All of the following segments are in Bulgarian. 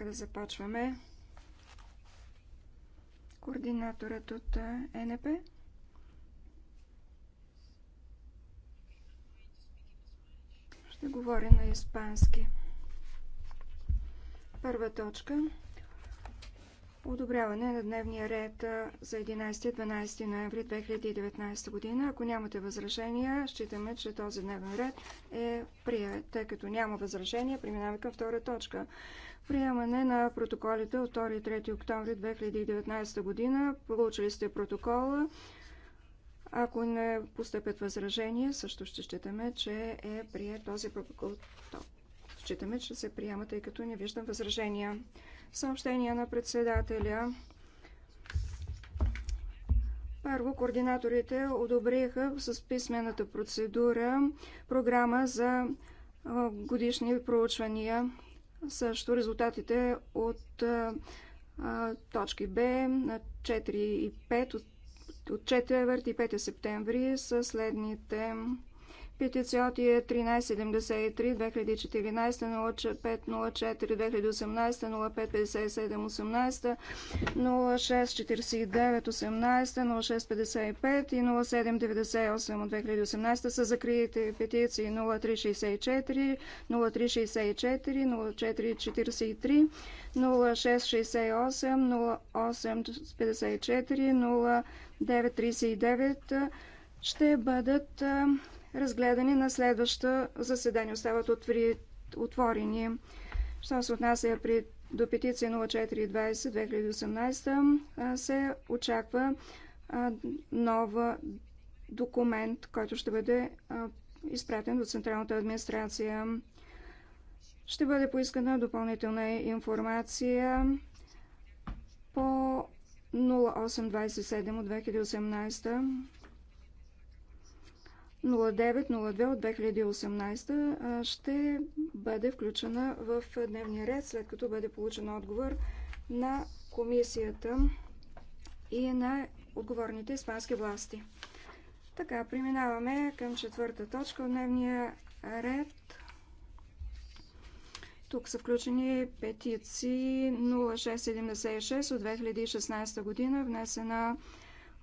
Нека да започваме. Координаторът от НП. Ще говоря на испански. Първа точка одобряване на дневния ред за 11-12 ноември 2019 година. Ако нямате възражения, считаме, че този дневен ред е прият. Тъй като няма възражения, преминаваме към втора точка. Приемане на протоколите от 2 и 3 октомври 2019 година. Получили сте протокола. Ако не постъпят възражения, също ще считаме, че е прият този протокол. Считаме, че се приема, тъй като не виждам възражения. Съобщения на председателя. Първо, координаторите одобриха с писмената процедура програма за годишни проучвания. Също резултатите от точки Б на 4 и 5 от 4 и 5 септември са следните. Петиция от 1393 2014 0504 2018 0557 18 0649 18 06 55 и 0798 от 2018 са закрити петиции 0364, 0364, 0443, 0668, 0854, 0939 ще бъдат разгледани на следваща заседание. Остават отворени. Що се отнася при до петиция 0420-2018 се очаква нова документ, който ще бъде изпратен до Централната администрация. Ще бъде поискана допълнителна информация по 0827 от 2018 0902 от 2018 ще бъде включена в дневния ред, след като бъде получен отговор на комисията и на отговорните испански власти. Така, преминаваме към четвърта точка от дневния ред. Тук са включени петиции 0676 от 2016 година, внесена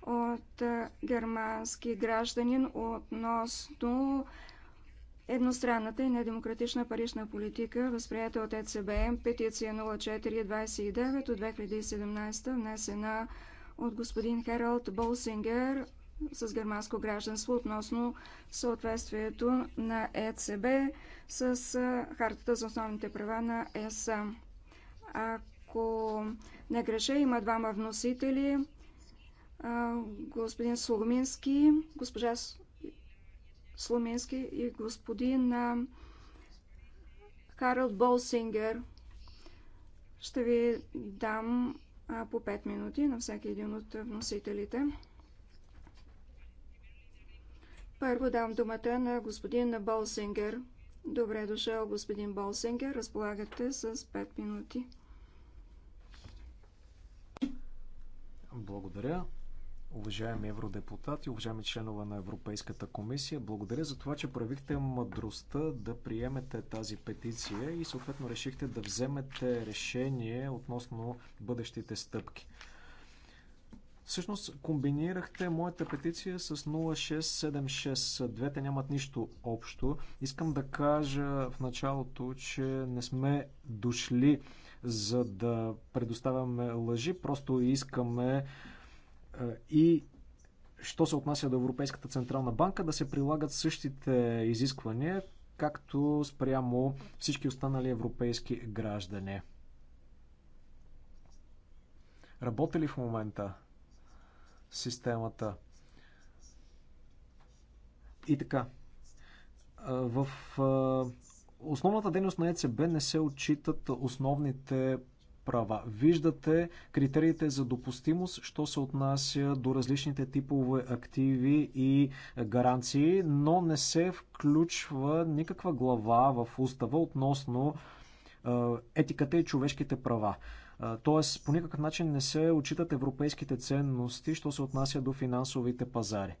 от германски гражданин относно едностранната и недемократична парична политика, възприята от ЕЦБ, петиция 0429 от 2017, внесена от господин Хералд Болсингер с германско гражданство относно съответствието на ЕЦБ с Хартата за основните права на ЕСА. Ако не греша, има двама вносители господин Сломински, госпожа Сломински и господин Харалд Болсингер. Ще ви дам по 5 минути на всеки един от вносителите. Първо дам думата на господин Болсингер. Добре дошъл, господин Болсингер. Разполагате с 5 минути. Благодаря уважаеми евродепутати, уважаеми членове на Европейската комисия. Благодаря за това, че проявихте мъдростта да приемете тази петиция и съответно решихте да вземете решение относно бъдещите стъпки. Всъщност комбинирахте моята петиция с 0676. Двете нямат нищо общо. Искам да кажа в началото, че не сме дошли за да предоставяме лъжи, просто искаме и що се отнася до Европейската Централна банка, да се прилагат същите изисквания, както спрямо всички останали европейски граждани. Работи ли в момента системата? И така. В основната дейност на ЕЦБ не се отчитат основните права. Виждате критериите за допустимост, що се отнася до различните типове активи и гаранции, но не се включва никаква глава в устава относно етиката и човешките права. Тоест, по никакъв начин не се отчитат европейските ценности, що се отнася до финансовите пазари.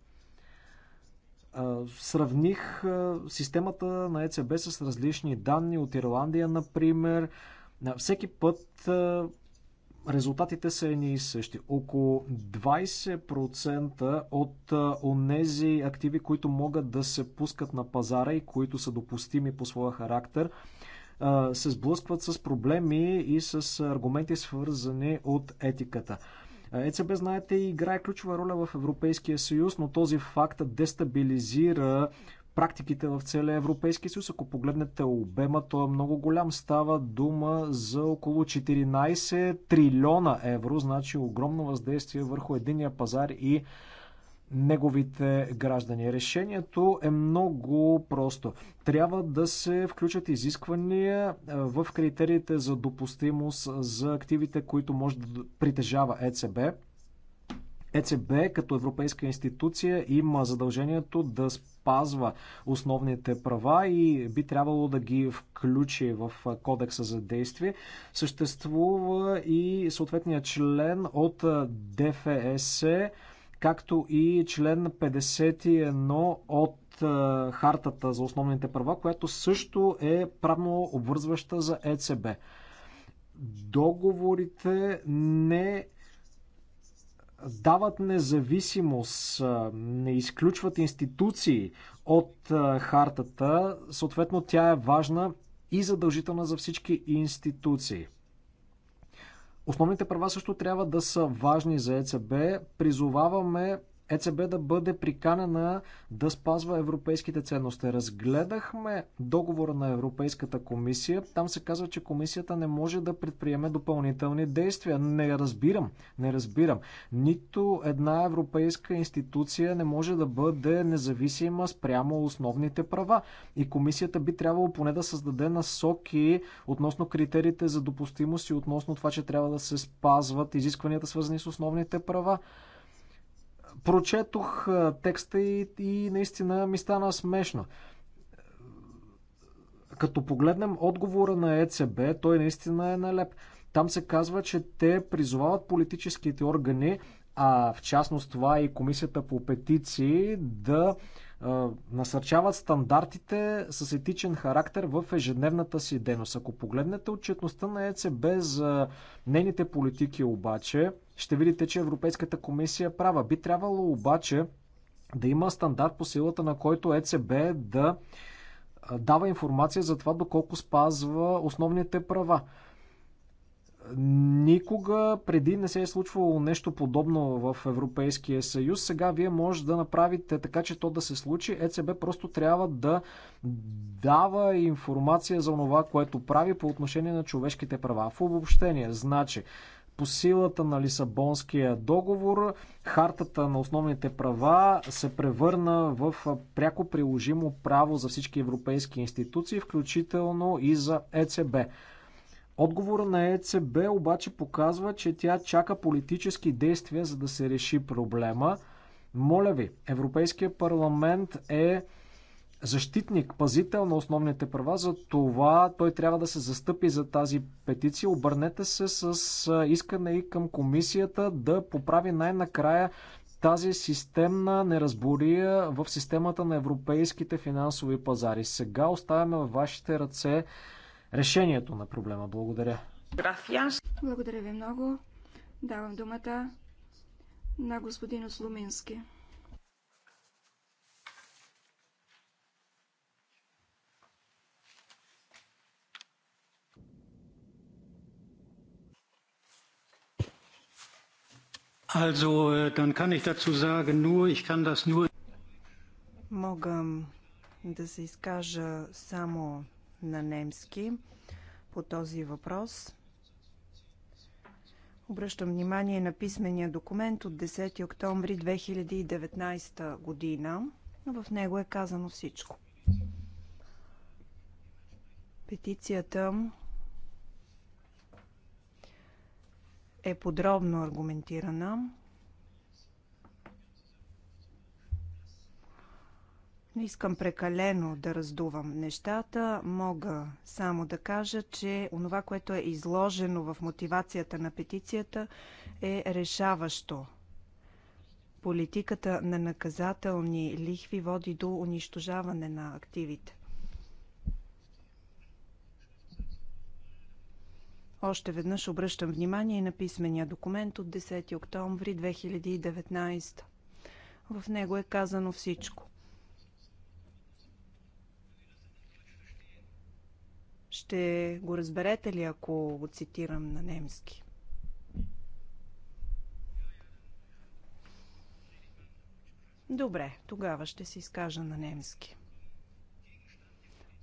Сравних системата на ЕЦБ с различни данни от Ирландия, например. На всеки път резултатите са едни и същи. Около 20% от онези активи, които могат да се пускат на пазара и които са допустими по своя характер, се сблъскват с проблеми и с аргументи свързани от етиката. ЕЦБ, знаете, играе ключова роля в Европейския съюз, но този факт дестабилизира практиките в целия Европейски съюз. Ако погледнете обема, то е много голям. Става дума за около 14 трилиона евро, значи огромно въздействие върху единия пазар и неговите граждани. Решението е много просто. Трябва да се включат изисквания е, в критериите за допустимост за активите, които може да притежава ЕЦБ ЕЦБ като европейска институция има задължението да спазва основните права и би трябвало да ги включи в кодекса за действие. Съществува и съответния член от ДФС, както и член 51 от е, Хартата за основните права, която също е правно обвързваща за ЕЦБ. Договорите не дават независимост, не изключват институции от хартата, съответно тя е важна и задължителна за всички институции. Основните права също трябва да са важни за ЕЦБ. Призоваваме ЕЦБ да бъде приканена да спазва европейските ценности. Разгледахме договора на Европейската комисия. Там се казва, че комисията не може да предприеме допълнителни действия. Не разбирам. Не разбирам. Нито една европейска институция не може да бъде независима спрямо основните права. И комисията би трябвало поне да създаде насоки относно критериите за допустимост и относно това, че трябва да се спазват изискванията, свързани с основните права. Прочетох текста и, и наистина ми стана смешно. Като погледнем отговора на ЕЦБ, той наистина е налеп. Там се казва, че те призовават политическите органи, а в частност това е и комисията по петиции, да насърчават стандартите с етичен характер в ежедневната си дейност. Ако погледнете отчетността на ЕЦБ за нейните политики обаче, ще видите, че Европейската комисия е права. Би трябвало обаче да има стандарт по силата на който ЕЦБ да дава информация за това доколко спазва основните права. Никога преди не се е случвало нещо подобно в Европейския съюз. Сега вие може да направите така, че то да се случи. ЕЦБ просто трябва да дава информация за това, което прави по отношение на човешките права. В обобщение, значи, по силата на Лисабонския договор, хартата на основните права се превърна в пряко приложимо право за всички европейски институции, включително и за ЕЦБ. Отговора на ЕЦБ обаче показва, че тя чака политически действия, за да се реши проблема. Моля ви, Европейския парламент е защитник, пазител на основните права, за това той трябва да се застъпи за тази петиция. Обърнете се с искане и към комисията да поправи най-накрая тази системна неразбория в системата на европейските финансови пазари. Сега оставяме във вашите ръце решението на проблема. Благодаря. Благодаря ви много. Давам думата на господин Слумински. Also, äh, dann kann ich dazu sagen, nur, ich kann das nur... Мога да се изкажа само на немски по този въпрос. Обръщам внимание на писмения документ от 10 октомври 2019 година. В него е казано всичко. Петицията е подробно аргументирана. Не искам прекалено да раздувам нещата. Мога само да кажа, че онова, което е изложено в мотивацията на петицията е решаващо. Политиката на наказателни лихви води до унищожаване на активите. Още веднъж обръщам внимание на писмения документ от 10 октомври 2019. В него е казано всичко. Ще го разберете ли, ако го цитирам на немски? Добре, тогава ще се изкажа на немски.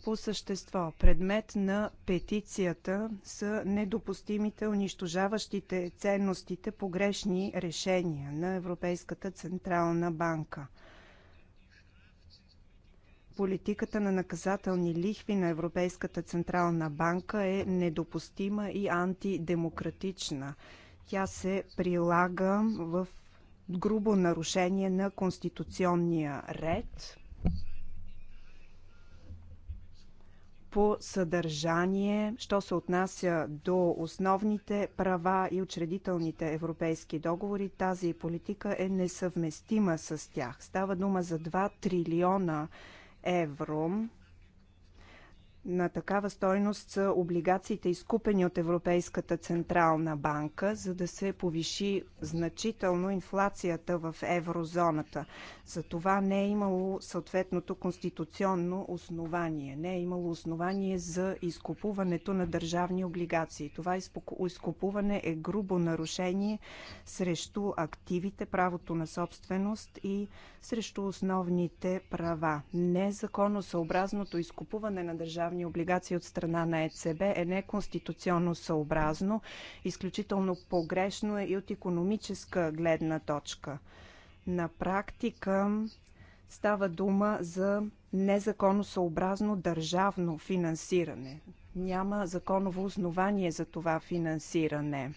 По същество, предмет на петицията са недопустимите, унищожаващите ценностите погрешни решения на Европейската Централна банка – Политиката на наказателни лихви на Европейската Централна банка е недопустима и антидемократична. Тя се прилага в грубо нарушение на конституционния ред по съдържание, що се отнася до основните права и учредителните европейски договори, тази политика е несъвместима с тях. Става дума за 2 трилиона евро на такава стойност са облигациите, изкупени от Европейската централна банка, за да се повиши значително инфлацията в еврозоната. За това не е имало съответното конституционно основание. Не е имало основание за изкупуването на държавни облигации. Това изкупуване е грубо нарушение срещу активите, правото на собственост и срещу основните права. Незаконосъобразното изкупуване на държавни държавни облигации от страна на ЕЦБ е неконституционно съобразно, изключително погрешно е и от економическа гледна точка. На практика става дума за незаконосъобразно държавно финансиране. Няма законово основание за това финансиране.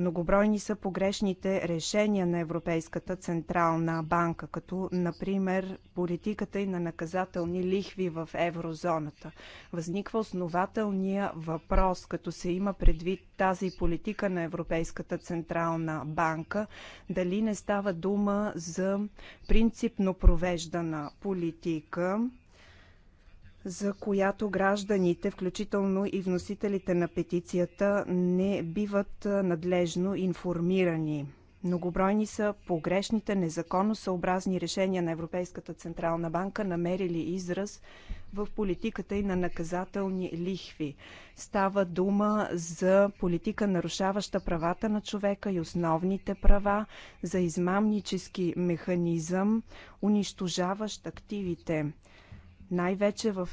Многобройни са погрешните решения на Европейската централна банка, като например политиката и на наказателни лихви в еврозоната. Възниква основателния въпрос, като се има предвид тази политика на Европейската централна банка, дали не става дума за принципно провеждана политика, за която гражданите, включително и вносителите на петицията, не биват надлежно информирани. Многобройни са погрешните, незаконосъобразни решения на Европейската Централна банка, намерили израз в политиката и на наказателни лихви. Става дума за политика, нарушаваща правата на човека и основните права, за измамнически механизъм, унищожаващ активите най-вече в,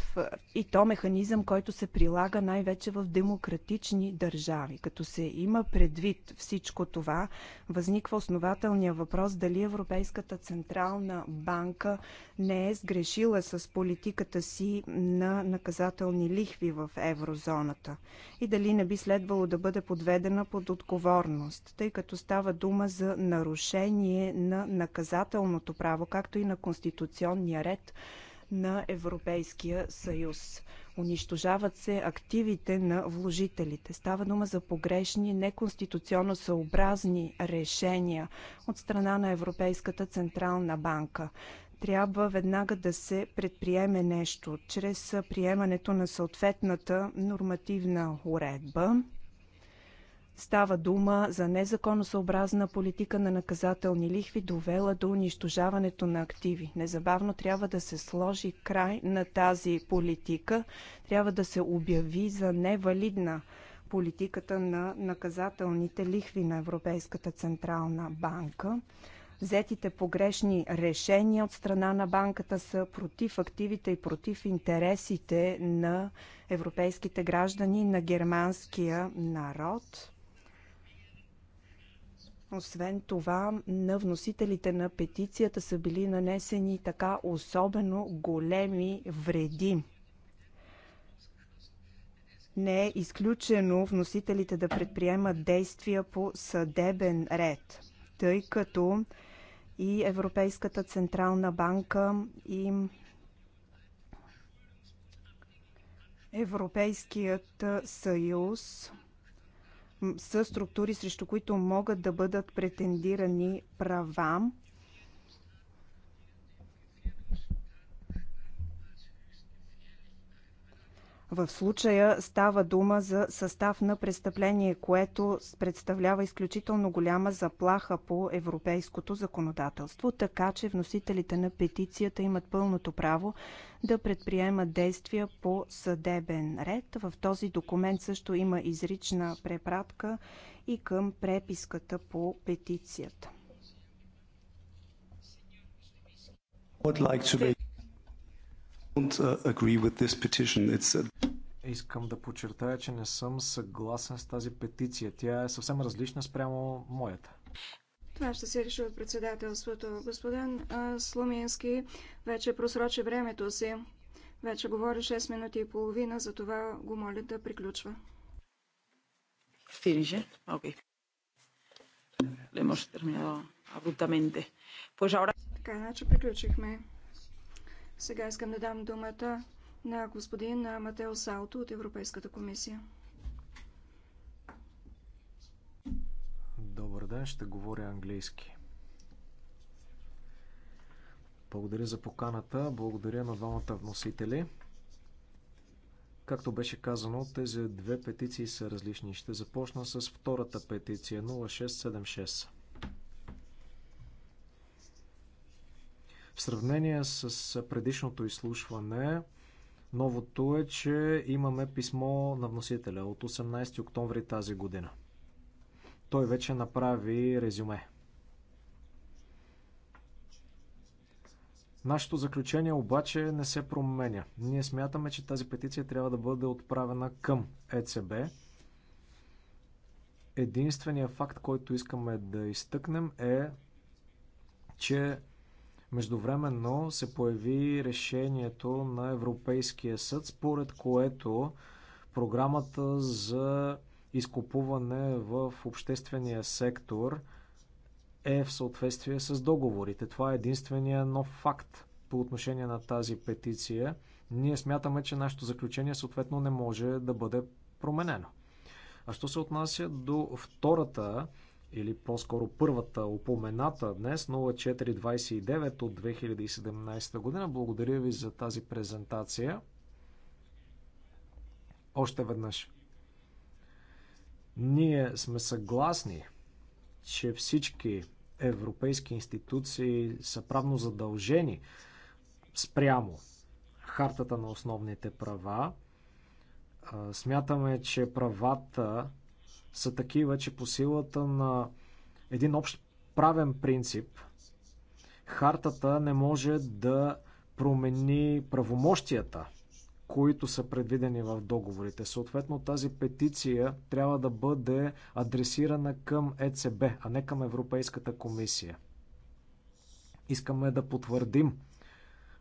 и то механизъм, който се прилага най-вече в демократични държави. Като се има предвид всичко това, възниква основателния въпрос дали Европейската Централна банка не е сгрешила с политиката си на наказателни лихви в еврозоната и дали не би следвало да бъде подведена под отговорност, тъй като става дума за нарушение на наказателното право, както и на конституционния ред, на Европейския съюз. Унищожават се активите на вложителите. Става дума за погрешни, неконституционно съобразни решения от страна на Европейската централна банка трябва веднага да се предприеме нещо чрез приемането на съответната нормативна уредба. Става дума за незаконосъобразна политика на наказателни лихви, довела до унищожаването на активи. Незабавно трябва да се сложи край на тази политика, трябва да се обяви за невалидна политиката на наказателните лихви на Европейската централна банка. Взетите погрешни решения от страна на банката са против активите и против интересите на европейските граждани, на германския народ. Освен това, на вносителите на петицията са били нанесени така особено големи вреди. Не е изключено вносителите да предприемат действия по съдебен ред, тъй като и Европейската централна банка и Европейският съюз – са структури, срещу които могат да бъдат претендирани права В случая става дума за състав на престъпление, което представлява изключително голяма заплаха по европейското законодателство, така че вносителите на петицията имат пълното право да предприемат действия по съдебен ред. В този документ също има изрична препратка и към преписката по петицията. Would like to be Uh, Искам да подчертая, че не съм съгласен с тази петиция. Тя е съвсем различна спрямо моята. Това ще се реши от председателството. Господин Слумински вече просрочи времето си. Вече говори 6 минути и половина, за това го моля да приключва. Финише? Окей. Ле hemos terminado abruptamente. Pues Така, иначе приключихме. Сега искам да дам думата на господин Матео Салто от Европейската комисия. Добър ден, ще говоря английски. Благодаря за поканата, благодаря на двамата вносители. Както беше казано, тези две петиции са различни. Ще започна с втората петиция 0676. В сравнение с предишното изслушване, новото е, че имаме писмо на вносителя от 18 октомври тази година. Той вече направи резюме. Нашето заключение обаче не се променя. Ние смятаме, че тази петиция трябва да бъде отправена към ЕЦБ. Единственият факт, който искаме да изтъкнем е, че Междувременно се появи решението на Европейския съд, според което програмата за изкупуване в обществения сектор е в съответствие с договорите. Това е единствения нов факт по отношение на тази петиция. Ние смятаме, че нашето заключение съответно не може да бъде променено. А що се отнася до втората или по-скоро първата упомената днес, 0429 от 2017 година. Благодаря ви за тази презентация. Още веднъж. Ние сме съгласни, че всички европейски институции са правно задължени спрямо хартата на основните права. Смятаме, че правата са такива, че по силата на един общ правен принцип, хартата не може да промени правомощията, които са предвидени в договорите. Съответно, тази петиция трябва да бъде адресирана към ЕЦБ, а не към Европейската комисия. Искаме да потвърдим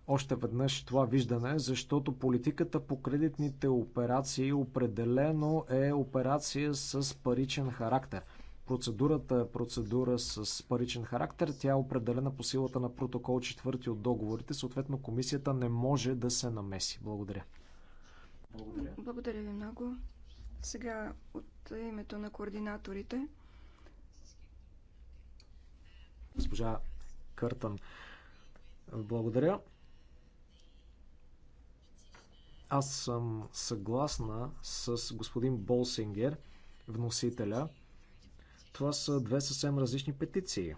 още веднъж това виждане, защото политиката по кредитните операции определено е операция с паричен характер. Процедурата е процедура с паричен характер. Тя е определена по силата на протокол 4 от договорите. Съответно, комисията не може да се намеси. Благодаря. Благодаря, Благодаря ви много. Сега от името на координаторите. Госпожа Къртън. Благодаря. Аз съм съгласна с господин Болсингер, вносителя. Това са две съвсем различни петиции.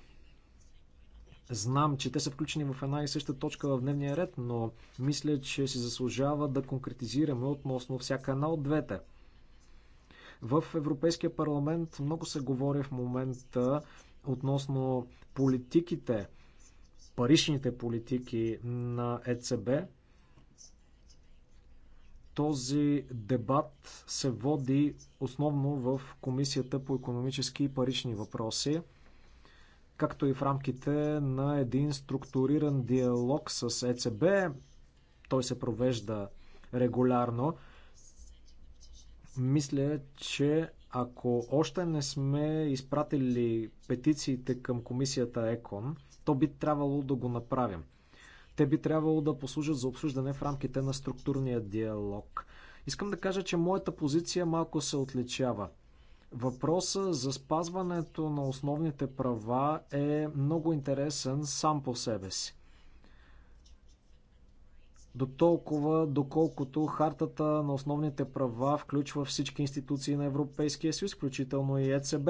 Знам, че те са включени в една и съща точка в дневния ред, но мисля, че си заслужава да конкретизираме относно всяка една от двете. В Европейския парламент много се говори в момента относно политиките, паричните политики на ЕЦБ. Този дебат се води основно в Комисията по економически и парични въпроси, както и в рамките на един структуриран диалог с ЕЦБ. Той се провежда регулярно. Мисля, че ако още не сме изпратили петициите към комисията ЕКОН, то би трябвало да го направим. Те би трябвало да послужат за обсъждане в рамките на структурния диалог. Искам да кажа, че моята позиция малко се отличава. Въпросът за спазването на основните права е много интересен сам по себе си. До толкова, доколкото хартата на основните права включва всички институции на Европейския съюз, включително и ЕЦБ.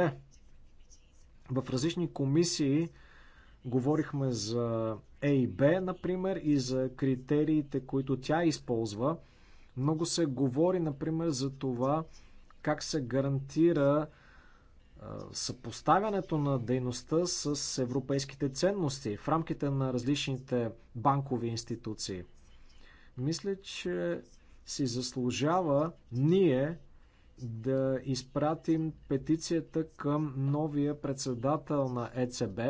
В различни комисии Говорихме за A и B, например, и за критериите, които тя използва. Много се говори, например, за това как се гарантира съпоставянето на дейността с европейските ценности в рамките на различните банкови институции. Мисля, че си заслужава ние да изпратим петицията към новия председател на ЕЦБ,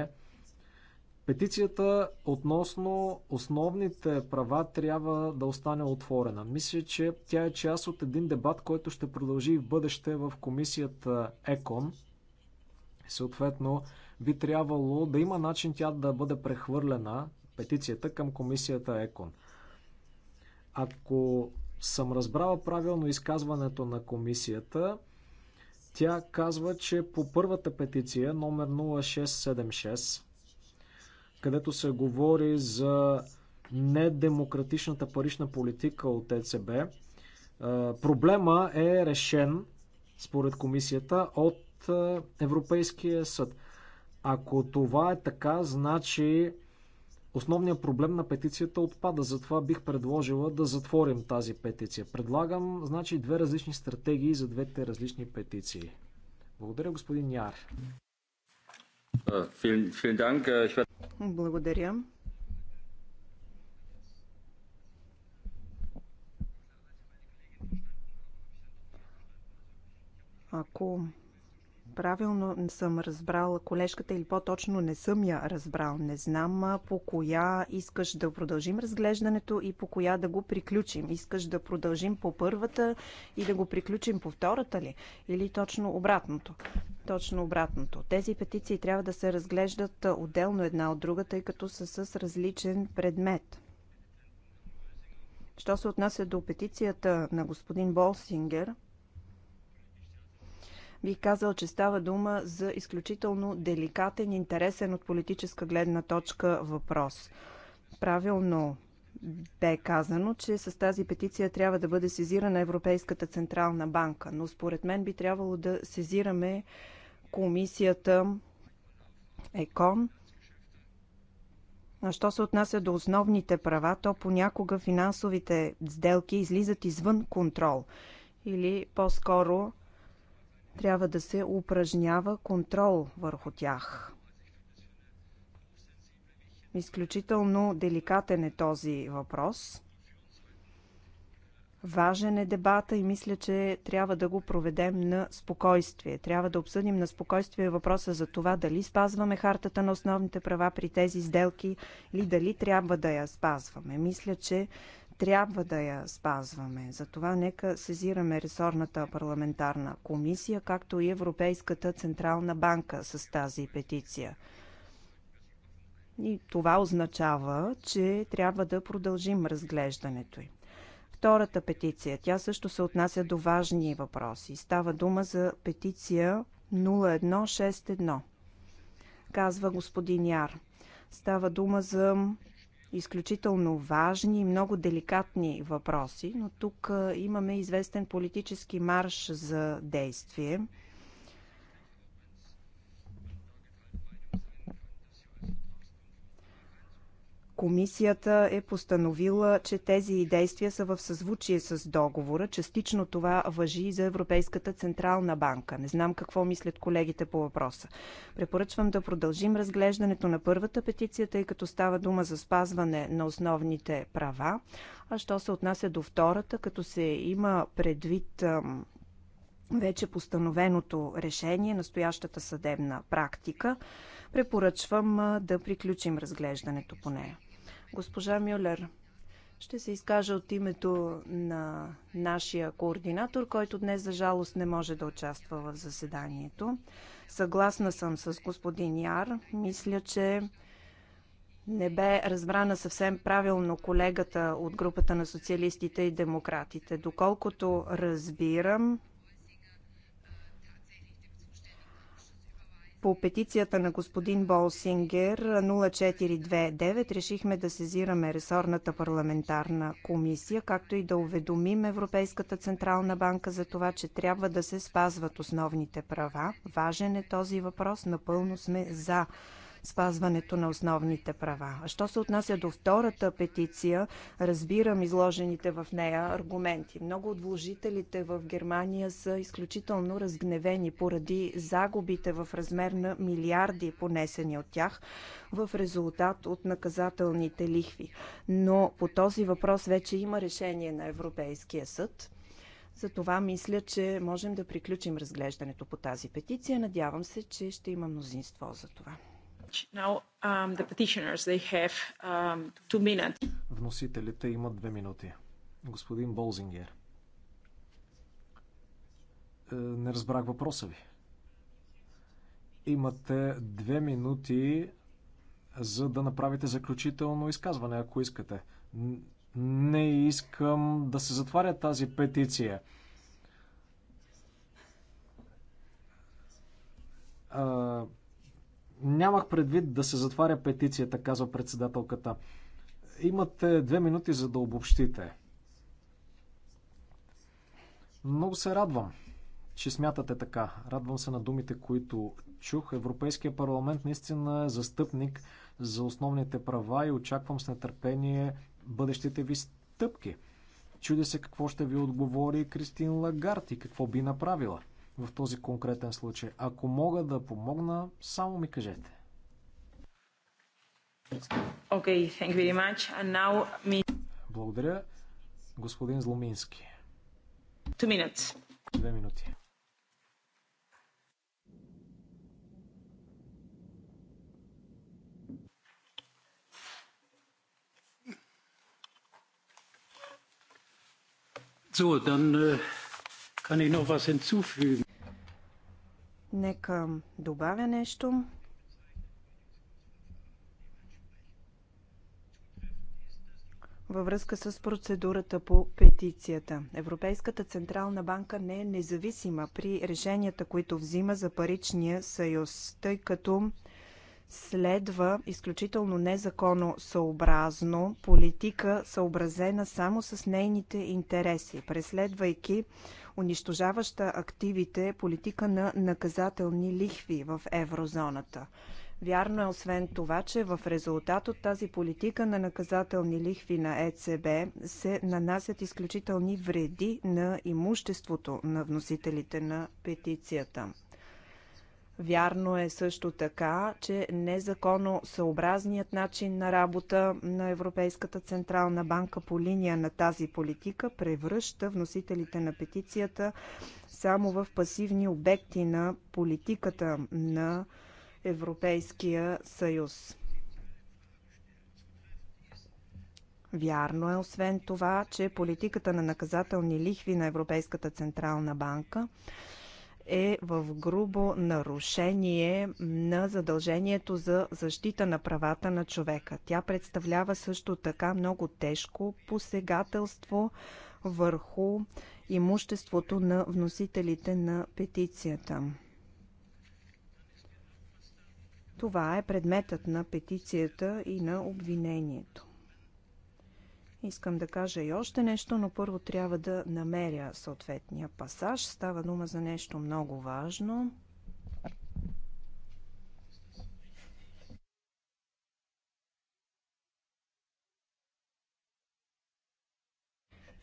Петицията относно основните права трябва да остане отворена. Мисля, че тя е част от един дебат, който ще продължи и в бъдеще в комисията ЕКОН. Съответно, би трябвало да има начин тя да бъде прехвърлена, петицията, към комисията ЕКОН. Ако съм разбрала правилно изказването на комисията, тя казва, че по първата петиция, номер 0676, където се говори за недемократичната парична политика от ЕЦБ. Проблема е решен, според комисията, от Европейския съд. Ако това е така, значи основният проблем на петицията отпада. Затова бих предложила да затворим тази петиция. Предлагам, значи, две различни стратегии за двете различни петиции. Благодаря, господин Яр. Благодаря. Ако правилно съм разбрал колежката или по-точно не съм я разбрал. Не знам по коя искаш да продължим разглеждането и по коя да го приключим. Искаш да продължим по първата и да го приключим по втората ли? Или точно обратното? Точно обратното. Тези петиции трябва да се разглеждат отделно една от друга, тъй като са с различен предмет. Що се отнася до петицията на господин Болсингер, бих казал, че става дума за изключително деликатен, интересен от политическа гледна точка въпрос. Правилно бе казано, че с тази петиция трябва да бъде сезирана Европейската централна банка, но според мен би трябвало да сезираме комисията ЕКОН. А що се отнася до основните права, то понякога финансовите сделки излизат извън контрол или по-скоро трябва да се упражнява контрол върху тях. Изключително деликатен е този въпрос. Важен е дебата и мисля, че трябва да го проведем на спокойствие. Трябва да обсъдим на спокойствие въпроса за това дали спазваме хартата на основните права при тези сделки или дали трябва да я спазваме. Мисля, че трябва да я спазваме. Затова нека сезираме ресорната парламентарна комисия, както и Европейската централна банка с тази петиция. И това означава, че трябва да продължим разглеждането й втората петиция. Тя също се отнася до важни въпроси. Става дума за петиция 0161. Казва господин Яр. Става дума за изключително важни и много деликатни въпроси, но тук имаме известен политически марш за действие – Комисията е постановила, че тези действия са в съзвучие с договора. Частично това въжи и за Европейската централна банка. Не знам какво мислят колегите по въпроса. Препоръчвам да продължим разглеждането на първата петиция, тъй като става дума за спазване на основните права. А що се отнася до втората, като се има предвид вече постановеното решение, настоящата съдебна практика, препоръчвам да приключим разглеждането по нея. Госпожа Мюлер, ще се изкажа от името на нашия координатор, който днес за жалост не може да участва в заседанието. Съгласна съм с господин Яр. Мисля, че не бе разбрана съвсем правилно колегата от групата на социалистите и демократите. Доколкото разбирам, По петицията на господин Болсингер 0429 решихме да сезираме ресорната парламентарна комисия, както и да уведомим Европейската Централна банка за това, че трябва да се спазват основните права. Важен е този въпрос. Напълно сме за спазването на основните права. А що се отнася до втората петиция, разбирам изложените в нея аргументи. Много от вложителите в Германия са изключително разгневени поради загубите в размер на милиарди понесени от тях в резултат от наказателните лихви. Но по този въпрос вече има решение на Европейския съд. Затова мисля, че можем да приключим разглеждането по тази петиция. Надявам се, че ще има мнозинство за това. Um, um, Вносителите имат две минути. Господин Болзингер. Е, не разбрах въпроса ви. Имате две минути за да направите заключително изказване, ако искате. Не искам да се затваря тази петиция. А, е, Нямах предвид да се затваря петицията, казва председателката. Имате две минути за да обобщите. Много се радвам, че смятате така. Радвам се на думите, които чух. Европейския парламент наистина е застъпник за основните права и очаквам с нетърпение бъдещите ви стъпки. Чудя се какво ще ви отговори Кристин Лагард и какво би направила в този конкретен случай. Ако мога да помогна, само ми кажете. Okay, thank you very much. And now me... Благодаря. Господин Зломински. Two minutes. Две минути. So, dann äh, uh, Kann ich noch was hinzufügen? Нека добавя нещо. Във връзка с процедурата по петицията, Европейската Централна банка не е независима при решенията, които взима за паричния съюз, тъй като следва изключително незаконосъобразно политика, съобразена само с нейните интереси, преследвайки унищожаваща активите политика на наказателни лихви в еврозоната. Вярно е освен това, че в резултат от тази политика на наказателни лихви на ЕЦБ се нанасят изключителни вреди на имуществото на вносителите на петицията. Вярно е също така, че незаконосъобразният начин на работа на Европейската Централна банка по линия на тази политика превръща вносителите на петицията само в пасивни обекти на политиката на Европейския съюз. Вярно е освен това, че политиката на наказателни лихви на Европейската Централна банка е в грубо нарушение на задължението за защита на правата на човека. Тя представлява също така много тежко посегателство върху имуществото на вносителите на петицията. Това е предметът на петицията и на обвинението. Искам да кажа и още нещо, но първо трябва да намеря съответния пасаж. Става дума за нещо много важно.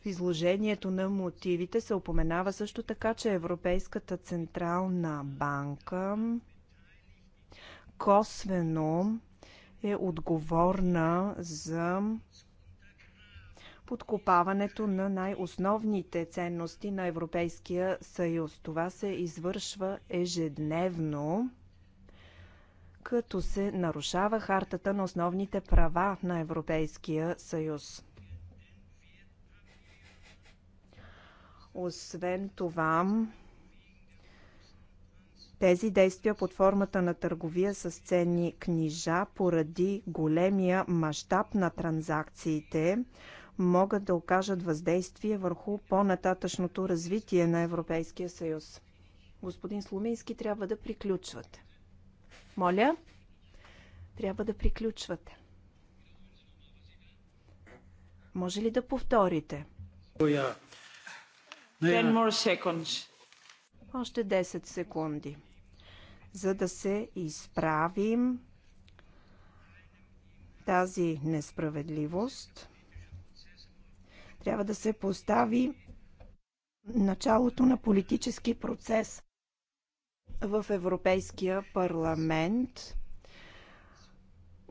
В изложението на мотивите се упоменава също така, че Европейската централна банка косвено е отговорна за подкопаването на най-основните ценности на Европейския съюз. Това се извършва ежедневно, като се нарушава хартата на основните права на Европейския съюз. Освен това, тези действия под формата на търговия с ценни книжа поради големия мащаб на транзакциите могат да окажат въздействие върху по-нататъчното развитие на Европейския съюз. Господин Слумински, трябва да приключвате. Моля, трябва да приключвате. Може ли да повторите? Още 10 секунди. За да се изправим тази несправедливост, трябва да се постави началото на политически процес в Европейския парламент,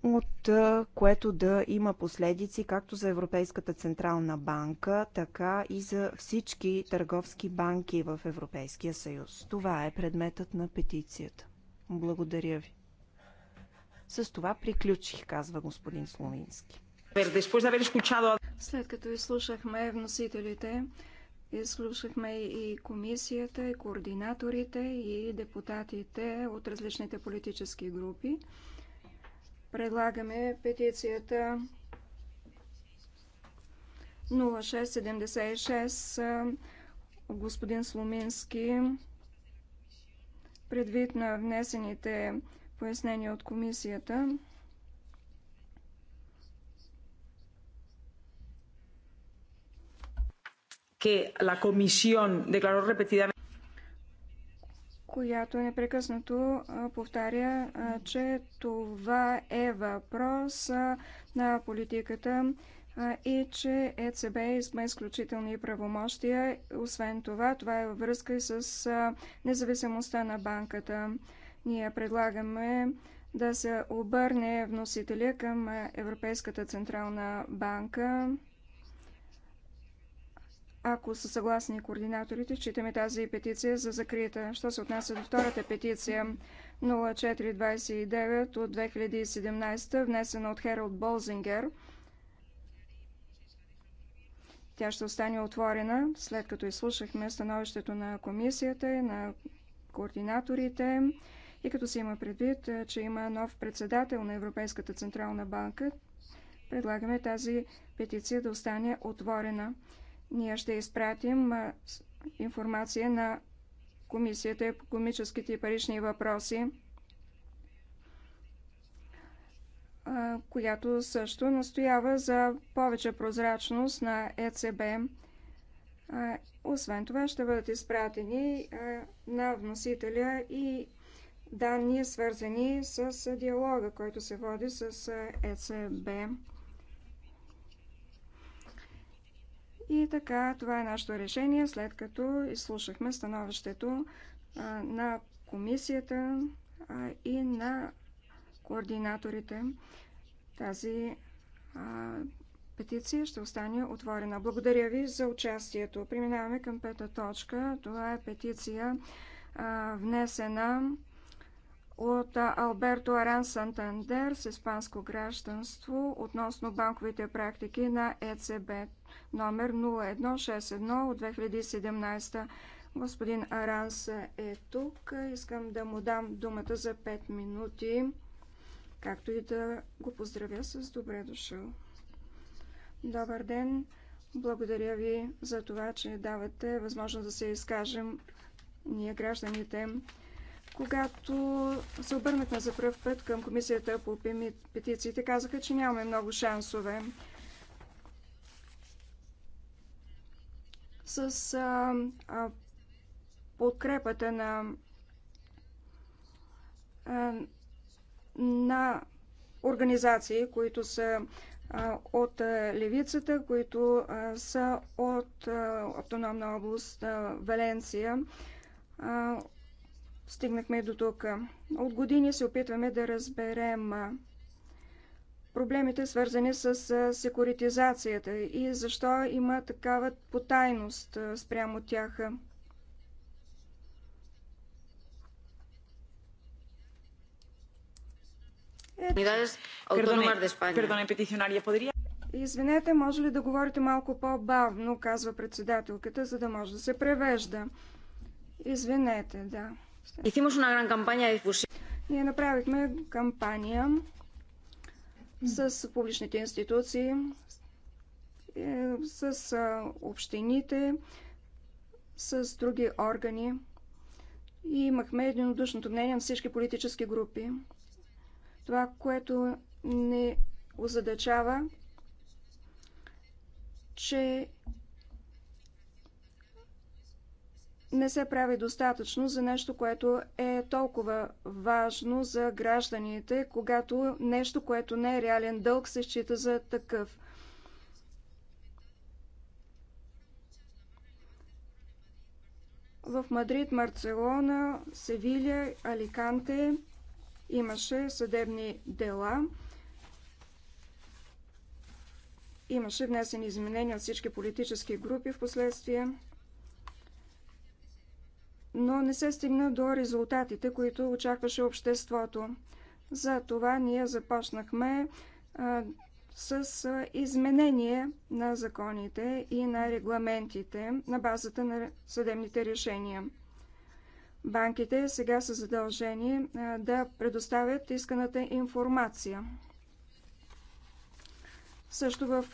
от което да има последици както за Европейската централна банка, така и за всички търговски банки в Европейския съюз. Това е предметът на петицията. Благодаря ви. С това приключих, казва господин Словински. След като изслушахме вносителите, изслушахме и комисията, и координаторите, и депутатите от различните политически групи. Предлагаме петицията 0676 господин Слумински предвид на внесените пояснения от комисията. que la Comisión declaró repetidamente която непрекъснато повтаря, че това е въпрос на политиката и че ЕЦБ има изключителни правомощия. Освен това, това е във връзка и с независимостта на банката. Ние предлагаме да се обърне вносителя към Европейската централна банка ако са съгласни координаторите, читаме тази петиция за закрита. Що се отнася до втората петиция 0429 от 2017, внесена от Хералд Болзингер, тя ще остане отворена, след като изслушахме становището на комисията и на координаторите. И като се има предвид, е, че има нов председател на Европейската Централна банка, предлагаме тази петиция да остане отворена. Ние ще изпратим информация на Комисията по комическите и парични въпроси, която също настоява за повече прозрачност на ЕЦБ. Освен това ще бъдат изпратени на вносителя и данни, свързани с диалога, който се води с ЕЦБ. И така, това е нашето решение, след като изслушахме становището на комисията и на координаторите. Тази петиция ще остане отворена. Благодаря ви за участието. Преминаваме към пета точка. Това е петиция внесена от Алберто Аран Сантандер с испанско гражданство относно банковите практики на ЕЦБ номер 0161 от 2017. Господин Аранс е тук. Искам да му дам думата за 5 минути, както и да го поздравя с добре дошъл. Добър ден! Благодаря ви за това, че давате възможност да се изкажем ние гражданите. Когато се обърнахме за пръв път към комисията по петициите, казаха, че нямаме много шансове. с а, а, подкрепата на, а, на организации, които са а, от левицата, които а, са от а, автономна област а, Валенция. А, стигнахме до тук. От години се опитваме да разберем. А, проблемите, свързани с секуритизацията и защо има такава потайност спрямо тях. Извинете, може ли да говорите малко по-бавно, казва председателката, за да може да се превежда. Извинете, да. Ние направихме кампания с публичните институции, е, с общините, с други органи. И имахме единодушното мнение на всички политически групи. Това, което не озадачава, че не се прави достатъчно за нещо, което е толкова важно за гражданите, когато нещо, което не е реален дълг, се счита за такъв. В Мадрид, Марцелона, Севиля, Аликанте имаше съдебни дела. Имаше внесени изменения от всички политически групи в последствие но не се стигна до резултатите, които очакваше обществото. За това ние започнахме а, с изменение на законите и на регламентите на базата на съдебните решения. Банките сега са задължени да предоставят исканата информация. Също в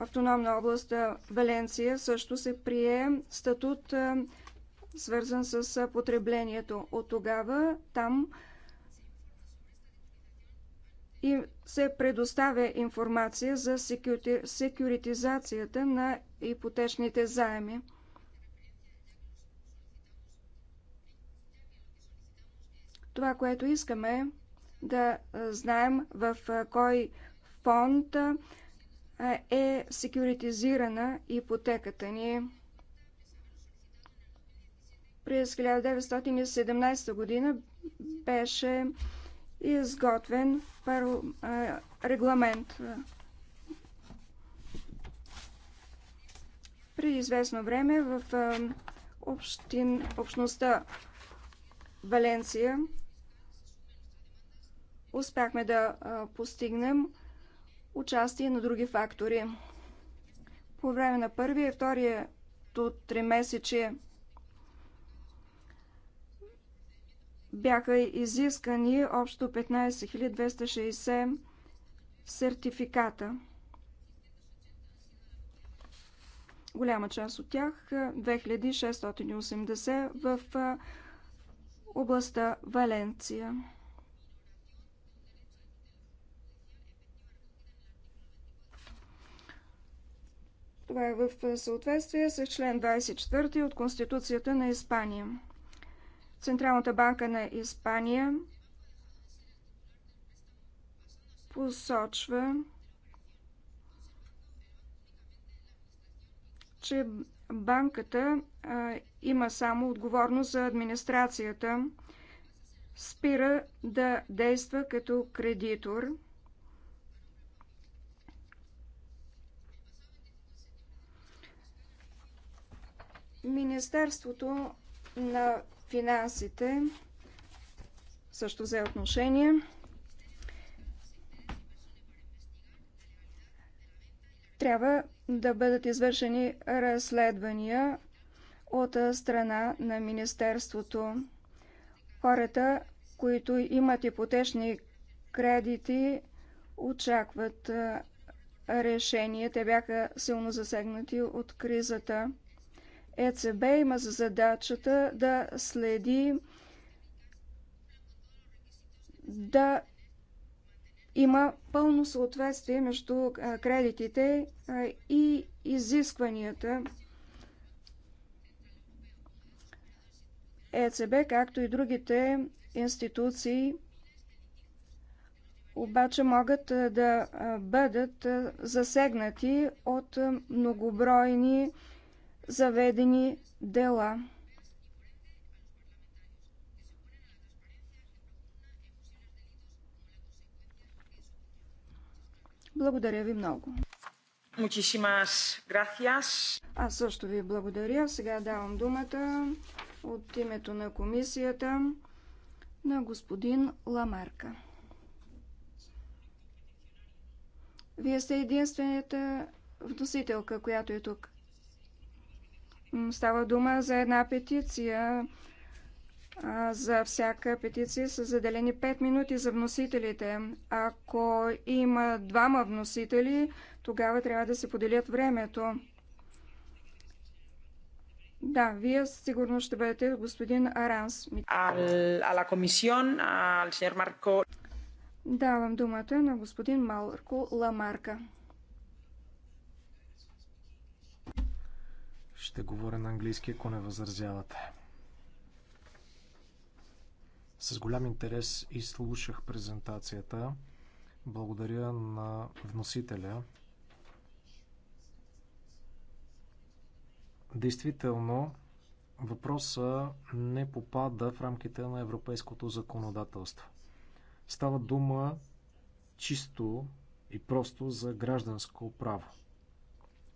автономна област Валенсия също се прие статут свързан с потреблението. От тогава там и се предоставя информация за секюритизацията на ипотечните заеми. Това, което искаме да знаем в кой фонд е секюритизирана ипотеката ни. През 1917 година беше изготвен регламент. Преди известно време в общин, общността Валенция, успяхме да постигнем участие на други фактори. По време на първия и вторието тримесечие бяха изискани общо 15 260 сертификата. Голяма част от тях, 2680 в областта Валенция. Това е в съответствие с член 24 от Конституцията на Испания. Централната банка на Испания посочва, че банката а, има само отговорност за администрацията, спира да действа като кредитор – Министерството на финансите също взе отношение. Трябва да бъдат извършени разследвания от страна на Министерството. Хората, които имат ипотечни кредити, очакват решение. Те бяха силно засегнати от кризата. ЕЦБ има за задачата да следи да има пълно съответствие между кредитите и изискванията. ЕЦБ, както и другите институции, обаче могат да бъдат засегнати от многобройни заведени дела. Благодаря ви много. Аз също ви благодаря. Сега давам думата от името на комисията на господин Ламарка. Вие сте единствената вносителка, която е тук. Става дума за една петиция. За всяка петиция са заделени 5 минути за вносителите. Ако има двама вносители, тогава трябва да се поделят времето. Да, вие сигурно ще бъдете господин Аранс. Ала комисион, ал сеньор Марко. Давам думата на господин Марко Ламарка. Ще говоря на английски, ако не възразявате. С голям интерес изслушах презентацията. Благодаря на вносителя. Действително, въпроса не попада в рамките на европейското законодателство. Става дума чисто и просто за гражданско право.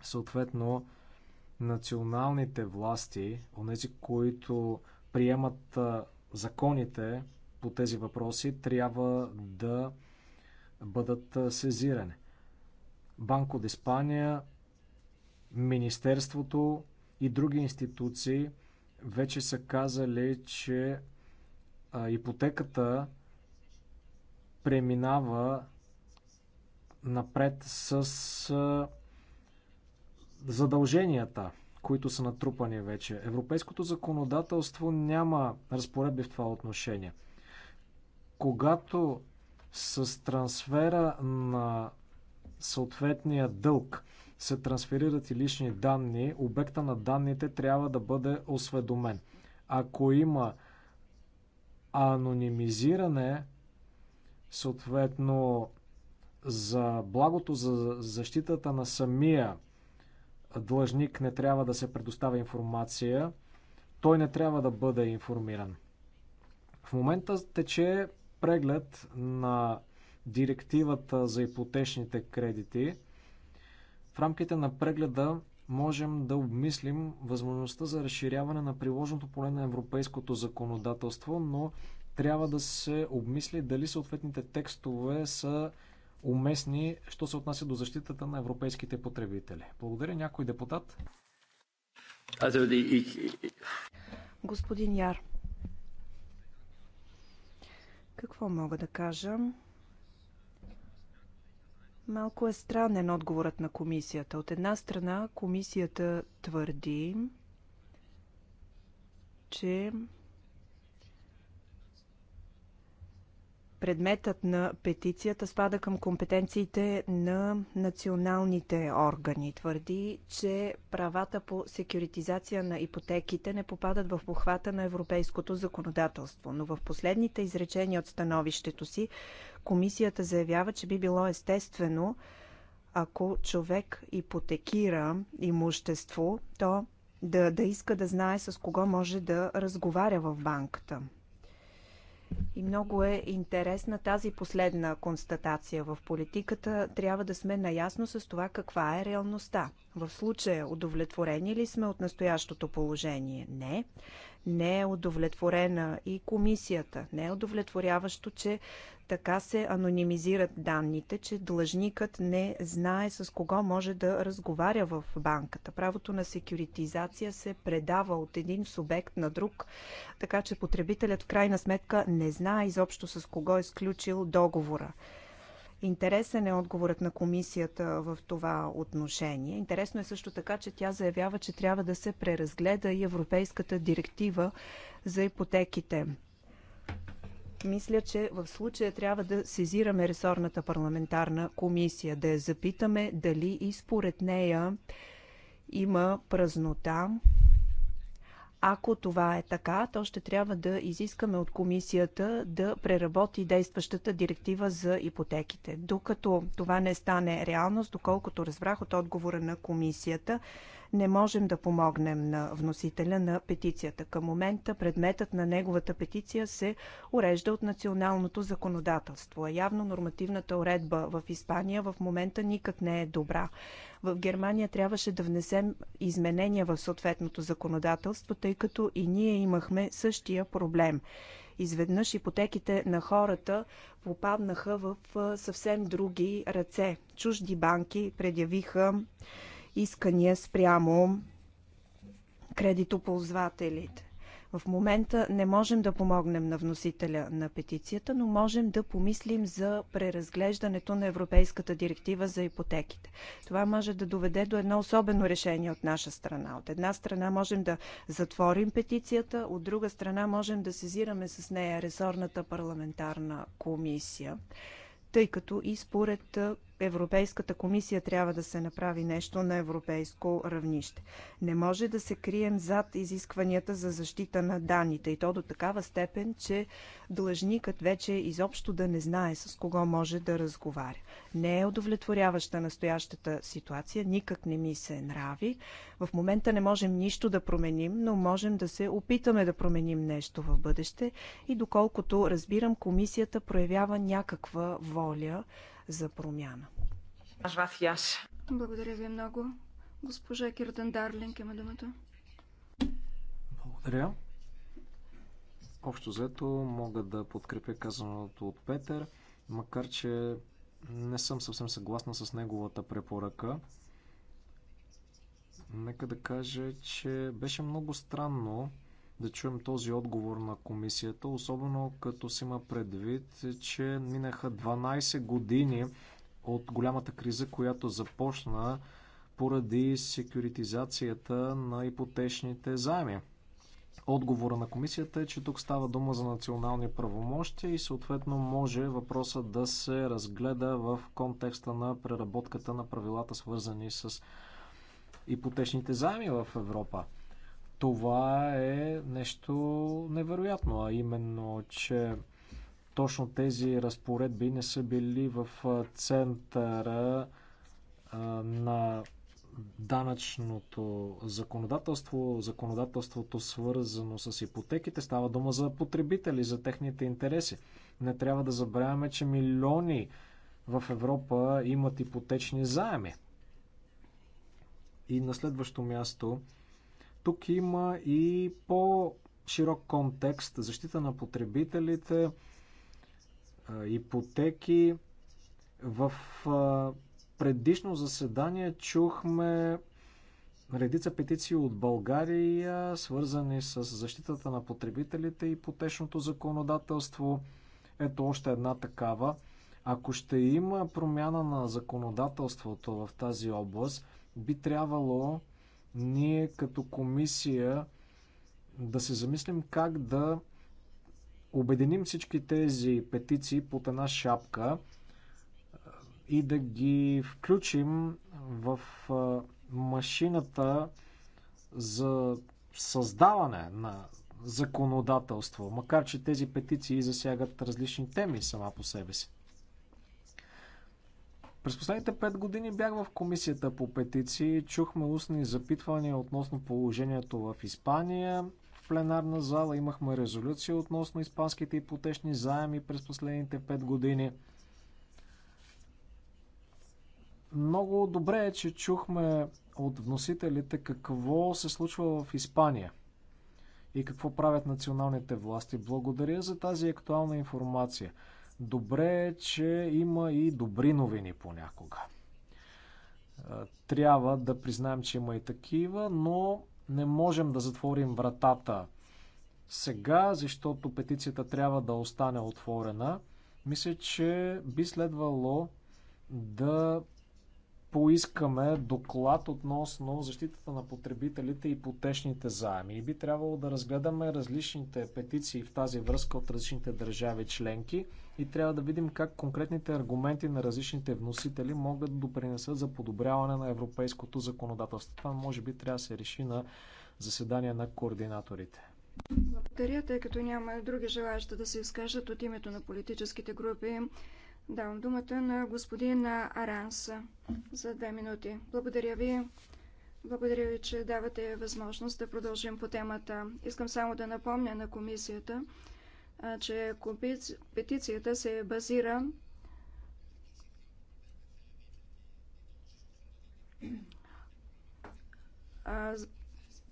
Съответно, националните власти, онези, които приемат законите по тези въпроси, трябва да бъдат сезирани. Банко от Испания, Министерството и други институции вече са казали, че ипотеката преминава напред с задълженията, които са натрупани вече. Европейското законодателство няма разпоредби в това отношение. Когато с трансфера на съответния дълг се трансферират и лични данни, обекта на данните трябва да бъде осведомен. Ако има анонимизиране, съответно за благото, за защитата на самия длъжник не трябва да се предоставя информация, той не трябва да бъде информиран. В момента тече преглед на директивата за ипотечните кредити. В рамките на прегледа можем да обмислим възможността за разширяване на приложното поле на европейското законодателство, но трябва да се обмисли дали съответните текстове са уместни, що се отнася до защитата на европейските потребители. Благодаря някой депутат. Господин Яр, какво мога да кажа? Малко е странен отговорът на комисията. От една страна, комисията твърди, че Предметът на петицията спада към компетенциите на националните органи. Твърди, че правата по секюритизация на ипотеките не попадат в похвата на европейското законодателство, но в последните изречения от становището си комисията заявява, че би било естествено, ако човек ипотекира имущество, то да, да иска да знае с кого може да разговаря в банката. И много е интересна тази последна констатация. В политиката трябва да сме наясно с това каква е реалността. В случая удовлетворени ли сме от настоящото положение? Не. Не е удовлетворена и комисията. Не е удовлетворяващо, че така се анонимизират данните, че длъжникът не знае с кого може да разговаря в банката. Правото на секюритизация се предава от един субект на друг, така че потребителят в крайна сметка не знае изобщо с кого е сключил договора. Интересен е отговорът на комисията в това отношение. Интересно е също така, че тя заявява, че трябва да се преразгледа и Европейската директива за ипотеките. Мисля, че в случая трябва да сезираме ресорната парламентарна комисия, да я запитаме дали и според нея има празнота ако това е така, то ще трябва да изискаме от комисията да преработи действащата директива за ипотеките. Докато това не стане реалност, доколкото разбрах от отговора на комисията, не можем да помогнем на вносителя на петицията. Към момента предметът на неговата петиция се урежда от националното законодателство. Явно нормативната уредба в Испания в момента никак не е добра. В Германия трябваше да внесем изменения в съответното законодателство, тъй като и ние имахме същия проблем изведнъж ипотеките на хората попаднаха в съвсем други ръце. Чужди банки предявиха искания спрямо кредитоползвателите. В момента не можем да помогнем на вносителя на петицията, но можем да помислим за преразглеждането на Европейската директива за ипотеките. Това може да доведе до едно особено решение от наша страна. От една страна можем да затворим петицията, от друга страна можем да сезираме с нея ресорната парламентарна комисия, тъй като и според Европейската комисия трябва да се направи нещо на европейско равнище. Не може да се крием зад изискванията за защита на данните и то до такава степен, че длъжникът вече изобщо да не знае с кого може да разговаря. Не е удовлетворяваща настоящата ситуация, никак не ми се нрави. В момента не можем нищо да променим, но можем да се опитаме да променим нещо в бъдеще и доколкото разбирам, комисията проявява някаква воля за промяна. Благодаря ви много. Госпожа Киртен Дарлинг има думата. Благодаря. Общо взето мога да подкрепя казаното от Петър, макар че не съм съвсем съгласна с неговата препоръка. Нека да кажа, че беше много странно да чуем този отговор на комисията, особено като си има предвид, че минаха 12 години от голямата криза, която започна поради секюритизацията на ипотечните заеми. Отговора на комисията е, че тук става дума за национални правомощия и съответно може въпроса да се разгледа в контекста на преработката на правилата, свързани с ипотечните заеми в Европа. Това е нещо невероятно, а именно, че точно тези разпоредби не са били в центъра на данъчното законодателство, законодателството свързано с ипотеките, става дума за потребители, за техните интереси. Не трябва да забравяме, че милиони в Европа имат ипотечни заеми. И на следващо място тук има и по-широк контекст защита на потребителите, ипотеки. В предишно заседание чухме редица петиции от България, свързани с защитата на потребителите и потешното законодателство. Ето още една такава. Ако ще има промяна на законодателството в тази област, би трябвало ние като комисия да се замислим как да обединим всички тези петиции под една шапка и да ги включим в машината за създаване на законодателство, макар че тези петиции засягат различни теми сама по себе си. През последните 5 години бях в комисията по петиции, чухме устни запитвания относно положението в Испания. В пленарна зала имахме резолюция относно испанските ипотечни заеми през последните 5 години. Много добре е, че чухме от вносителите какво се случва в Испания и какво правят националните власти. Благодаря за тази актуална информация. Добре е, че има и добри новини понякога. Е, трябва да признаем, че има и такива, но не можем да затворим вратата сега, защото петицията трябва да остане отворена. Мисля, че би следвало да поискаме доклад относно защитата на потребителите и потешните заеми. И би трябвало да разгледаме различните петиции в тази връзка от различните държави членки и трябва да видим как конкретните аргументи на различните вносители могат да допринесат за подобряване на европейското законодателство. Това може би трябва да се реши на заседание на координаторите. Благодаря, тъй като няма други желаящи да се изкажат от името на политическите групи. Давам думата на господин Аранс за две минути. Благодаря ви. Благодаря ви, че давате възможност да продължим по темата. Искам само да напомня на комисията, че петицията се базира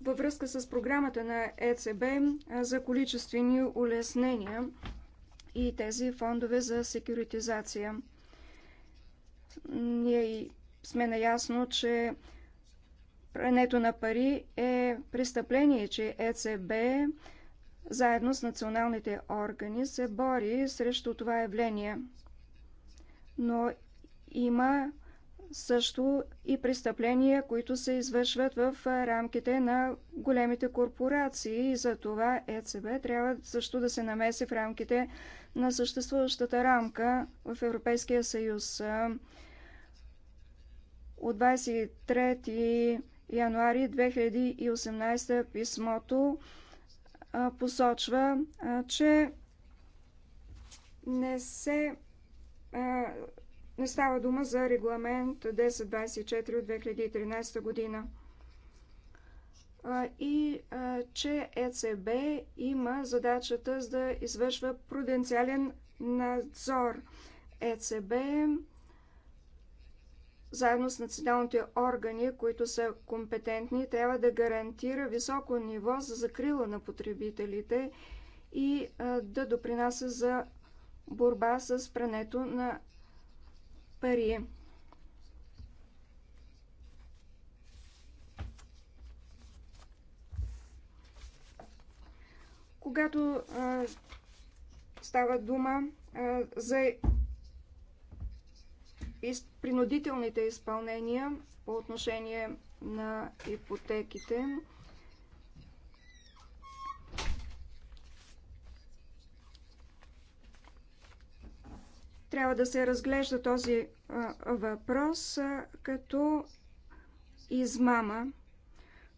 във връзка с програмата на ЕЦБ за количествени улеснения и тези фондове за секюритизация. Ние сме наясно, че прането на пари е престъпление, че ЕЦБ заедно с националните органи се бори срещу това явление. Но има също и престъпления, които се извършват в рамките на големите корпорации. И за това ЕЦБ трябва също да се намеси в рамките на съществуващата рамка в Европейския съюз. От 23 януари 2018 писмото посочва, че не се не става дума за регламент 1024 от 2013 година и че ЕЦБ има задачата да извършва пруденциален надзор. ЕЦБ заедно с националните органи, които са компетентни, трябва да гарантира високо ниво за закрила на потребителите и да допринася за борба с прането на пари. Когато а, става дума а, за из, принудителните изпълнения по отношение на ипотеките, трябва да се разглежда този а, въпрос а, като измама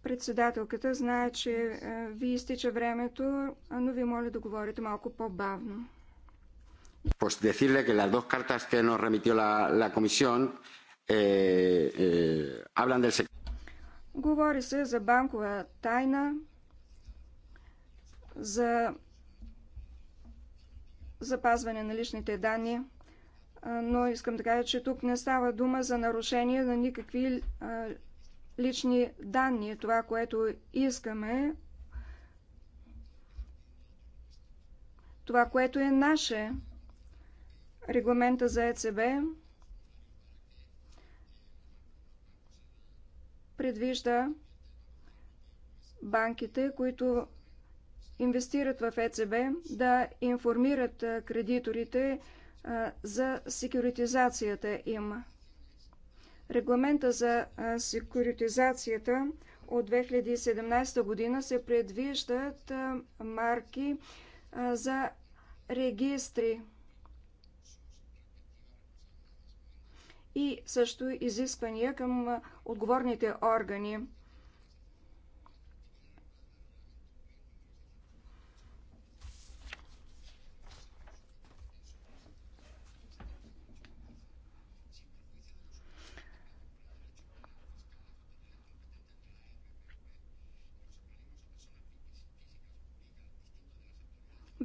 Председателката знае, че е, ви изтича времето, но ви моля да говорите малко по-бавно. Pues decirle que las dos cartas que nos remitió la, la comisión eh, eh, hablan del Говори се за банкова тайна, за запазване на личните данни, е, но искам да кажа, че тук не става дума за нарушение на никакви е, лични данни, това, което искаме, това, което е наше. Регламента за ЕЦБ предвижда банките, които инвестират в ЕЦБ, да информират кредиторите за секюритизацията им. Регламента за секуритизацията от 2017 година се предвиждат марки за регистри и също изисквания към отговорните органи.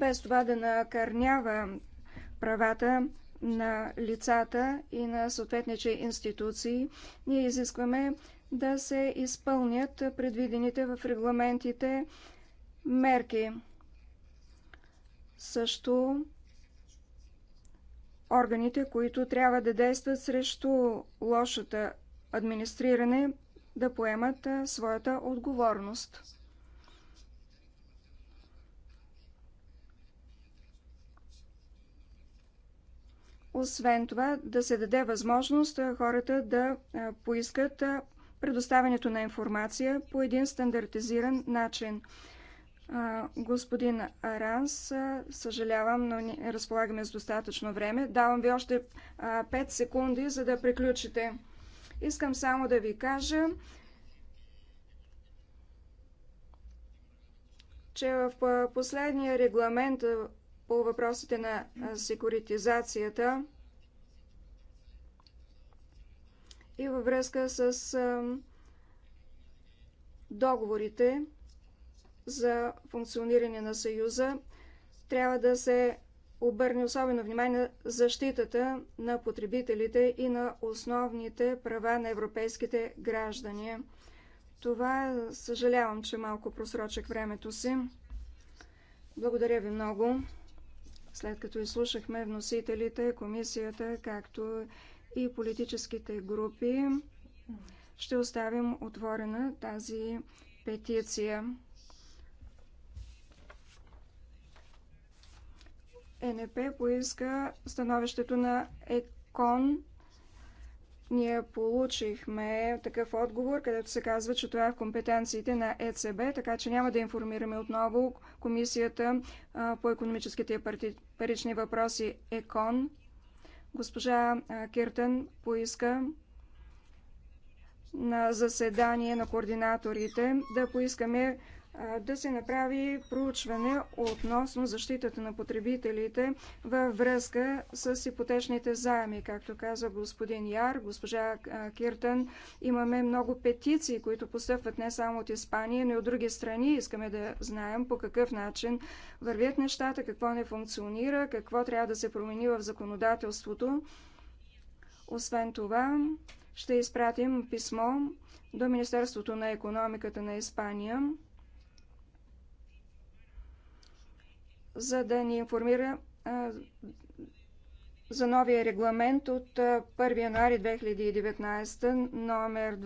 без това да накърнява правата на лицата и на съответните институции. Ние изискваме да се изпълнят предвидените в регламентите мерки. Също органите, които трябва да действат срещу лошата администриране, да поемат своята отговорност. Освен това, да се даде възможност хората да поискат предоставянето на информация по един стандартизиран начин. Господин Аранс, съжалявам, но не разполагаме с достатъчно време. Давам ви още 5 секунди, за да приключите. Искам само да ви кажа, че в последния регламент по въпросите на секуритизацията и във връзка с договорите за функциониране на Съюза, трябва да се обърне особено внимание на защитата на потребителите и на основните права на европейските граждани. Това съжалявам, че малко просрочих времето си. Благодаря ви много. След като изслушахме вносителите, комисията, както и политическите групи, ще оставим отворена тази петиция. ЕНП поиска становището на ЕКОН. Ние получихме такъв отговор, където се казва, че това е в компетенциите на ЕЦБ, така че няма да информираме отново Комисията по економическите и парични въпроси ЕКОН. Госпожа Киртен поиска на заседание на координаторите да поискаме да се направи проучване относно защитата на потребителите във връзка с ипотечните заеми. Както каза господин Яр, госпожа Киртън, имаме много петиции, които постъпват не само от Испания, но и от други страни. Искаме да знаем по какъв начин вървят нещата, какво не функционира, какво трябва да се промени в законодателството. Освен това, ще изпратим писмо до Министерството на економиката на Испания за да ни информира за новия регламент от 1 януари 2019, номер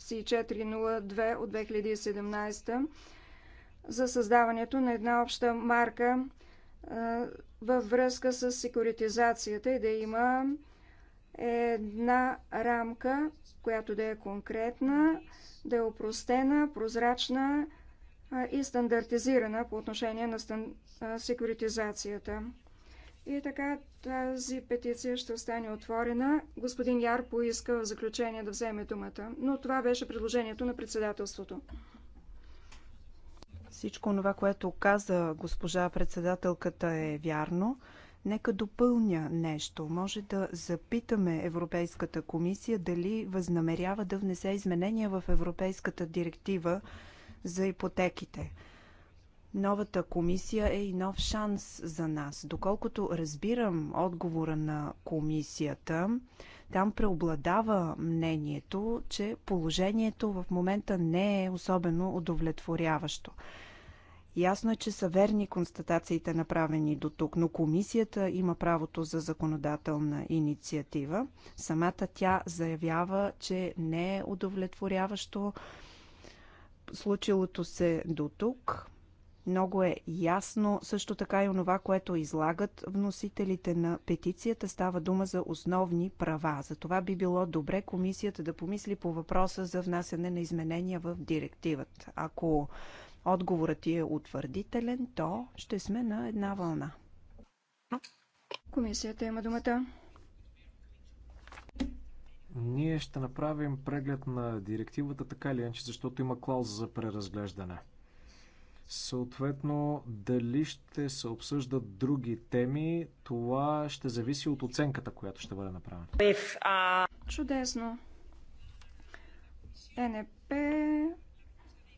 2402 от 2017, за създаването на една обща марка във връзка с секуритизацията и да има една рамка, която да е конкретна, да е опростена, прозрачна и стандартизирана по отношение на, стан секюритизацията. И така тази петиция ще остане отворена. Господин Яр поиска в заключение да вземе думата, но това беше предложението на председателството. Всичко това, което каза госпожа председателката е вярно. Нека допълня нещо. Може да запитаме Европейската комисия дали възнамерява да внесе изменения в Европейската директива за ипотеките. Новата комисия е и нов шанс за нас. Доколкото разбирам отговора на комисията, там преобладава мнението, че положението в момента не е особено удовлетворяващо. Ясно е, че са верни констатациите направени до тук, но комисията има правото за законодателна инициатива. Самата тя заявява, че не е удовлетворяващо случилото се до тук. Много е ясно също така и онова, което излагат вносителите на петицията. Става дума за основни права. За това би било добре комисията да помисли по въпроса за внасяне на изменения в директивата. Ако отговорът ти е утвърдителен, то ще сме на една вълна. Комисията има думата. Ние ще направим преглед на директивата така или защото има клауза за преразглеждане. Съответно, дали ще се обсъждат други теми, това ще зависи от оценката, която ще бъде направена. Чудесно. Е НП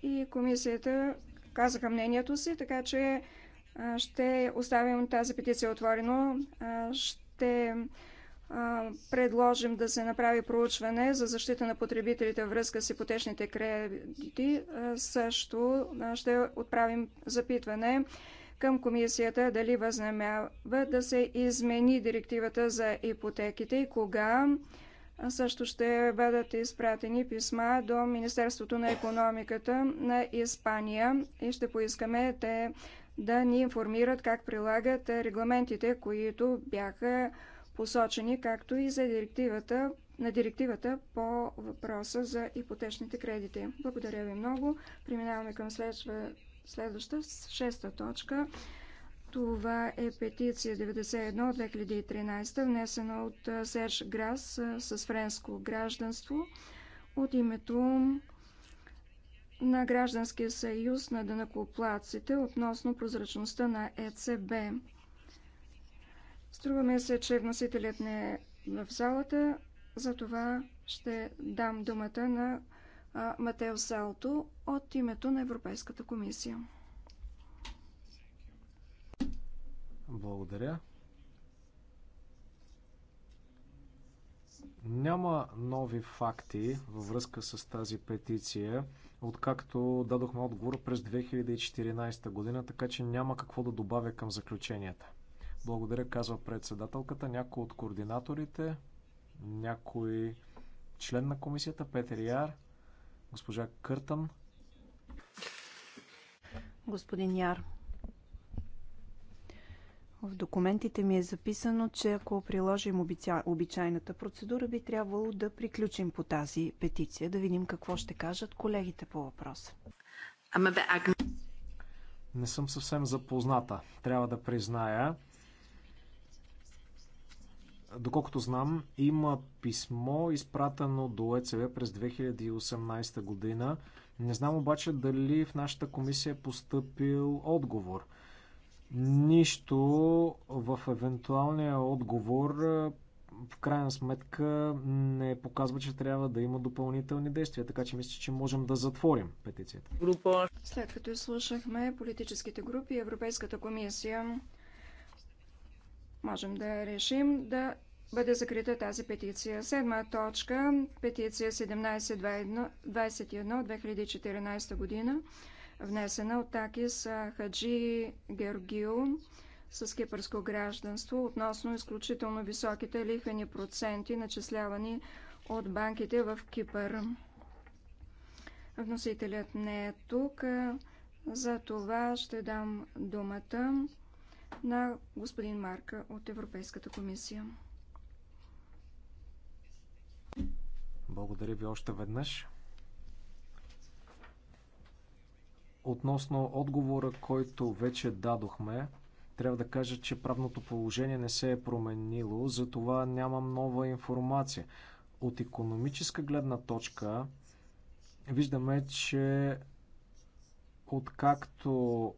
и комисията казаха мнението си, така че ще оставим тази петиция отворено. Ще предложим да се направи проучване за защита на потребителите във връзка с ипотечните кредити. Също ще отправим запитване към комисията дали възнамява да се измени директивата за ипотеките и кога. Също ще бъдат изпратени писма до Министерството на економиката на Испания и ще поискаме те да ни информират как прилагат регламентите, които бяха посочени, както и за директивата, на директивата по въпроса за ипотечните кредити. Благодаря ви много. Преминаваме към следва, следваща, шеста точка. Това е петиция 91 от 2013, внесена от Серж Грас с френско гражданство от името на Гражданския съюз на дънакоплаците относно прозрачността на ЕЦБ. Струваме се, че вносителят не е в залата, затова ще дам думата на Матео Салто от името на Европейската комисия. Благодаря. Няма нови факти във връзка с тази петиция, откакто дадохме отговор през 2014 година, така че няма какво да добавя към заключенията. Благодаря, казва председателката. Някой от координаторите, някой член на комисията, Петър Яр, госпожа Къртън. Господин Яр, в документите ми е записано, че ако приложим обичайната процедура, би трябвало да приключим по тази петиция, да видим какво ще кажат колегите по въпроса. Не съм съвсем запозната, трябва да призная. Доколкото знам, има писмо, изпратено до ЕЦВ през 2018 година. Не знам обаче дали в нашата комисия е поступил отговор. Нищо в евентуалния отговор в крайна сметка не показва, че трябва да има допълнителни действия, така че мисля, че можем да затворим петицията. След като изслушахме политическите групи и Европейската комисия, можем да решим да бъде закрита тази петиция. Седма точка, петиция 1721-2014 година, внесена от Такис Хаджи Георгио с кипърско гражданство относно изключително високите лихвени проценти, начислявани от банките в Кипър. Вносителят не е тук, за това ще дам думата на господин Марка от Европейската комисия. Благодаря ви още веднъж. Относно отговора, който вече дадохме, трябва да кажа, че правното положение не се е променило, затова нямам нова информация. От економическа гледна точка виждаме, че откакто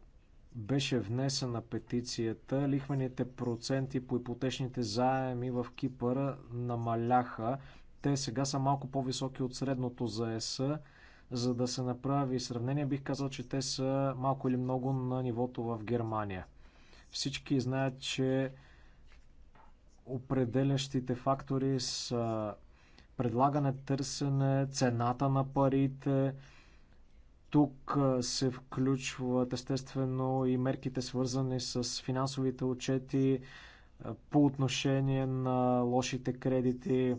беше внесена петицията, лихвените проценти по ипотечните заеми в Кипър намаляха. Те сега са малко по-високи от средното за ЕС. За да се направи сравнение, бих казал, че те са малко или много на нивото в Германия. Всички знаят, че определящите фактори са предлагане, търсене, цената на парите, тук се включват естествено и мерките свързани с финансовите отчети по отношение на лошите кредити,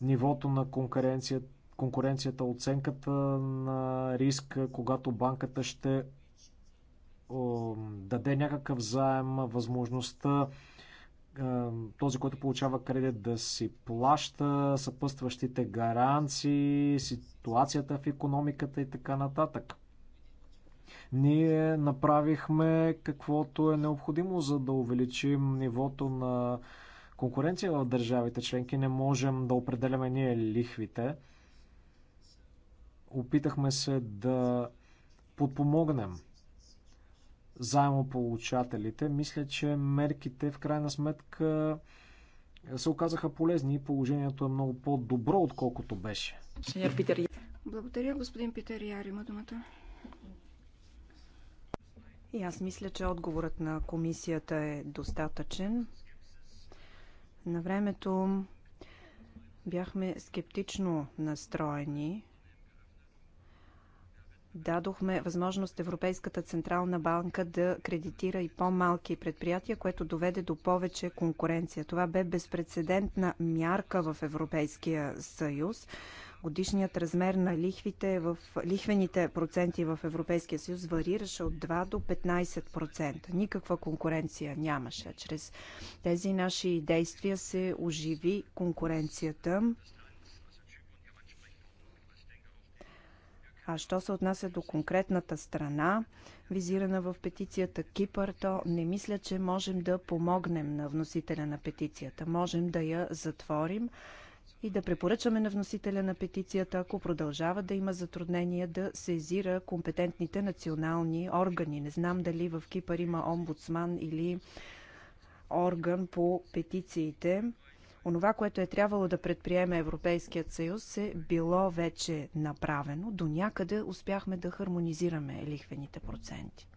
нивото на конкуренцията, конкуренцията оценката на риск, когато банката ще даде някакъв заем, възможността този, който получава кредит да си плаща, съпъстващите гаранции, ситуацията в економиката и така нататък. Ние направихме каквото е необходимо, за да увеличим нивото на конкуренция в държавите членки. Не можем да определяме ние лихвите. Опитахме се да подпомогнем заемополучателите. Мисля, че мерките в крайна сметка се оказаха полезни и положението е много по-добро, отколкото беше. Благодаря, господин Питер Яр. Има думата. И аз мисля, че отговорът на комисията е достатъчен. На времето бяхме скептично настроени дадохме възможност Европейската централна банка да кредитира и по-малки предприятия, което доведе до повече конкуренция. Това бе безпредседентна мярка в Европейския съюз. Годишният размер на лихвите в лихвените проценти в Европейския съюз варираше от 2 до 15%. Никаква конкуренция нямаше. Чрез тези наши действия се оживи конкуренцията А що се отнася до конкретната страна, визирана в петицията Кипър, то не мисля, че можем да помогнем на вносителя на петицията. Можем да я затворим и да препоръчаме на вносителя на петицията, ако продължава да има затруднения, да сезира компетентните национални органи. Не знам дали в Кипър има омбудсман или орган по петициите. Онова, което е трябвало да предприеме Европейският съюз, е било вече направено. До някъде успяхме да хармонизираме лихвените проценти.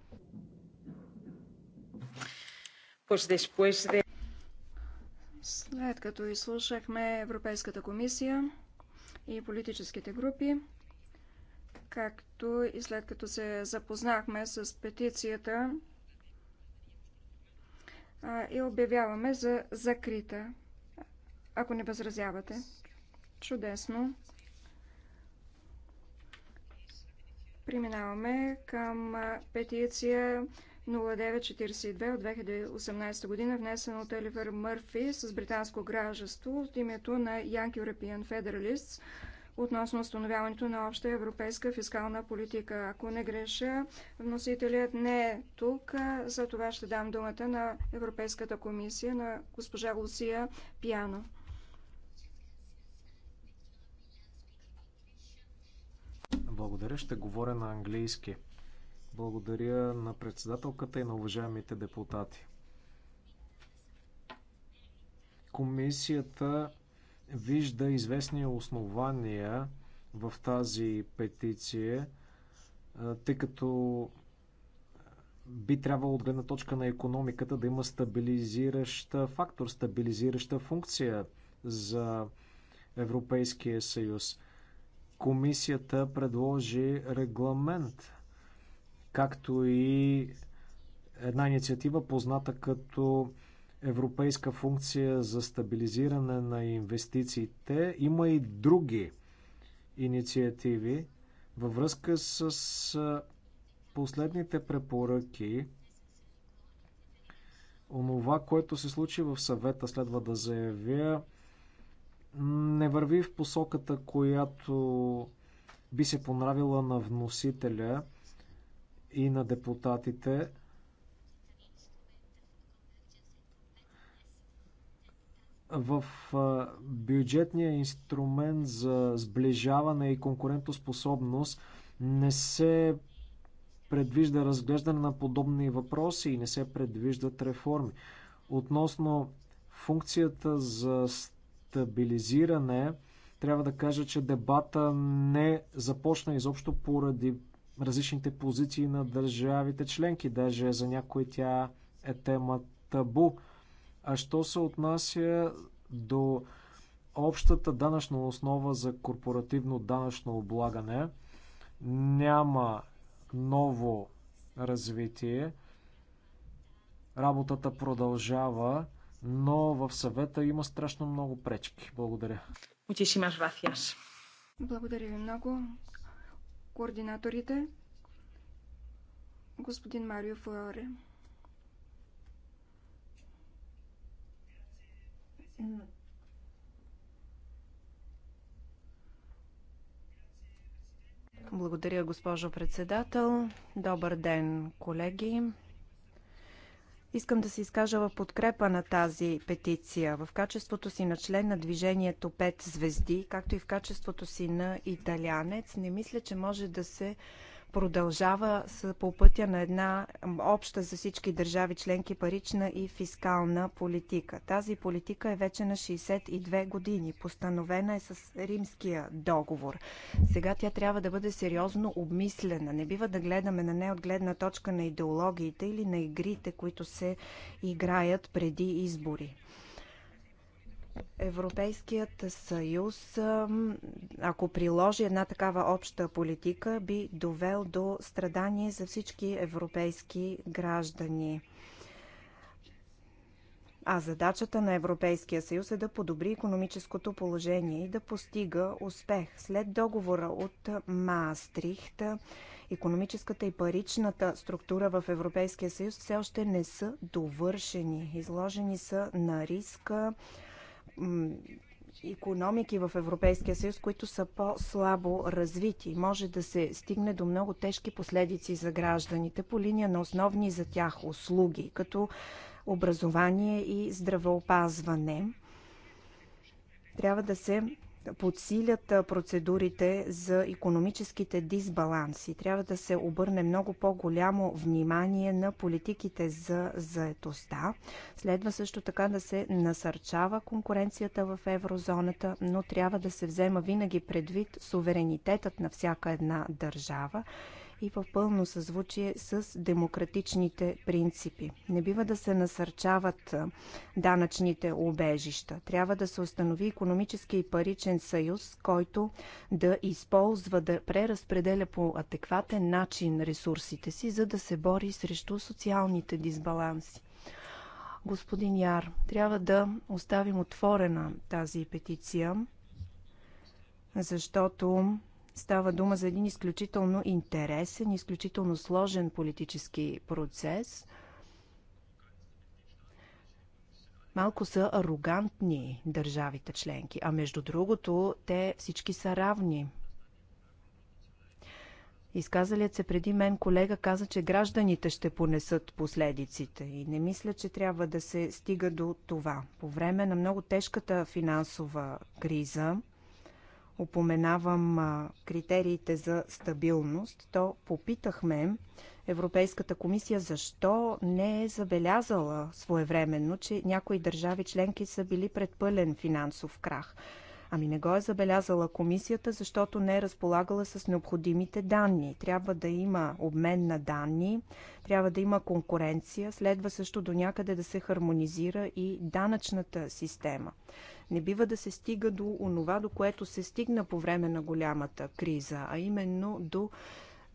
След като изслушахме Европейската комисия и политическите групи, както и след като се запознахме с петицията и обявяваме за закрита ако не възразявате. Чудесно. Преминаваме към петиция 0942 от 2018 година, внесена от Оливер Мърфи с британско гражданство от името на Young European Federalists относно установяването на обща европейска фискална политика. Ако не греша, вносителят не е тук, за това ще дам думата на Европейската комисия на госпожа Лусия Пиано. Благодаря, ще говоря на английски. Благодаря на председателката и на уважаемите депутати. Комисията вижда известни основания в тази петиция, тъй като би трябвало от гледна точка на економиката да има стабилизираща фактор, стабилизираща функция за Европейския съюз комисията предложи регламент, както и една инициатива, позната като Европейска функция за стабилизиране на инвестициите. Има и други инициативи във връзка с последните препоръки. Онова, което се случи в съвета, следва да заявя, не върви в посоката, която би се понравила на вносителя и на депутатите. В бюджетния инструмент за сближаване и конкурентоспособност не се предвижда разглеждане на подобни въпроси и не се предвиждат реформи. Относно функцията за стабилизиране, трябва да кажа, че дебата не започна изобщо поради различните позиции на държавите членки. Даже за някои тя е тема табу. А що се отнася до общата данъчна основа за корпоративно данъчно облагане, няма ново развитие. Работата продължава но в съвета има страшно много пречки. Благодаря. Muchísimas gracias. Благодаря ви много. Координаторите. Господин Марио Фуаре. Благодаря, госпожо председател. Добър ден, колеги. Искам да се изкажа в подкрепа на тази петиция. В качеството си на член на движението 5 звезди, както и в качеството си на италянец, не мисля, че може да се продължава по пътя на една обща за всички държави членки парична и фискална политика. Тази политика е вече на 62 години. Постановена е с римския договор. Сега тя трябва да бъде сериозно обмислена. Не бива да гледаме на нея от гледна точка на идеологиите или на игрите, които се играят преди избори. Европейският съюз, ако приложи една такава обща политика, би довел до страдание за всички европейски граждани. А задачата на Европейския съюз е да подобри економическото положение и да постига успех. След договора от Маастрихт, економическата и паричната структура в Европейския съюз все още не са довършени. Изложени са на риска економики в Европейския съюз, които са по-слабо развити. Може да се стигне до много тежки последици за гражданите по линия на основни за тях услуги, като образование и здравеопазване. Трябва да се подсилят процедурите за економическите дисбаланси. Трябва да се обърне много по-голямо внимание на политиките за заетостта. Следва също така да се насърчава конкуренцията в еврозоната, но трябва да се взема винаги предвид суверенитетът на всяка една държава и в пълно съзвучие с демократичните принципи. Не бива да се насърчават данъчните убежища. Трябва да се установи економически и паричен съюз, който да използва, да преразпределя по адекватен начин ресурсите си, за да се бори срещу социалните дисбаланси. Господин Яр, трябва да оставим отворена тази петиция, защото Става дума за един изключително интересен, изключително сложен политически процес. Малко са арогантни държавите членки, а между другото, те всички са равни. Изказалият се преди мен колега каза, че гражданите ще понесат последиците и не мисля, че трябва да се стига до това. По време на много тежката финансова криза, упоменавам критериите за стабилност, то попитахме Европейската комисия защо не е забелязала своевременно, че някои държави членки са били пред пълен финансов крах. Ами не го е забелязала комисията, защото не е разполагала с необходимите данни. Трябва да има обмен на данни, трябва да има конкуренция, следва също до някъде да се хармонизира и данъчната система. Не бива да се стига до онова, до което се стигна по време на голямата криза, а именно до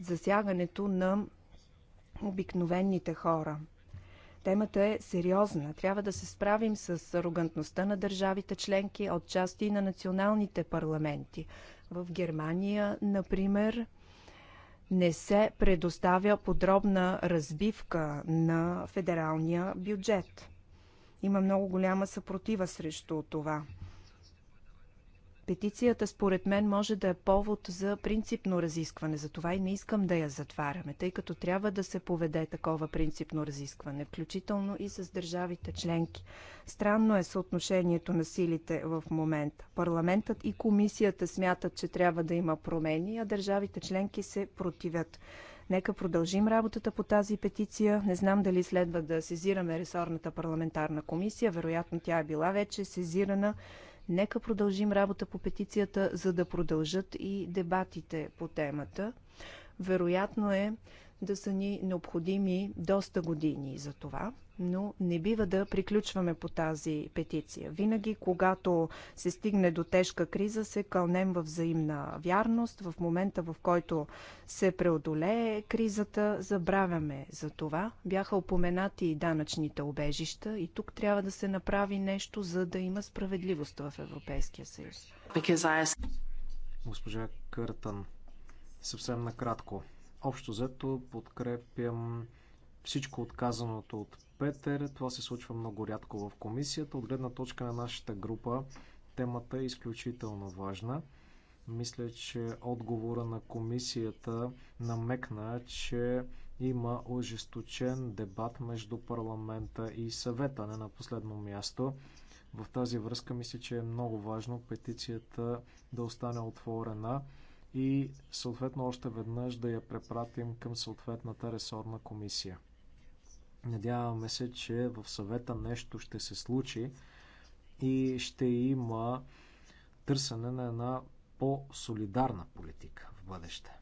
засягането на обикновените хора. Темата е сериозна. Трябва да се справим с арогантността на държавите членки, отчасти и на националните парламенти. В Германия, например, не се предоставя подробна разбивка на федералния бюджет. Има много голяма съпротива срещу това. Петицията, според мен, може да е повод за принципно разискване. Затова и не искам да я затваряме, тъй като трябва да се поведе такова принципно разискване, включително и с държавите членки. Странно е съотношението на силите в момента. Парламентът и комисията смятат, че трябва да има промени, а държавите членки се противят. Нека продължим работата по тази петиция. Не знам дали следва да сезираме ресорната парламентарна комисия. Вероятно тя е била вече сезирана. Нека продължим работа по петицията, за да продължат и дебатите по темата. Вероятно е да са ни необходими доста години за това, но не бива да приключваме по тази петиция. Винаги, когато се стигне до тежка криза, се кълнем в взаимна вярност. В момента, в който се преодолее кризата, забравяме за това. Бяха упоменати и данъчните обежища и тук трябва да се направи нещо, за да има справедливост в Европейския съюз. Госпожа Къртън, съвсем накратко. Общо взето подкрепям всичко отказаното от Петър. Това се случва много рядко в комисията. От гледна точка на нашата група темата е изключително важна. Мисля, че отговора на комисията намекна, че има ожесточен дебат между парламента и съвета, не на последно място. В тази връзка мисля, че е много важно петицията да остане отворена и съответно още веднъж да я препратим към съответната ресорна комисия. Надяваме се, че в съвета нещо ще се случи и ще има търсене на една по-солидарна политика в бъдеще.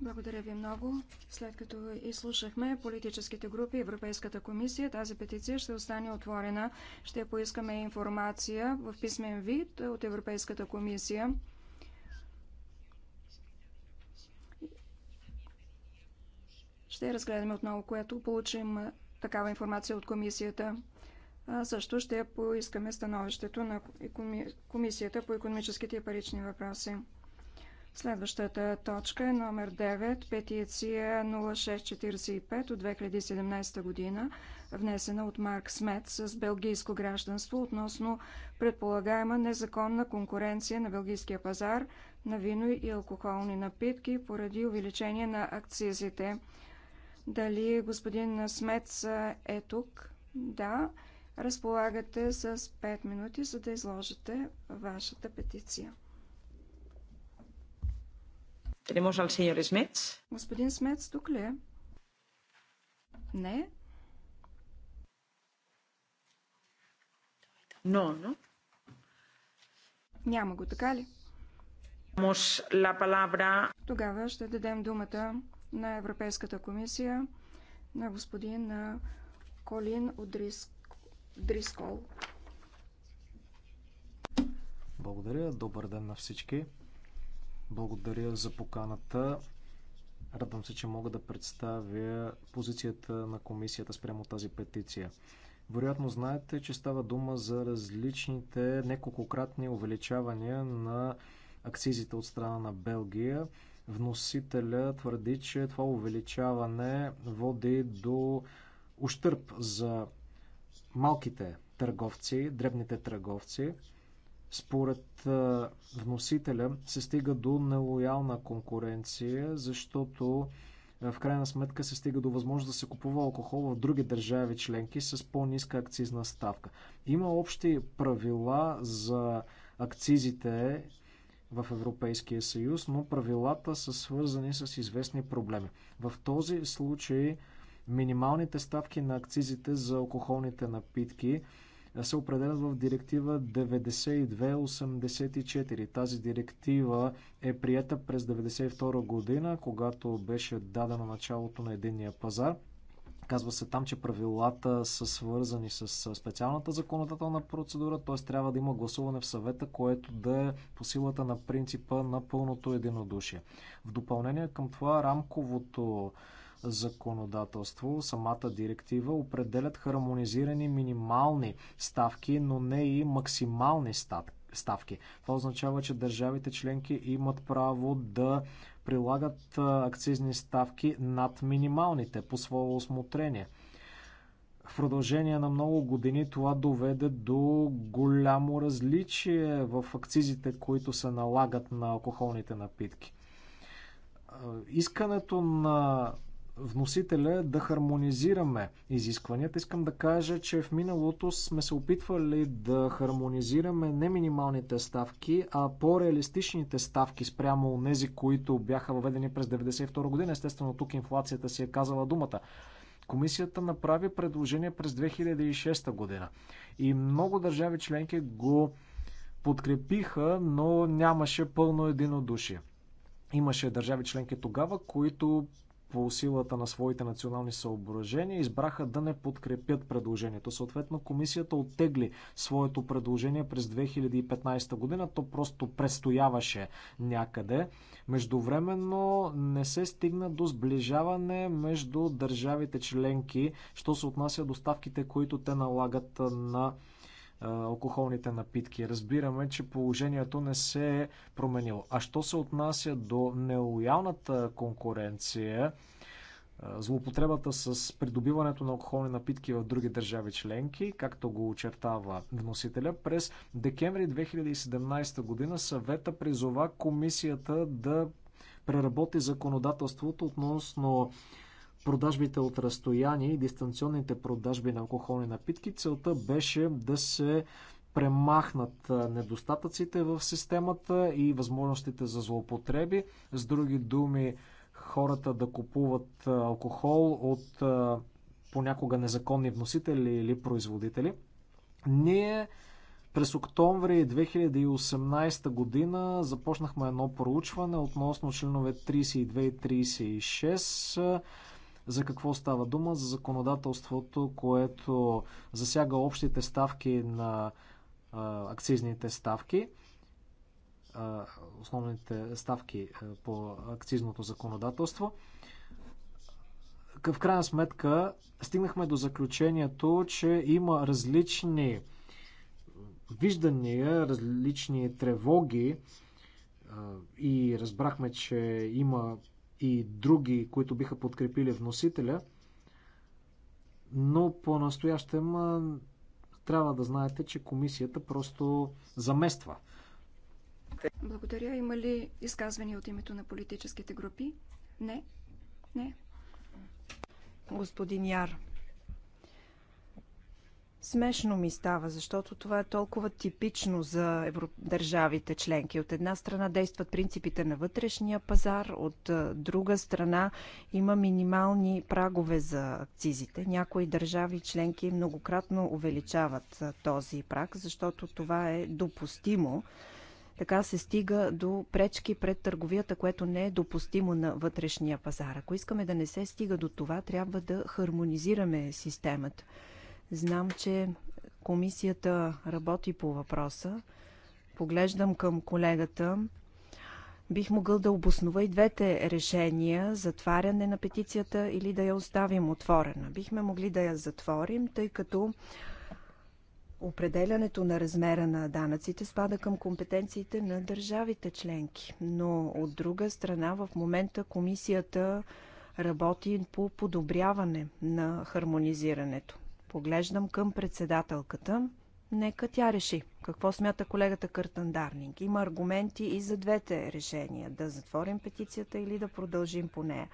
Благодаря ви много. След като изслушахме политическите групи, Европейската комисия, тази петиция ще остане отворена. Ще поискаме информация в писмен вид от Европейската комисия. Ще разгледаме отново, което получим такава информация от комисията. А също ще поискаме становището на Комисията по економическите и парични въпроси. Следващата точка е номер 9, петиция 0645 от 2017 година, внесена от Марк Смет с белгийско гражданство относно предполагаема незаконна конкуренция на белгийския пазар на вино и алкохолни напитки поради увеличение на акцизите. Дали господин Смец е тук? Да. Разполагате с 5 минути, за да изложите вашата петиция. Tenemos al señor Smets. Господин Смец тук ли е? Не. Но, но. Няма го, така ли? Тогава ще дадем думата на Европейската комисия на господин Колин Дрискол. Благодаря. Добър ден на всички. Благодаря за поканата. Радвам се, че мога да представя позицията на комисията спрямо тази петиция. Вероятно знаете, че става дума за различните неколкократни увеличавания на акцизите от страна на Белгия. Вносителя твърди, че това увеличаване води до ущърп за малките търговци, дребните търговци. Според вносителя се стига до нелоялна конкуренция, защото в крайна сметка се стига до възможност да се купува алкохол в други държави членки с по-ниска акцизна ставка. Има общи правила за акцизите в Европейския съюз, но правилата са свързани с известни проблеми. В този случай минималните ставки на акцизите за алкохолните напитки се определят в директива 9284. Тази директива е прията през 1992 година, когато беше дадено началото на единния пазар. Казва се там, че правилата са свързани с специалната законодателна процедура, т.е. трябва да има гласуване в съвета, което да е по силата на принципа на пълното единодушие. В допълнение към това рамковото законодателство, самата директива определят хармонизирани минимални ставки, но не и максимални ставки Това означава, че държавите членки имат право да прилагат акцизни ставки над минималните по свое осмотрение. В продължение на много години това доведе до голямо различие в акцизите, които се налагат на алкохолните напитки. Искането на вносителя да хармонизираме изискванията. Искам да кажа, че в миналото сме се опитвали да хармонизираме не минималните ставки, а по-реалистичните ставки спрямо тези, които бяха въведени през 1992 година. Естествено, тук инфлацията си е казала думата. Комисията направи предложение през 2006 година и много държави членки го подкрепиха, но нямаше пълно единодушие. Имаше държави членки тогава, които по силата на своите национални съображения избраха да не подкрепят предложението. Съответно, комисията оттегли своето предложение през 2015 година. То просто престояваше някъде. Междувременно не се стигна до сближаване между държавите членки, що се отнася до ставките, които те налагат на алкохолните напитки. Разбираме, че положението не се е променило. А що се отнася до нелоялната конкуренция, злоупотребата с придобиването на алкохолни напитки в други държави членки, както го очертава вносителя, през декември 2017 година съвета призова комисията да преработи законодателството относно продажбите от разстояние и дистанционните продажби на алкохолни напитки. Целта беше да се премахнат недостатъците в системата и възможностите за злоупотреби. С други думи, хората да купуват алкохол от понякога незаконни вносители или производители. Ние през октомври 2018 година започнахме едно проучване относно членове 32 и 36 за какво става дума? За законодателството, което засяга общите ставки на акцизните ставки, основните ставки по акцизното законодателство. В крайна сметка стигнахме до заключението, че има различни виждания, различни тревоги и разбрахме, че има и други, които биха подкрепили вносителя. Но по-настоящем трябва да знаете, че комисията просто замества. Благодаря. Има ли изказвания от името на политическите групи? Не. Не. Господин Яр, Смешно ми става, защото това е толкова типично за евро... държавите членки. От една страна действат принципите на вътрешния пазар, от друга страна има минимални прагове за акцизите. Някои държави членки многократно увеличават този праг, защото това е допустимо. Така се стига до пречки пред търговията, което не е допустимо на вътрешния пазар. Ако искаме да не се стига до това, трябва да хармонизираме системата. Знам, че комисията работи по въпроса. Поглеждам към колегата. Бих могъл да обоснова и двете решения затваряне на петицията или да я оставим отворена. Бихме могли да я затворим, тъй като определянето на размера на данъците спада към компетенциите на държавите членки. Но от друга страна, в момента комисията работи по подобряване на хармонизирането. Поглеждам към председателката. Нека тя реши. Какво смята колегата Картандарник? Има аргументи и за двете решения. Да затворим петицията или да продължим по нея.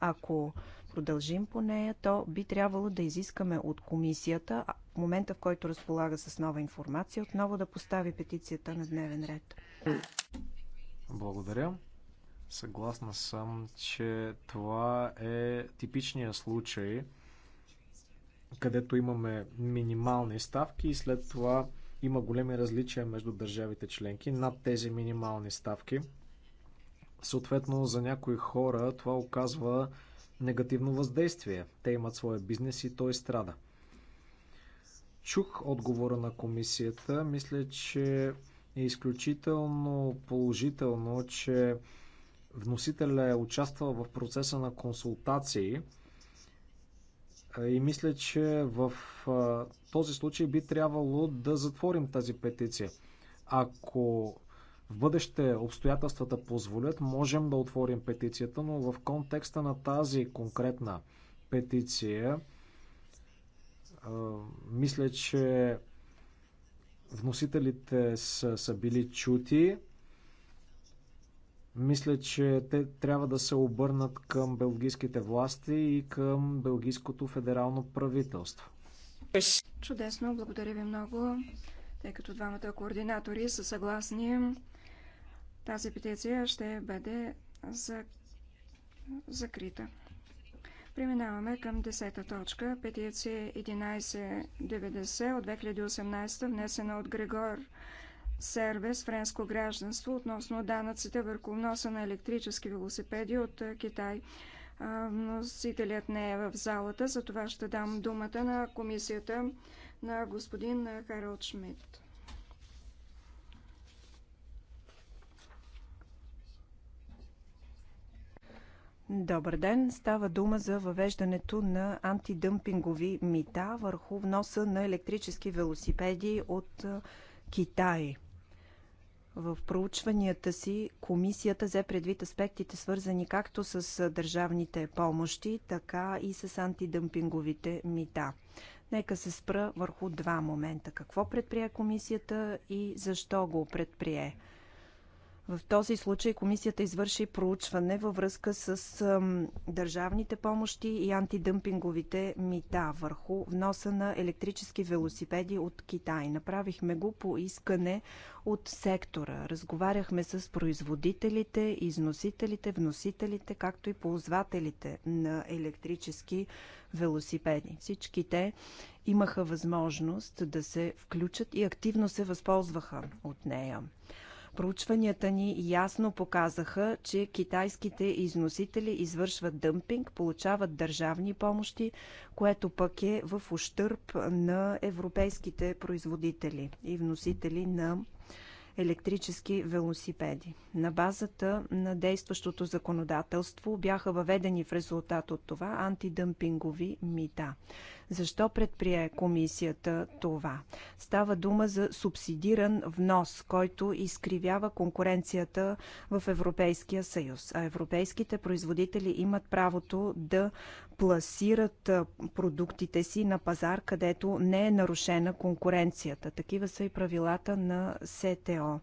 Ако продължим по нея, то би трябвало да изискаме от комисията, в момента в който разполага с нова информация, отново да постави петицията на дневен ред. Благодаря. Съгласна съм, че това е типичният случай – където имаме минимални ставки и след това има големи различия между държавите членки над тези минимални ставки. Съответно, за някои хора това оказва негативно въздействие. Те имат своя бизнес и той страда. Чух отговора на комисията. Мисля, че е изключително положително, че вносителя е участвал в процеса на консултации – и мисля, че в този случай би трябвало да затворим тази петиция. Ако в бъдеще обстоятелствата позволят, можем да отворим петицията, но в контекста на тази конкретна петиция, мисля, че вносителите са, са били чути. Мисля, че те трябва да се обърнат към белгийските власти и към белгийското федерално правителство. Чудесно, благодаря ви много, тъй като двамата координатори са съгласни. Тази петиция ще бъде за... закрита. Преминаваме към 10-та точка. Петиция 1190 от 2018, внесена от Григор сервис френско гражданство относно данъците върху вноса на електрически велосипеди от е, Китай. Носителят не е в залата, За това ще дам думата на комисията на господин Харалд Шмидт. Добър ден! Става дума за въвеждането на антидъмпингови мита върху вноса на електрически велосипеди от е, Китай. В проучванията си комисията взе предвид аспектите свързани както с държавните помощи, така и с антидъмпинговите мита. Нека се спра върху два момента. Какво предприе комисията и защо го предприе? В този случай комисията извърши проучване във връзка с държавните помощи и антидъмпинговите мита върху вноса на електрически велосипеди от Китай. Направихме го по искане от сектора. Разговаряхме с производителите, износителите, вносителите, както и ползвателите на електрически велосипеди. Всички те имаха възможност да се включат и активно се възползваха от нея. Проучванията ни ясно показаха, че китайските износители извършват дъмпинг, получават държавни помощи, което пък е в ущърп на европейските производители и вносители на електрически велосипеди. На базата на действащото законодателство бяха въведени в резултат от това антидъмпингови мита. Защо предприе комисията това? Става дума за субсидиран внос, който изкривява конкуренцията в Европейския съюз. А европейските производители имат правото да пласират продуктите си на пазар, където не е нарушена конкуренцията. Такива са и правилата на СТО.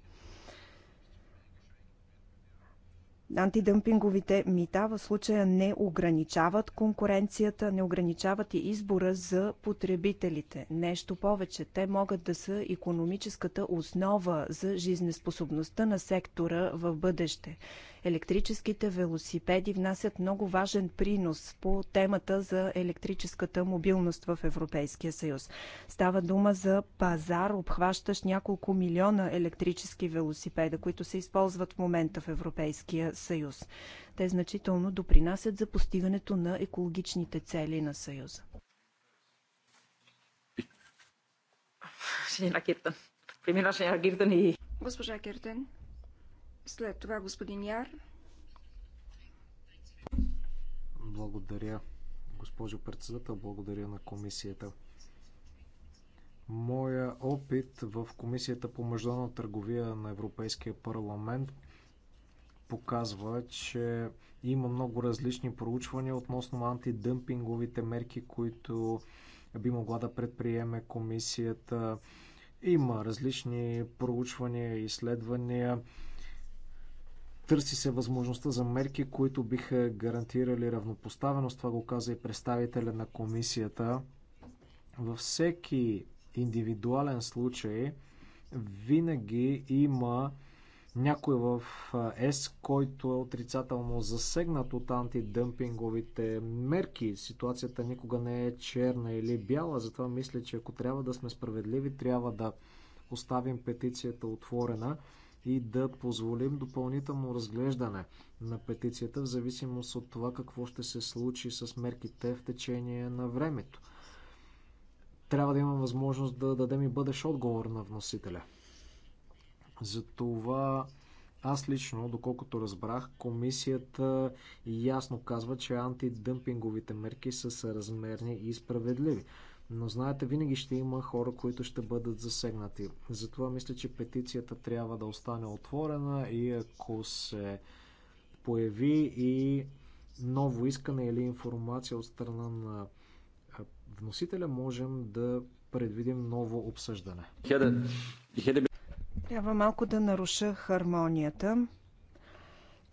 Антидъмпинговите мита в случая не ограничават конкуренцията, не ограничават и избора за потребителите. Нещо повече, те могат да са економическата основа за жизнеспособността на сектора в бъдеще. Електрическите велосипеди внасят много важен принос по темата за електрическата мобилност в Европейския съюз. Става дума за пазар, обхващащ няколко милиона електрически велосипеда, които се използват в момента в Европейския съюз. Те значително допринасят за постигането на екологичните цели на съюза. Сенина Киртън. Примера Сенина Киртън и... Госпожа Кертен, След това господин Яр. Благодаря, госпожо председател. Благодаря на комисията. Моя опит в Комисията по международна търговия на Европейския парламент показва, че има много различни проучвания относно антидъмпинговите мерки, които би могла да предприеме комисията. Има различни проучвания и изследвания. Търси се възможността за мерки, които биха гарантирали равнопоставеност. Това го каза и представителя на комисията. Във всеки индивидуален случай винаги има някой в ЕС, който е отрицателно засегнат от антидъмпинговите мерки. Ситуацията никога не е черна или бяла, затова мисля, че ако трябва да сме справедливи, трябва да оставим петицията отворена и да позволим допълнително разглеждане на петицията в зависимост от това какво ще се случи с мерките в течение на времето. Трябва да имам възможност да дадем и бъдещ отговор на вносителя. Затова аз лично, доколкото разбрах, комисията ясно казва, че антидъмпинговите мерки са съразмерни и справедливи. Но знаете, винаги ще има хора, които ще бъдат засегнати. Затова мисля, че петицията трябва да остане отворена и ако се появи и ново искане или информация от страна на вносителя, можем да предвидим ново обсъждане. Трябва малко да наруша хармонията.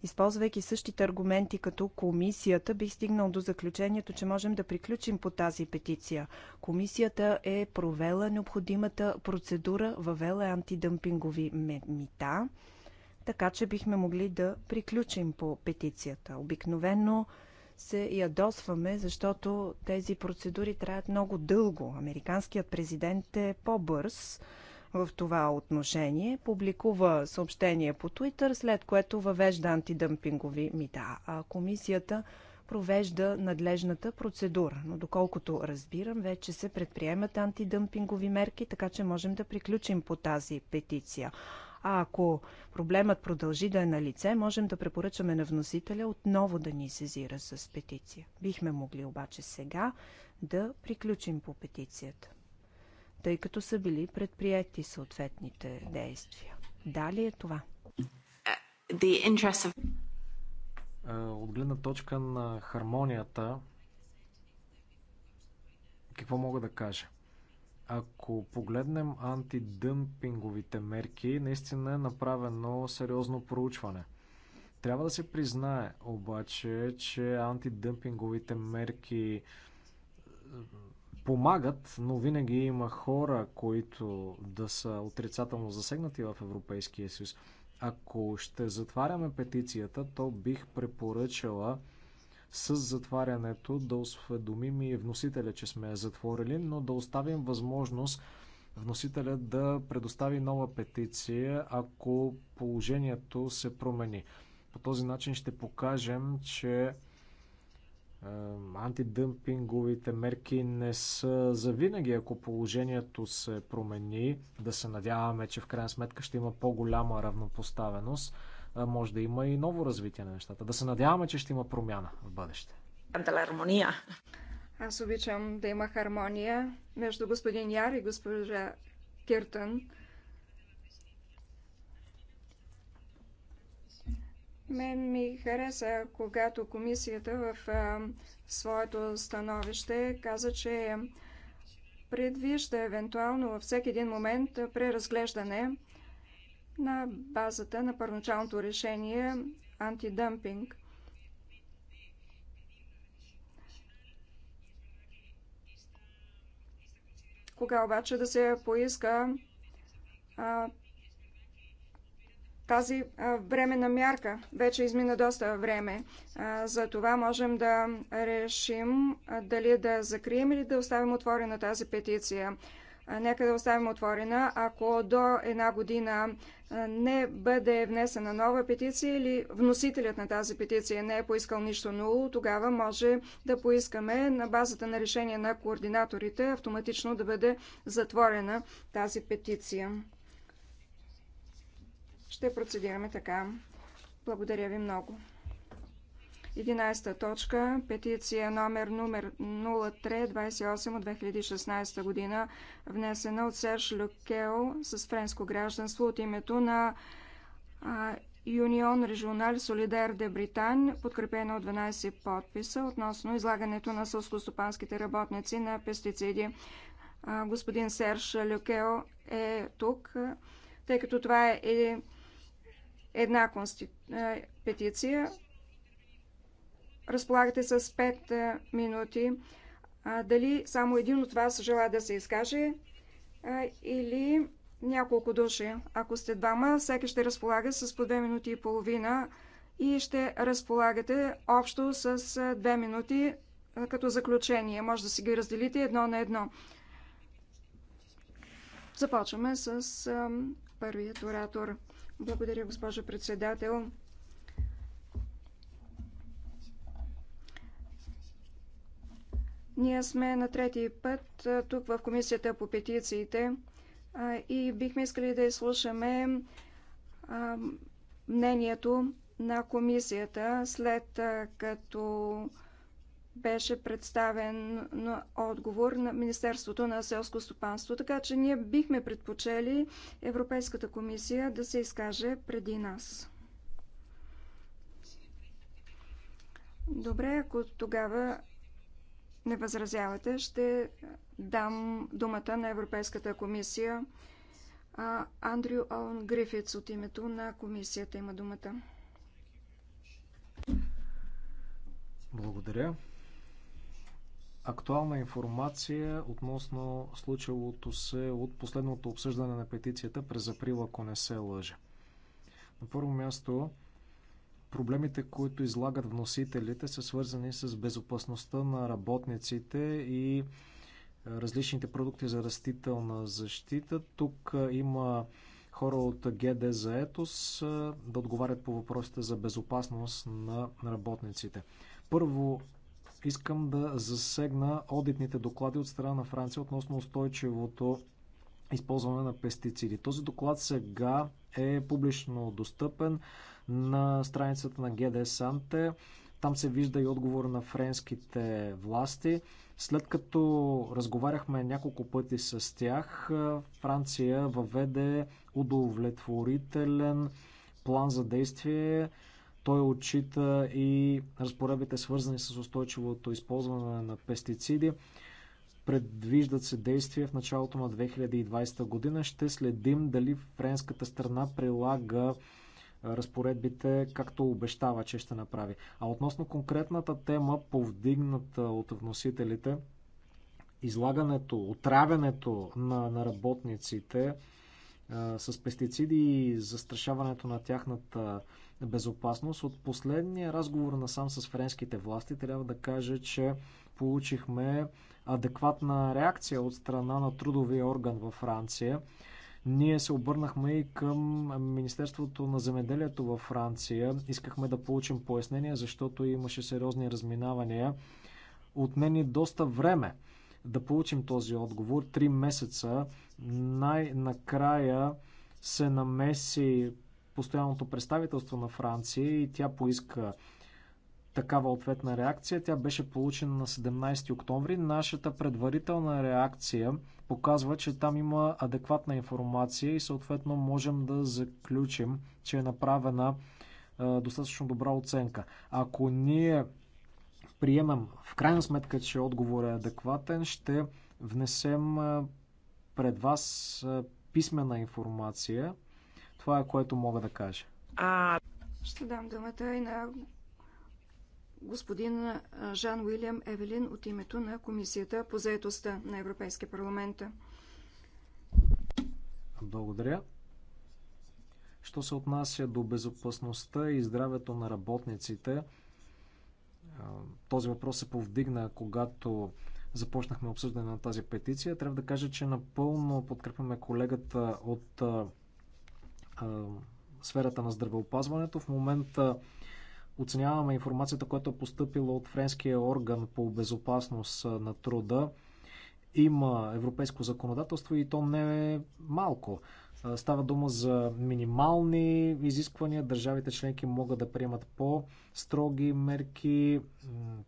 Използвайки същите аргументи като комисията, бих стигнал до заключението, че можем да приключим по тази петиция. Комисията е провела необходимата процедура, въвела е антидъмпингови мита, така че бихме могли да приключим по петицията. Обикновено се ядосваме, защото тези процедури траят много дълго. Американският президент е по-бърз в това отношение. Публикува съобщение по Твитър, след което въвежда антидъмпингови мита. А комисията провежда надлежната процедура. Но доколкото разбирам, вече се предприемат антидъмпингови мерки, така че можем да приключим по тази петиция. А ако проблемът продължи да е на лице, можем да препоръчаме на вносителя отново да ни сезира с петиция. Бихме могли обаче сега да приключим по петицията тъй като са били предприяти съответните действия. Дали е това? Е, от гледна точка на хармонията, какво мога да кажа? Ако погледнем антидъмпинговите мерки, наистина е направено сериозно проучване. Трябва да се признае обаче, че антидъмпинговите мерки помагат, но винаги има хора, които да са отрицателно засегнати в Европейския съюз. Ако ще затваряме петицията, то бих препоръчала с затварянето да осведомим и вносителя, че сме я затворили, но да оставим възможност вносителя да предостави нова петиция, ако положението се промени. По този начин ще покажем, че е, антидъмпинговите мерки не са за винаги. Ако положението се промени, да се надяваме, че в крайна сметка ще има по-голяма равнопоставеност, е, може да има и ново развитие на нещата. Да се надяваме, че ще има промяна в бъдеще. Хармония. Аз обичам да има хармония между господин Яр и госпожа Киртън. Мен ми хареса, когато комисията в а, своето становище каза, че предвижда евентуално във всеки един момент преразглеждане на базата на първоначалното решение антидъмпинг. Кога обаче да се поиска а, тази временна мярка. Вече измина доста време. За това можем да решим дали да закрием или да оставим отворена тази петиция. Нека да оставим отворена. Ако до една година не бъде внесена нова петиция или вносителят на тази петиция не е поискал нищо ново, тогава може да поискаме на базата на решение на координаторите автоматично да бъде затворена тази петиция. Ще процедираме така. Благодаря ви много. 11 точка. Петиция номер, номер 0328 от 2016 година, внесена от Серж Люкео с френско гражданство от името на Юнион Регионал Солидар де Британ, подкрепена от 12 подписа относно излагането на сълскостопанските работници на пестициди. А, господин Серж Люкео е тук, тъй като това е една конститу... Е, петиция. Разполагате с 5 е, минути. дали само един от вас желая да се изкаже е, или няколко души. Ако сте двама, всеки ще разполага с по 2 минути и половина и ще разполагате общо с 2 минути като заключение. Може да си ги разделите едно на едно. Започваме с първият оратор. Благодаря, госпожо председател. Ние сме на трети път тук в Комисията по петициите и бихме искали да изслушаме мнението на комисията след като беше представен отговор на Министерството на селско стопанство, така че ние бихме предпочели Европейската комисия да се изкаже преди нас. Добре, ако тогава не възразявате, ще дам думата на Европейската комисия. А Андрю Олн Грифиц от името на комисията има думата. Благодаря актуална информация относно случилото се от последното обсъждане на петицията през април, ако не се лъжа. На първо място, проблемите, които излагат вносителите, са свързани с безопасността на работниците и е, различните продукти за растителна защита. Тук е, има хора от ГД Етос е, да отговарят по въпросите за безопасност на работниците. Първо искам да засегна одитните доклади от страна на Франция относно устойчивото използване на пестициди. Този доклад сега е публично достъпен на страницата на ГД Санте. Там се вижда и отговор на френските власти. След като разговаряхме няколко пъти с тях, Франция въведе удовлетворителен план за действие той отчита и разпоредбите свързани с устойчивото използване на пестициди. Предвиждат се действия в началото на 2020 година. Ще следим дали френската страна прилага разпоредбите, както обещава, че ще направи. А относно конкретната тема, повдигната от вносителите, излагането, отравянето на, на работниците а, с пестициди и застрашаването на тяхната безопасност. От последния разговор насам с френските власти трябва да кажа, че получихме адекватна реакция от страна на трудовия орган във Франция. Ние се обърнахме и към Министерството на земеделието във Франция. Искахме да получим пояснение, защото имаше сериозни разминавания. Отнени доста време да получим този отговор. Три месеца. Най-накрая се намеси постоянното представителство на Франция и тя поиска такава ответна реакция. Тя беше получена на 17 октомври. Нашата предварителна реакция показва, че там има адекватна информация и съответно можем да заключим, че е направена достатъчно добра оценка. Ако ние приемем в крайна сметка, че отговор е адекватен, ще внесем пред вас писмена информация това е което мога да кажа. А... Ще дам думата и на господин Жан Уилям Евелин от името на Комисията по заедостта на Европейския парламент. Благодаря. Що се отнася до безопасността и здравето на работниците, този въпрос се повдигна, когато започнахме обсъждане на тази петиция. Трябва да кажа, че напълно подкрепяме колегата от сферата на здравеопазването. В момента оценяваме информацията, която е поступила от френския орган по безопасност на труда. Има европейско законодателство и то не е малко. Става дума за минимални изисквания. Държавите членки могат да приемат по-строги мерки.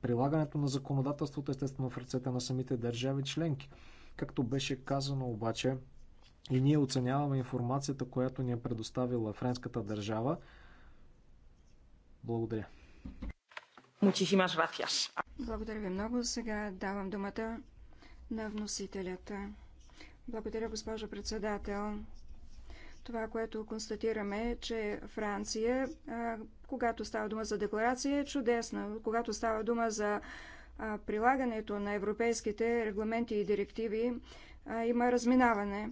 Прилагането на законодателството естествено в ръцете на самите държави членки. Както беше казано обаче, и ние оценяваме информацията, която ни е предоставила френската държава. Благодаря. Благодаря ви много. Сега давам думата на вносителята. Благодаря, госпожо председател. Това, което констатираме е, че Франция, когато става дума за декларация, е чудесна. Когато става дума за прилагането на европейските регламенти и директиви, има разминаване.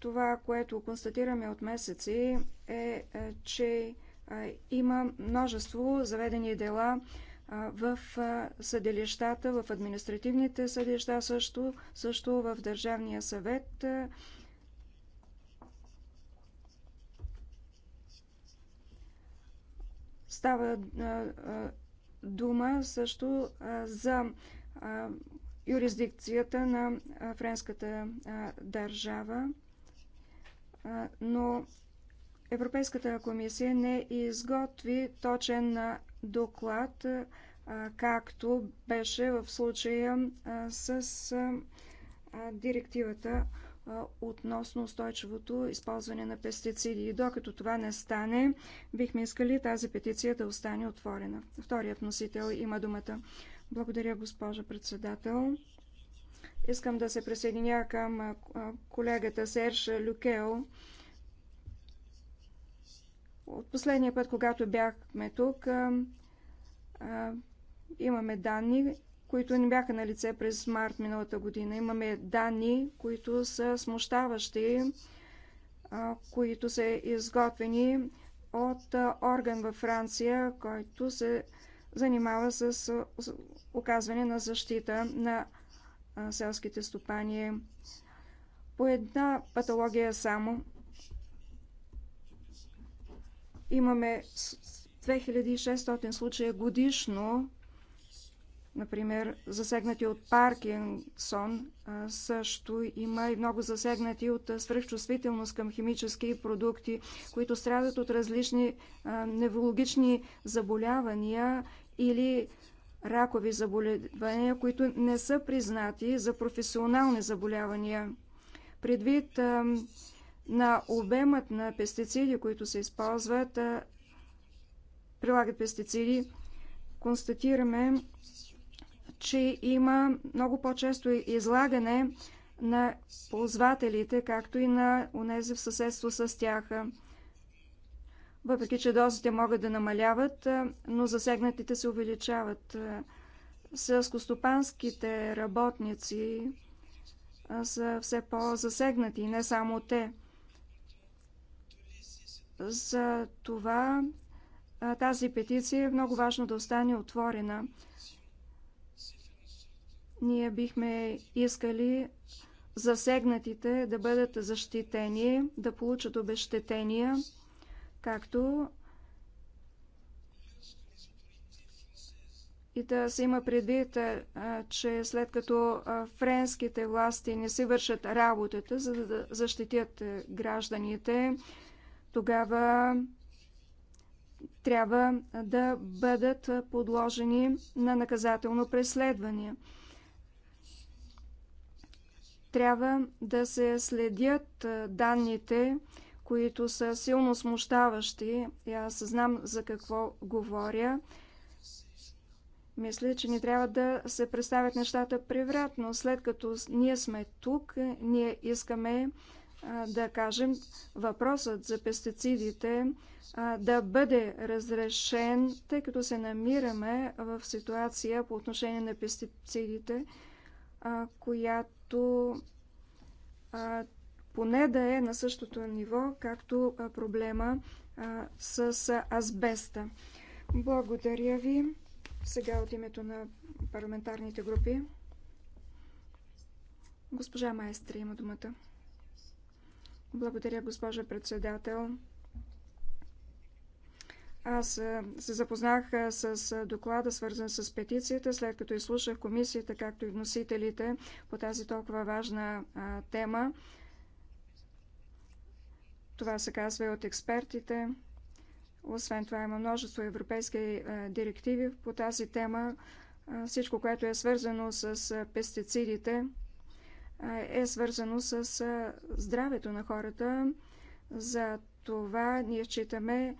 Това, което констатираме от месеци е, е че има множество заведени дела в съдилищата, в административните съдилища също, също в Държавния съвет. Става дума също за юрисдикцията на френската държава но Европейската комисия не изготви точен доклад, както беше в случая с директивата относно устойчивото използване на пестициди. И докато това не стане, бихме искали тази петиция да остане отворена. Вторият носител има думата. Благодаря, госпожа председател. Искам да се присъединя към колегата Серж Люкео. От последния път, когато бяхме тук, имаме данни, които не бяха на лице през март миналата година. Имаме данни, които са смущаващи, които са изготвени от орган във Франция, който се занимава с оказване на защита на селските стопани. По една патология само имаме 2600 случая годишно, например, засегнати от Паркинсон, също има и много засегнати от свръхчувствителност към химически продукти, които страдат от различни неврологични заболявания или ракови заболявания, които не са признати за професионални заболявания. Предвид на обемът на пестициди, които се използват, прилагат пестициди, констатираме, че има много по-често излагане на ползвателите, както и на унези в съседство с тях въпреки че дозите могат да намаляват, но засегнатите се увеличават. Селскостопанските работници са все по-засегнати, не само те. За това тази петиция е много важно да остане отворена. Ние бихме искали засегнатите да бъдат защитени, да получат обещетения както и да се има предвид, че след като френските власти не си вършат работата, за да защитят гражданите, тогава трябва да бъдат подложени на наказателно преследване. Трябва да се следят данните които са силно смущаващи. И аз знам за какво говоря. Мисля, че не трябва да се представят нещата превратно. След като ние сме тук, ние искаме да кажем въпросът за пестицидите да бъде разрешен, тъй като се намираме в ситуация по отношение на пестицидите, която поне да е на същото ниво, както проблема с азбеста. Благодаря ви. Сега от името на парламентарните групи. Госпожа Майстри има думата. Благодаря, госпожа председател. Аз се запознах с доклада, свързан с петицията, след като изслушах комисията, както и вносителите по тази толкова важна тема. Това се казва и от експертите. Освен това има множество европейски е, директиви по тази тема. Е, всичко, което е свързано с е, пестицидите, е свързано с здравето на хората. За това ние считаме,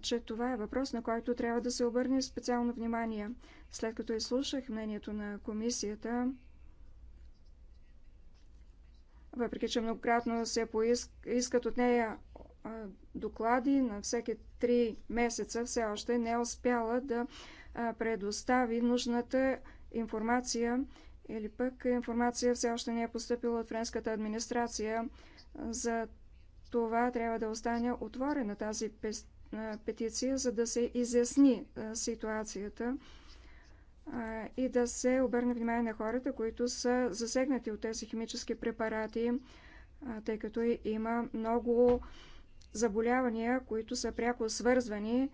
че това е въпрос, на който трябва да се обърне специално внимание. След като изслушах мнението на комисията, въпреки че многократно се поискат от нея доклади на всеки три месеца, все още не е успяла да предостави нужната информация или пък информация все още не е поступила от френската администрация. За това трябва да остане отворена тази петиция, за да се изясни ситуацията и да се обърне внимание на хората, които са засегнати от тези химически препарати, тъй като има много заболявания, които са пряко свързвани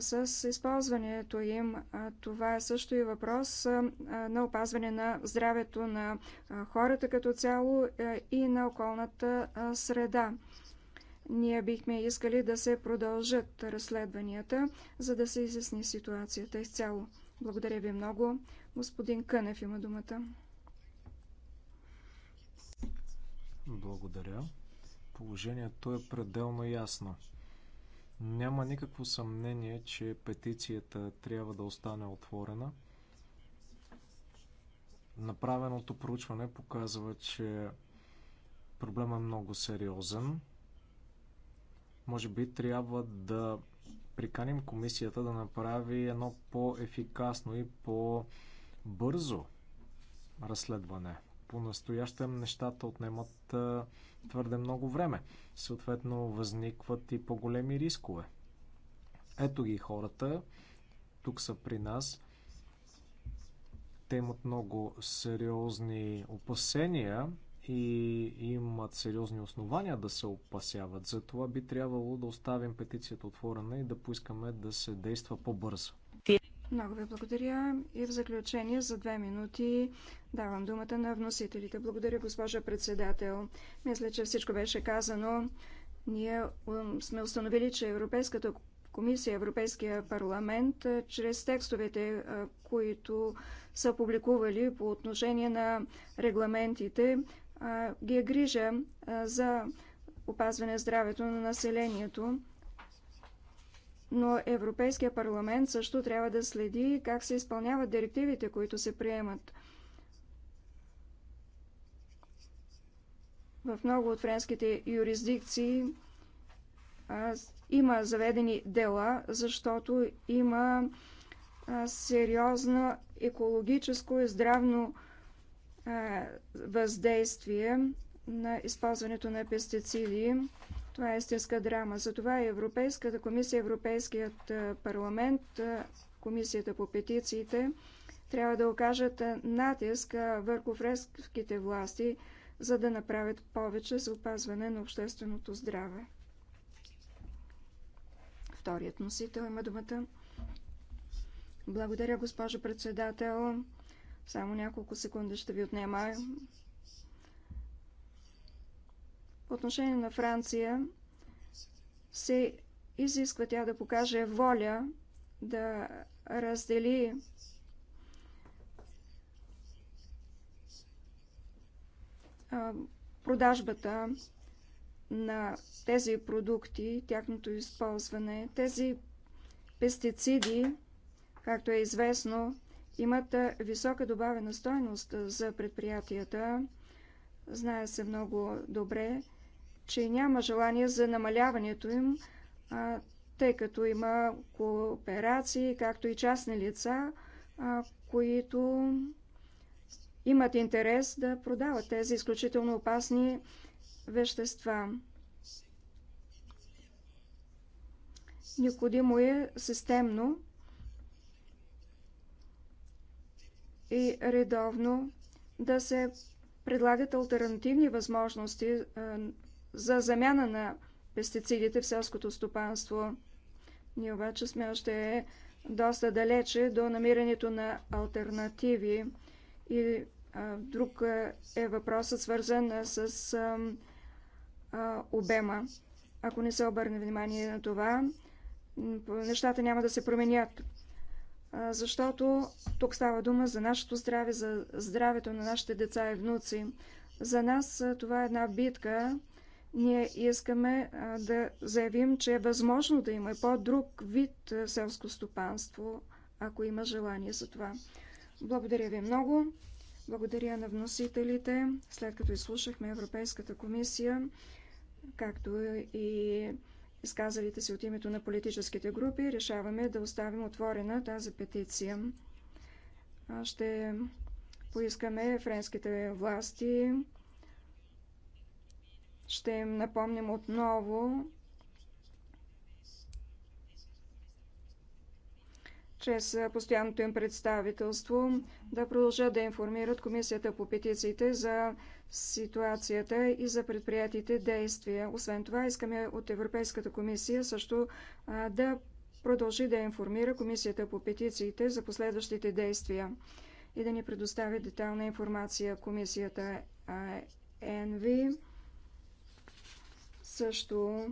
с използването им. Това е също и въпрос на опазване на здравето на хората като цяло и на околната среда. Ние бихме искали да се продължат разследванията, за да се изясни ситуацията изцяло. Благодаря ви много. Господин Кънев има думата. Благодаря. Положението е пределно ясно. Няма никакво съмнение, че петицията трябва да остане отворена. Направеното проучване показва, че проблема е много сериозен. Може би трябва да приканим комисията да направи едно по-ефикасно и по-бързо разследване. По-настоящем нещата отнемат твърде много време. Съответно, възникват и по-големи рискове. Ето ги хората. Тук са при нас. Те имат много сериозни опасения и имат сериозни основания да се опасяват. Затова би трябвало да оставим петицията отворена и да поискаме да се действа по-бързо. Много ви благодаря. И в заключение за две минути давам думата на вносителите. Благодаря, госпожа председател. Мисля, че всичко беше казано. Ние сме установили, че Европейската комисия, Европейския парламент, чрез текстовете, които са публикували по отношение на регламентите, ги е грижа за опазване здравето на населението. Но Европейския парламент също трябва да следи как се изпълняват директивите, които се приемат. В много от френските юрисдикции има заведени дела, защото има сериозно екологическо и здравно въздействие на използването на пестициди. Това е истинска драма. Затова Европейската комисия, Европейският парламент, Комисията по петициите трябва да окажат натиск върху френските власти, за да направят повече за опазване на общественото здраве. Вторият носител има думата. Благодаря, госпожо председател. Само няколко секунди ще ви отнема. По отношение на Франция се изисква тя да покаже воля да раздели продажбата на тези продукти, тяхното използване, тези пестициди, както е известно, имат висока добавена стойност за предприятията. Знае се много добре, че няма желание за намаляването им, тъй като има кооперации, както и частни лица, които имат интерес да продават тези изключително опасни вещества. Необходимо е системно и редовно да се предлагат альтернативни възможности е, за замяна на пестицидите в селското стопанство. Ние обаче сме още доста далече до намирането на альтернативи. И а, е, друг е, е въпросът свързан с а, а, обема. Ако не се обърне внимание на това, нещата няма да се променят защото тук става дума за нашето здраве, за здравето на нашите деца и внуци. За нас това е една битка. Ние искаме да заявим, че е възможно да има и по-друг вид селско стопанство, ако има желание за това. Благодаря ви много. Благодаря на вносителите, след като изслушахме Европейската комисия, както и изказалите се от името на политическите групи, решаваме да оставим отворена тази петиция. Ще поискаме френските власти, ще им напомним отново, чрез постоянното им представителство, да продължат да информират Комисията по петициите за ситуацията и за предприятите действия. Освен това, искаме от Европейската комисия също да продължи да информира Комисията по петициите за последващите действия и да ни предостави детална информация. Комисията НВ също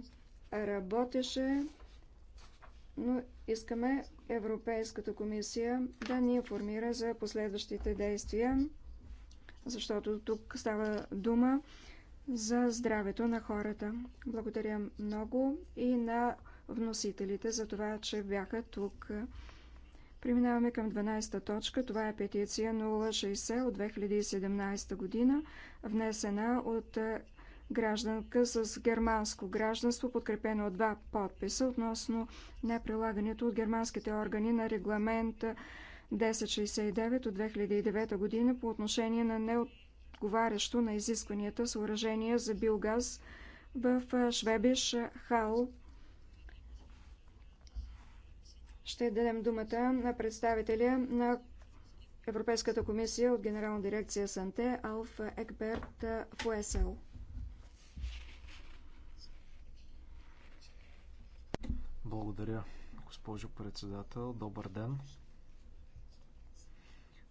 работеше, но искаме Европейската комисия да ни информира за последващите действия защото тук става дума за здравето на хората. Благодаря много и на вносителите за това, че бяха тук. Преминаваме към 12-та точка. Това е петиция 060 от 2017 година, внесена от гражданка с германско гражданство, подкрепено от два подписа относно неприлагането от германските органи на регламент 1069 от 2009 година по отношение на неотговарящо на изискванията съоръжение за биогаз в Швебиш Хал. Ще дадем думата на представителя на Европейската комисия от Генерална дирекция Санте Алф Екберт Фуесел. Благодаря, госпожо председател. Добър ден.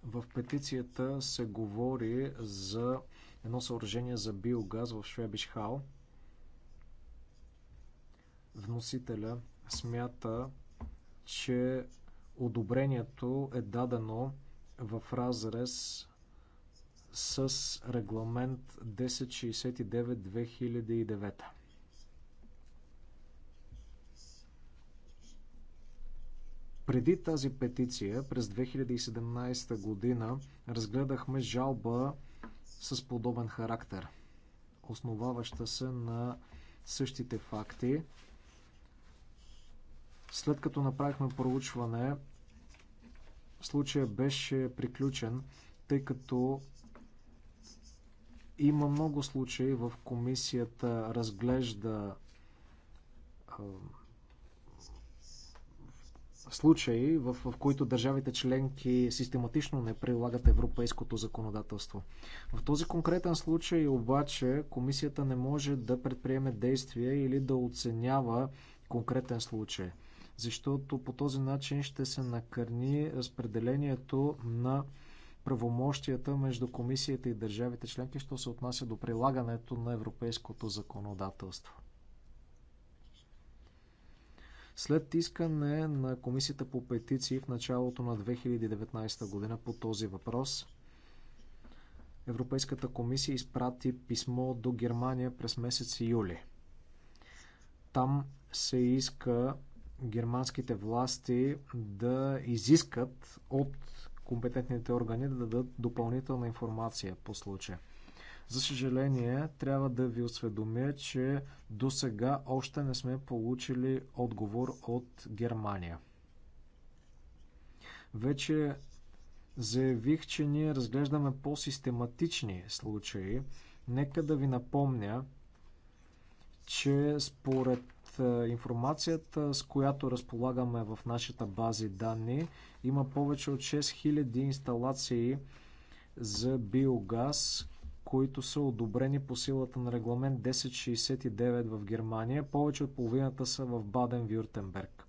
В петицията се говори за едно съоръжение за биогаз в Швебишхал. Вносителя смята, че одобрението е дадено в разрез с регламент 1069-2009. Преди тази петиция, през 2017 година, разгледахме жалба с подобен характер, основаваща се на същите факти. След като направихме проучване, случая беше приключен, тъй като има много случаи в комисията разглежда случаи, в, в които държавите членки систематично не прилагат европейското законодателство. В този конкретен случай обаче комисията не може да предприеме действия или да оценява конкретен случай, защото по този начин ще се накърни разпределението на правомощията между комисията и държавите членки, що се отнася до прилагането на европейското законодателство. След искане на Комисията по петиции в началото на 2019 година по този въпрос, Европейската комисия изпрати писмо до Германия през месец юли. Там се иска германските власти да изискат от компетентните органи да дадат допълнителна информация по случая. За съжаление, трябва да ви осведомя, че до сега още не сме получили отговор от Германия. Вече заявих, че ние разглеждаме по-систематични случаи. Нека да ви напомня, че според е, информацията, с която разполагаме в нашата бази данни, има повече от 6000 инсталации за биогаз, които са одобрени по силата на регламент 1069 в Германия. Повече от половината са в Баден-Вюртенберг.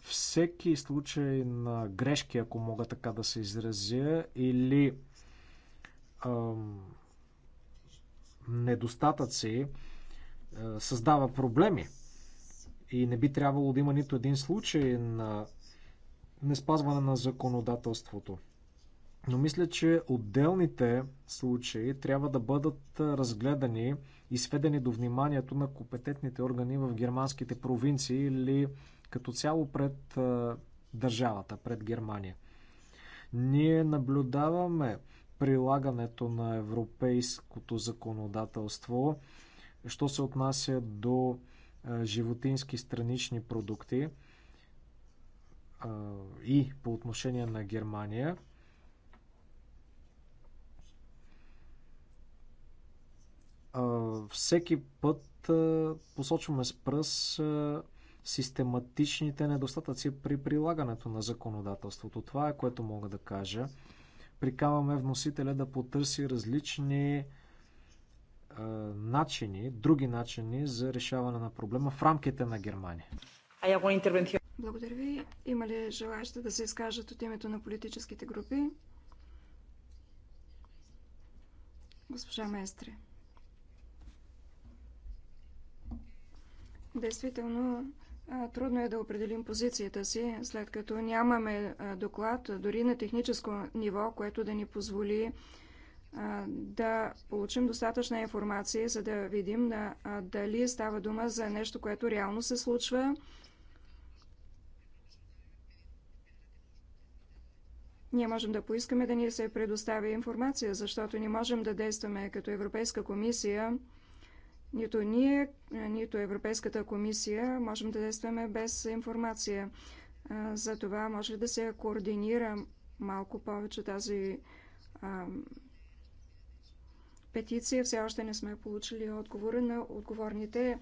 Всеки случай на грешки, ако мога така да се изразя, или ам, недостатъци, е, създава проблеми. И не би трябвало да има нито един случай на неспазване на законодателството. Но мисля, че отделните случаи трябва да бъдат разгледани и сведени до вниманието на компетентните органи в германските провинции или като цяло пред държавата, пред Германия. Ние наблюдаваме прилагането на европейското законодателство, що се отнася до животински странични продукти – и по отношение на Германия. Всеки път посочваме с пръст систематичните недостатъци при прилагането на законодателството. Това е което мога да кажа. Прикаваме вносителя да потърси различни начини, други начини за решаване на проблема в рамките на Германия. Благодаря ви. Има ли желаящи да се изкажат от името на политическите групи? Госпожа Местри. Действително, трудно е да определим позицията си, след като нямаме доклад, дори на техническо ниво, което да ни позволи да получим достатъчна информация, за да видим дали става дума за нещо, което реално се случва Ние можем да поискаме да ни се предоставя информация, защото не можем да действаме като Европейска комисия, нито ние, нито Европейската комисия можем да действаме без информация. За това може да се координира малко повече тази а, петиция. Все още не сме получили отговора на отговорните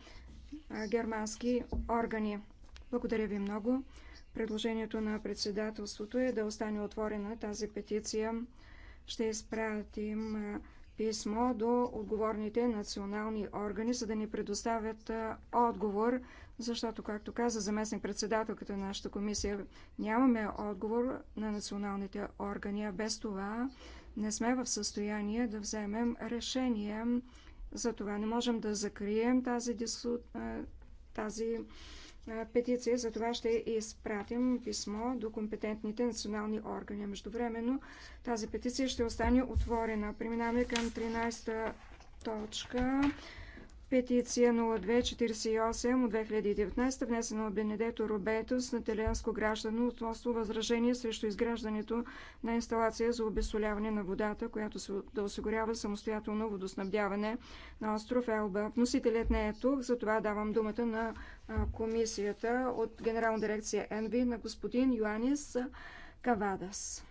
а, германски органи. Благодаря ви много. Предложението на председателството е да остане отворена тази петиция. Ще изпратим писмо до отговорните национални органи, за да ни предоставят отговор, защото, както каза заместник председателката на нашата комисия, нямаме отговор на националните органи, а без това не сме в състояние да вземем решение. Затова не можем да закрием тази, дису... тази петиция. За това ще изпратим писмо до компетентните национални органи. Междувременно тази петиция ще остане отворена. Преминаваме към 13 точка Петиция 0248 от 2019, внесена от Бенедето Робетос на италианско граждано относно възражение срещу изграждането на инсталация за обесоляване на водата, която се да осигурява самостоятелно водоснабдяване на остров Елба. Вносителят не е тук, затова давам думата на комисията от Генерална дирекция ЕНВИ на господин Йоанис Кавадас.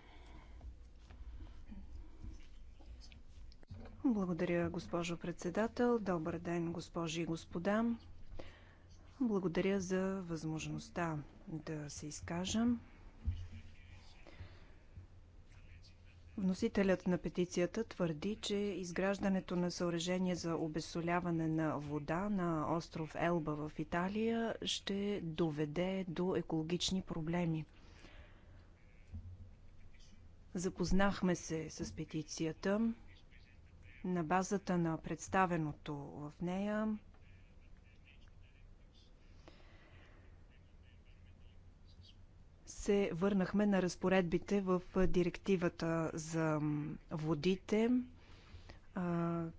Благодаря, госпожо председател. Добър ден, госпожи и господа. Благодаря за възможността да се изкажам. Вносителят на петицията твърди, че изграждането на съоръжение за обесоляване на вода на остров Елба в Италия ще доведе до екологични проблеми. Запознахме се с петицията. На базата на представеното в нея се върнахме на разпоредбите в директивата за водите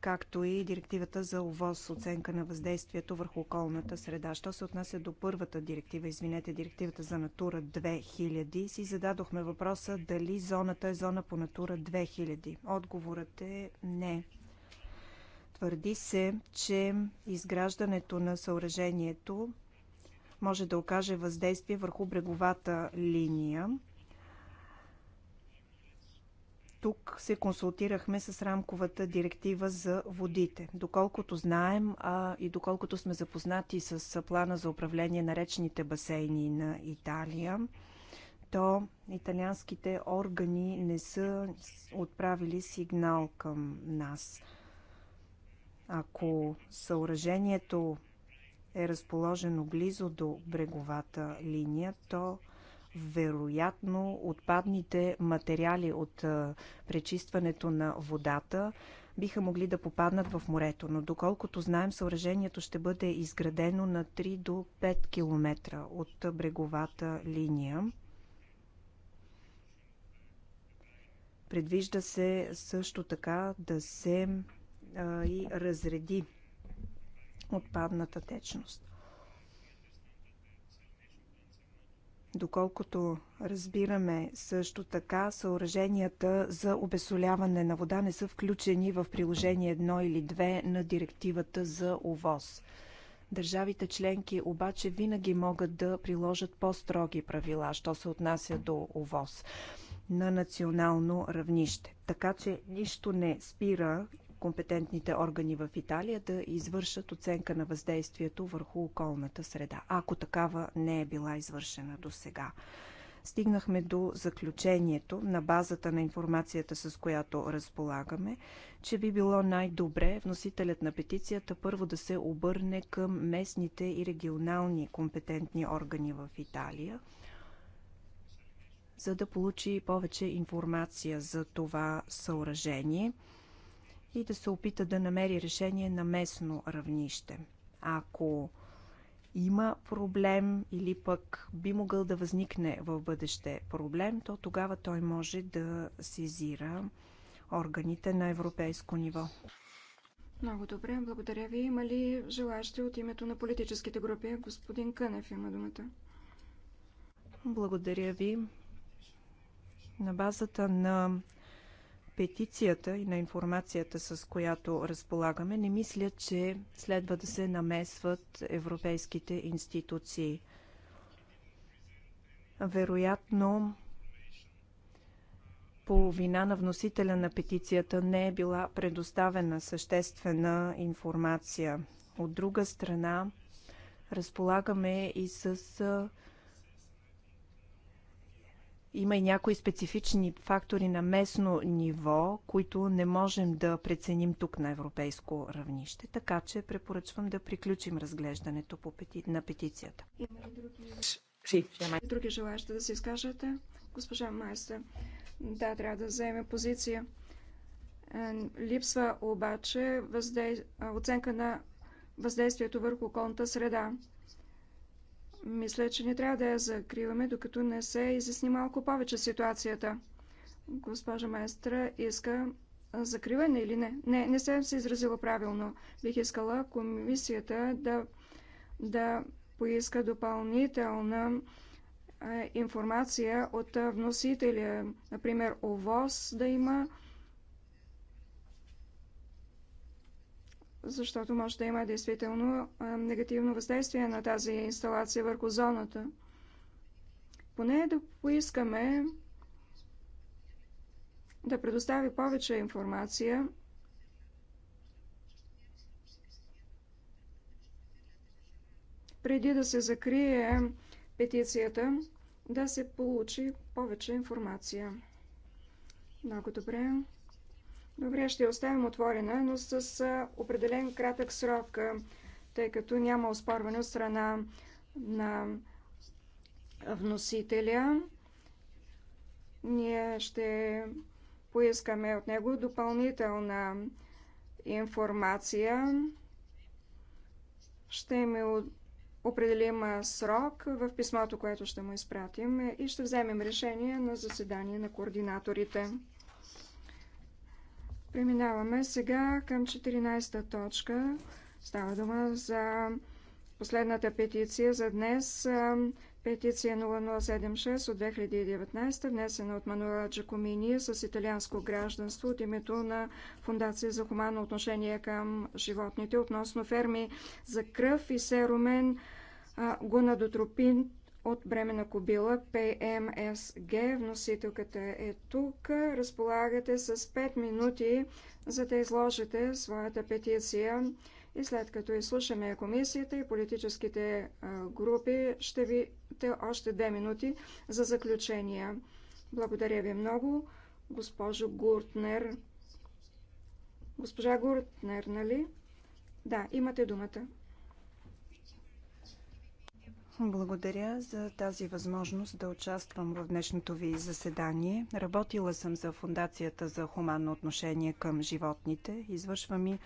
както и директивата за ОВОз, оценка на въздействието върху околната среда. Що се отнася до първата директива, извинете, директивата за Натура 2000, си зададохме въпроса дали зоната е зона по Натура 2000. Отговорът е не. Твърди се, че изграждането на съоръжението може да окаже въздействие върху бреговата линия, тук се консултирахме с рамковата директива за водите. Доколкото знаем а и доколкото сме запознати с плана за управление на речните басейни на Италия, то италианските органи не са отправили сигнал към нас. Ако съоръжението е разположено близо до бреговата линия, то вероятно отпадните материали от пречистването на водата биха могли да попаднат в морето, но доколкото знаем, съоръжението ще бъде изградено на 3 до 5 км от бреговата линия. Предвижда се също така да се а, и разреди отпадната течност. Доколкото разбираме също така, съоръженията за обесоляване на вода не са включени в приложение 1 или 2 на директивата за ОВОз. Държавите членки обаче винаги могат да приложат по-строги правила, що се отнася до ОВОз на национално равнище. Така че нищо не спира компетентните органи в Италия да извършат оценка на въздействието върху околната среда, ако такава не е била извършена до сега. Стигнахме до заключението на базата на информацията, с която разполагаме, че би било най-добре вносителят на петицията първо да се обърне към местните и регионални компетентни органи в Италия, за да получи повече информация за това съоръжение – и да се опита да намери решение на местно равнище. Ако има проблем или пък би могъл да възникне в бъдеще проблем, то тогава той може да сезира органите на европейско ниво. Много добре, благодаря ви. Има ли желащи от името на политическите групи? Господин Кънев има думата. Благодаря ви. На базата на петицията и на информацията, с която разполагаме, не мисля, че следва да се намесват европейските институции. Вероятно, по вина на вносителя на петицията не е била предоставена съществена информация. От друга страна, разполагаме и с има и някои специфични фактори на местно ниво, които не можем да преценим тук на европейско равнище, така че препоръчвам да приключим разглеждането по пети... на петицията. Има ли други, желаящи да се изкажете? Госпожа Майса, да, трябва да вземе позиция. Е, липсва обаче въздей... оценка на въздействието върху околната среда. Мисля, че не трябва да я закриваме, докато не се изясни малко повече ситуацията. Госпожа майстра иска закриване или не? Не, не съм се изразила правилно. Бих искала комисията да, да поиска допълнителна информация от вносителя, например ОВОС да има защото може да има действително негативно въздействие на тази инсталация върху зоната. Поне да поискаме да предостави повече информация преди да се закрие петицията, да се получи повече информация. Много добре. Добре, ще я оставим отворена, но с определен кратък срок, тъй като няма оспорване от страна на вносителя. Ние ще поискаме от него допълнителна информация. Ще ми определим срок в писмото, което ще му изпратим и ще вземем решение на заседание на координаторите. Преминаваме сега към 14-та точка. Става дума за последната петиция за днес. Петиция 0076 от 2019, внесена от Мануела Джакомини с италианско гражданство от името на Фундация за хуманно отношение към животните относно ферми за кръв и серумен гонадотропин от бремена кобила ПМСГ. Вносителката е тук. Разполагате с 5 минути, за да изложите своята петиция. И след като изслушаме комисията и политическите групи, ще ви те още 2 минути за заключения. Благодаря ви много, госпожо Гуртнер. Госпожа Гуртнер, нали? Да, имате думата. Благодаря за тази възможност да участвам в днешното ви заседание. Работила съм за Фундацията за хуманно отношение към животните. Извършвам и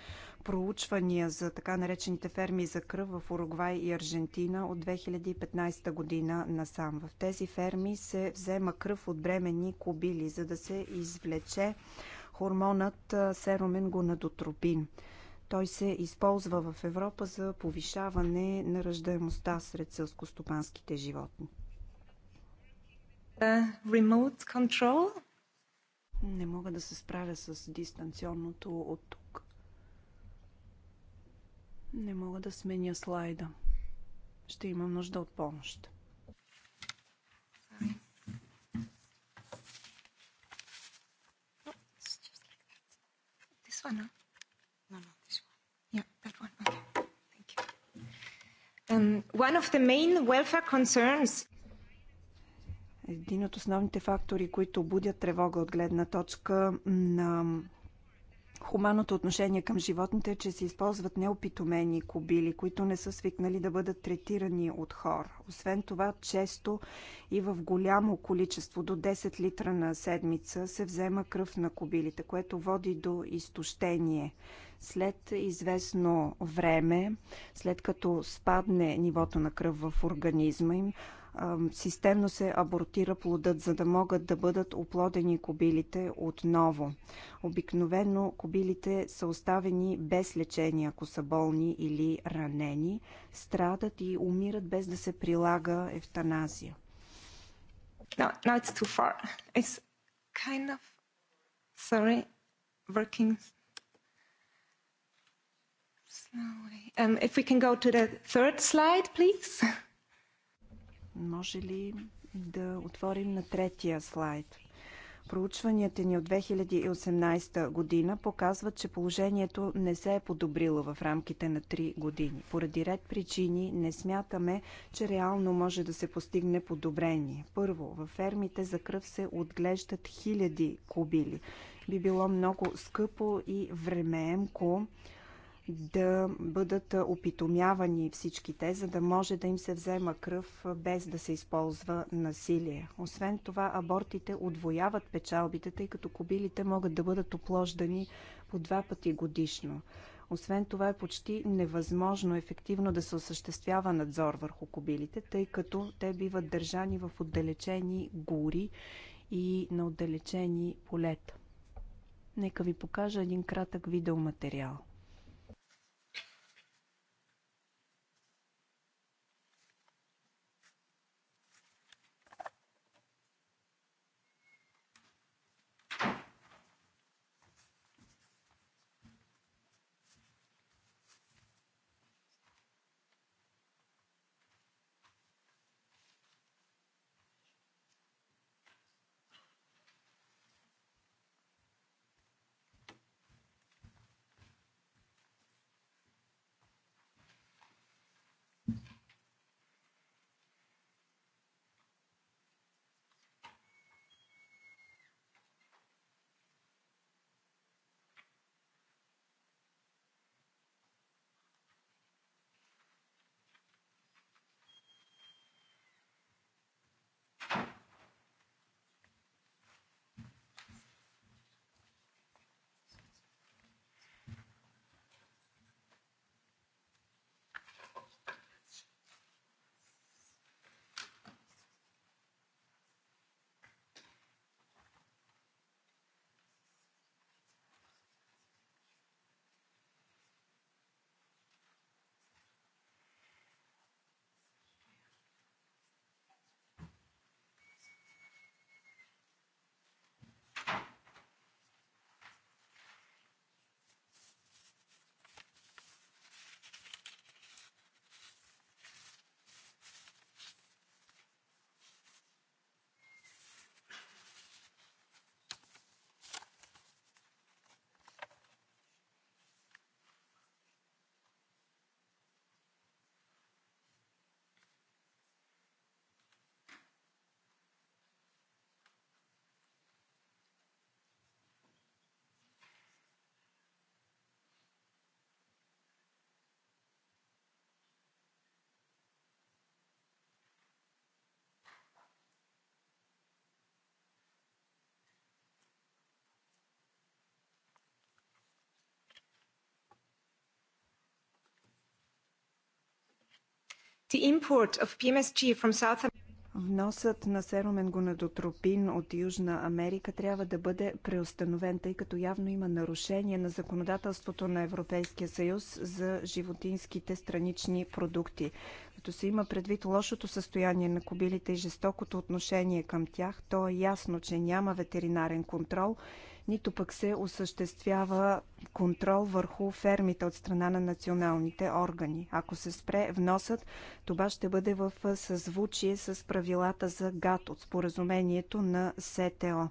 проучвания за така наречените ферми за кръв в Уругвай и Аржентина от 2015 година насам. В тези ферми се взема кръв от бременни кобили, за да се извлече хормонът серумен гонадотропин. Той се използва в Европа за повишаване на ръждаемостта сред селскостопанските животни. Uh, Не мога да се справя с дистанционното от тук. Не мога да сменя слайда. Ще имам нужда от помощ. This one, huh? Um, one of the main welfare concerns един от основните фактори, които будят тревога от гледна точка на хуманното отношение към животните е, че се използват неопитомени кобили, които не са свикнали да бъдат третирани от хора. Освен това, често и в голямо количество, до 10 литра на седмица, се взема кръв на кобилите, което води до изтощение. След известно време, след като спадне нивото на кръв в организма им, системно се абортира плодът, за да могат да бъдат оплодени кобилите отново. Обикновено кобилите са оставени без лечение, ако са болни или ранени, страдат и умират без да се прилага евтаназия. No, no, it's too far. It's kind of sorry, working if we can go to the third slide, please. Може ли да отворим на третия слайд? Проучванията ни от 2018 година показват, че положението не се е подобрило в рамките на 3 години. Поради ред причини не смятаме, че реално може да се постигне подобрение. Първо, във фермите за кръв се отглеждат хиляди кобили. Би било много скъпо и времеемко да бъдат опитомявани всичките, за да може да им се взема кръв без да се използва насилие. Освен това, абортите отвояват печалбите, тъй като кобилите могат да бъдат оплождани по два пъти годишно. Освен това е почти невъзможно ефективно да се осъществява надзор върху кобилите, тъй като те биват държани в отдалечени гори и на отдалечени полета. Нека ви покажа един кратък видеоматериал. Вносът на серумен гонадотропин от Южна Америка трябва да бъде преустановен, тъй като явно има нарушение на законодателството на Европейския съюз за животинските странични продукти. Като се има предвид лошото състояние на кобилите и жестокото отношение към тях, то е ясно, че няма ветеринарен контрол нито пък се осъществява контрол върху фермите от страна на националните органи. Ако се спре вносът, това ще бъде в съзвучие с правилата за ГАТ от споразумението на СТО.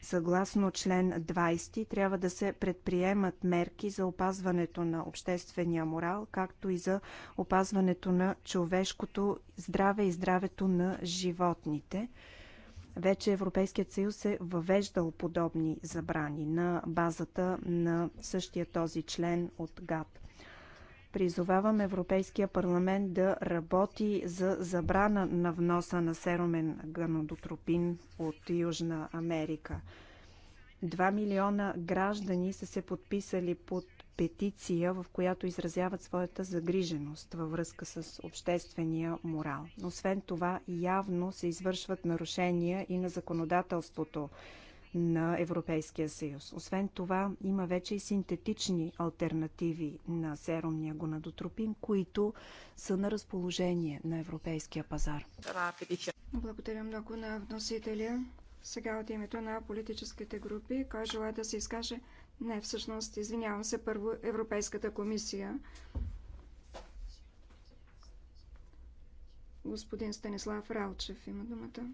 Съгласно член 20 трябва да се предприемат мерки за опазването на обществения морал, както и за опазването на човешкото здраве и здравето на животните. Вече Европейският съюз е въвеждал подобни забрани на базата на същия този член от ГАТ. Призовавам Европейския парламент да работи за забрана на вноса на серумен ганодотропин от Южна Америка. Два милиона граждани са се подписали под петиция, в която изразяват своята загриженост във връзка с обществения морал. Освен това, явно се извършват нарушения и на законодателството на Европейския съюз. Освен това, има вече и синтетични альтернативи на серумния гонадотропин, които са на разположение на европейския пазар. Благодаря много на вносителя. Сега от името на политическите групи, кой желая да се изкаже – не, всъщност, извинявам се, първо Европейската комисия. Господин Станислав Ралчев има думата.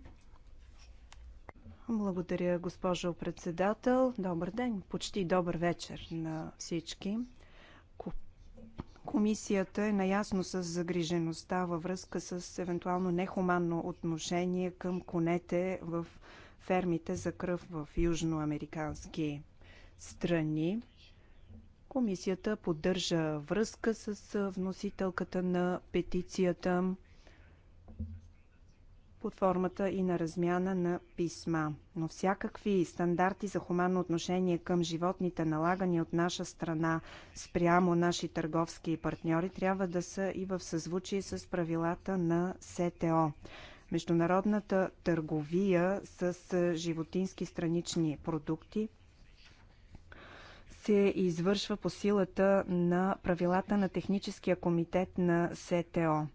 Благодаря, госпожо председател. Добър ден, почти добър вечер на всички. Комисията е наясно с загрижеността във връзка с евентуално нехуманно отношение към конете в фермите за кръв в южноамерикански страни. Комисията поддържа връзка с вносителката на петицията под формата и на размяна на писма. Но всякакви стандарти за хуманно отношение към животните, налагани от наша страна спрямо наши търговски партньори, трябва да са и в съзвучие с правилата на СТО. Международната търговия с животински странични продукти се извършва по силата на правилата на Техническия комитет на СТО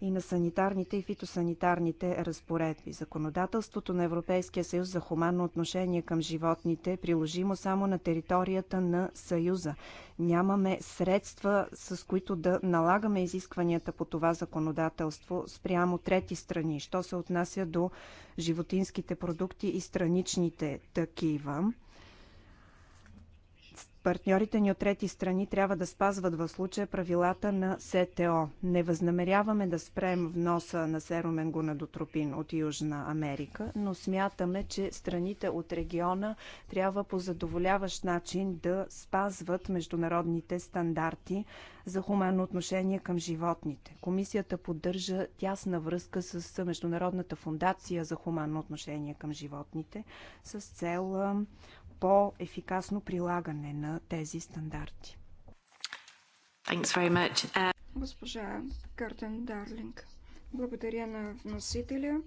и на санитарните и фитосанитарните разпоредби. Законодателството на Европейския съюз за хуманно отношение към животните е приложимо само на територията на Съюза. Нямаме средства, с които да налагаме изискванията по това законодателство спрямо трети страни, що се отнася до животинските продукти и страничните такива. Партньорите ни от трети страни трябва да спазват в случая правилата на СТО. Не възнамеряваме да спрем вноса на серумен гонадотропин от Южна Америка, но смятаме, че страните от региона трябва по задоволяващ начин да спазват международните стандарти за хуманно отношение към животните. Комисията поддържа тясна връзка с Международната фундация за хуманно отношение към животните с цел по-ефикасно прилагане на тези стандарти. Uh, Госпожа Къртен Дарлинг, благодаря на вносителя.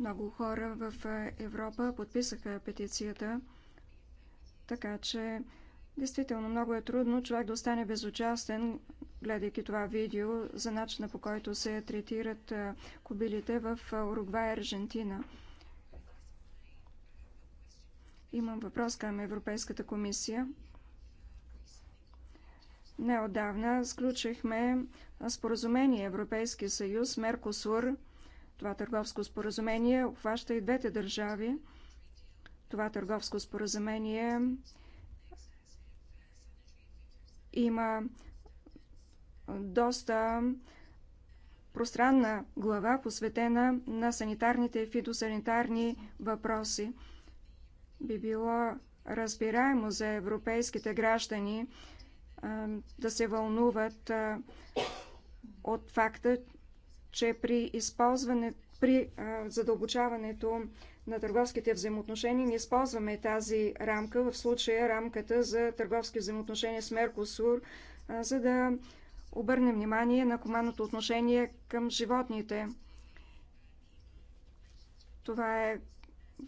Много хора в Европа подписаха петицията, така че действително много е трудно човек да остане безучастен, гледайки това видео за начина по който се третират кобилите в Уругвай и Аржентина. Имам въпрос към Европейската комисия. Неодавна сключихме споразумение Европейски съюз, Меркосур. Това търговско споразумение обхваща и двете държави. Това търговско споразумение има доста пространна глава, посветена на санитарните и фитосанитарни въпроси би било разбираемо за европейските граждани да се вълнуват от факта, че при използване, при задълбочаването на търговските взаимоотношения ние използваме тази рамка, в случая рамката за търговски взаимоотношения с Меркосур, за да обърнем внимание на хуманното отношение към животните. Това е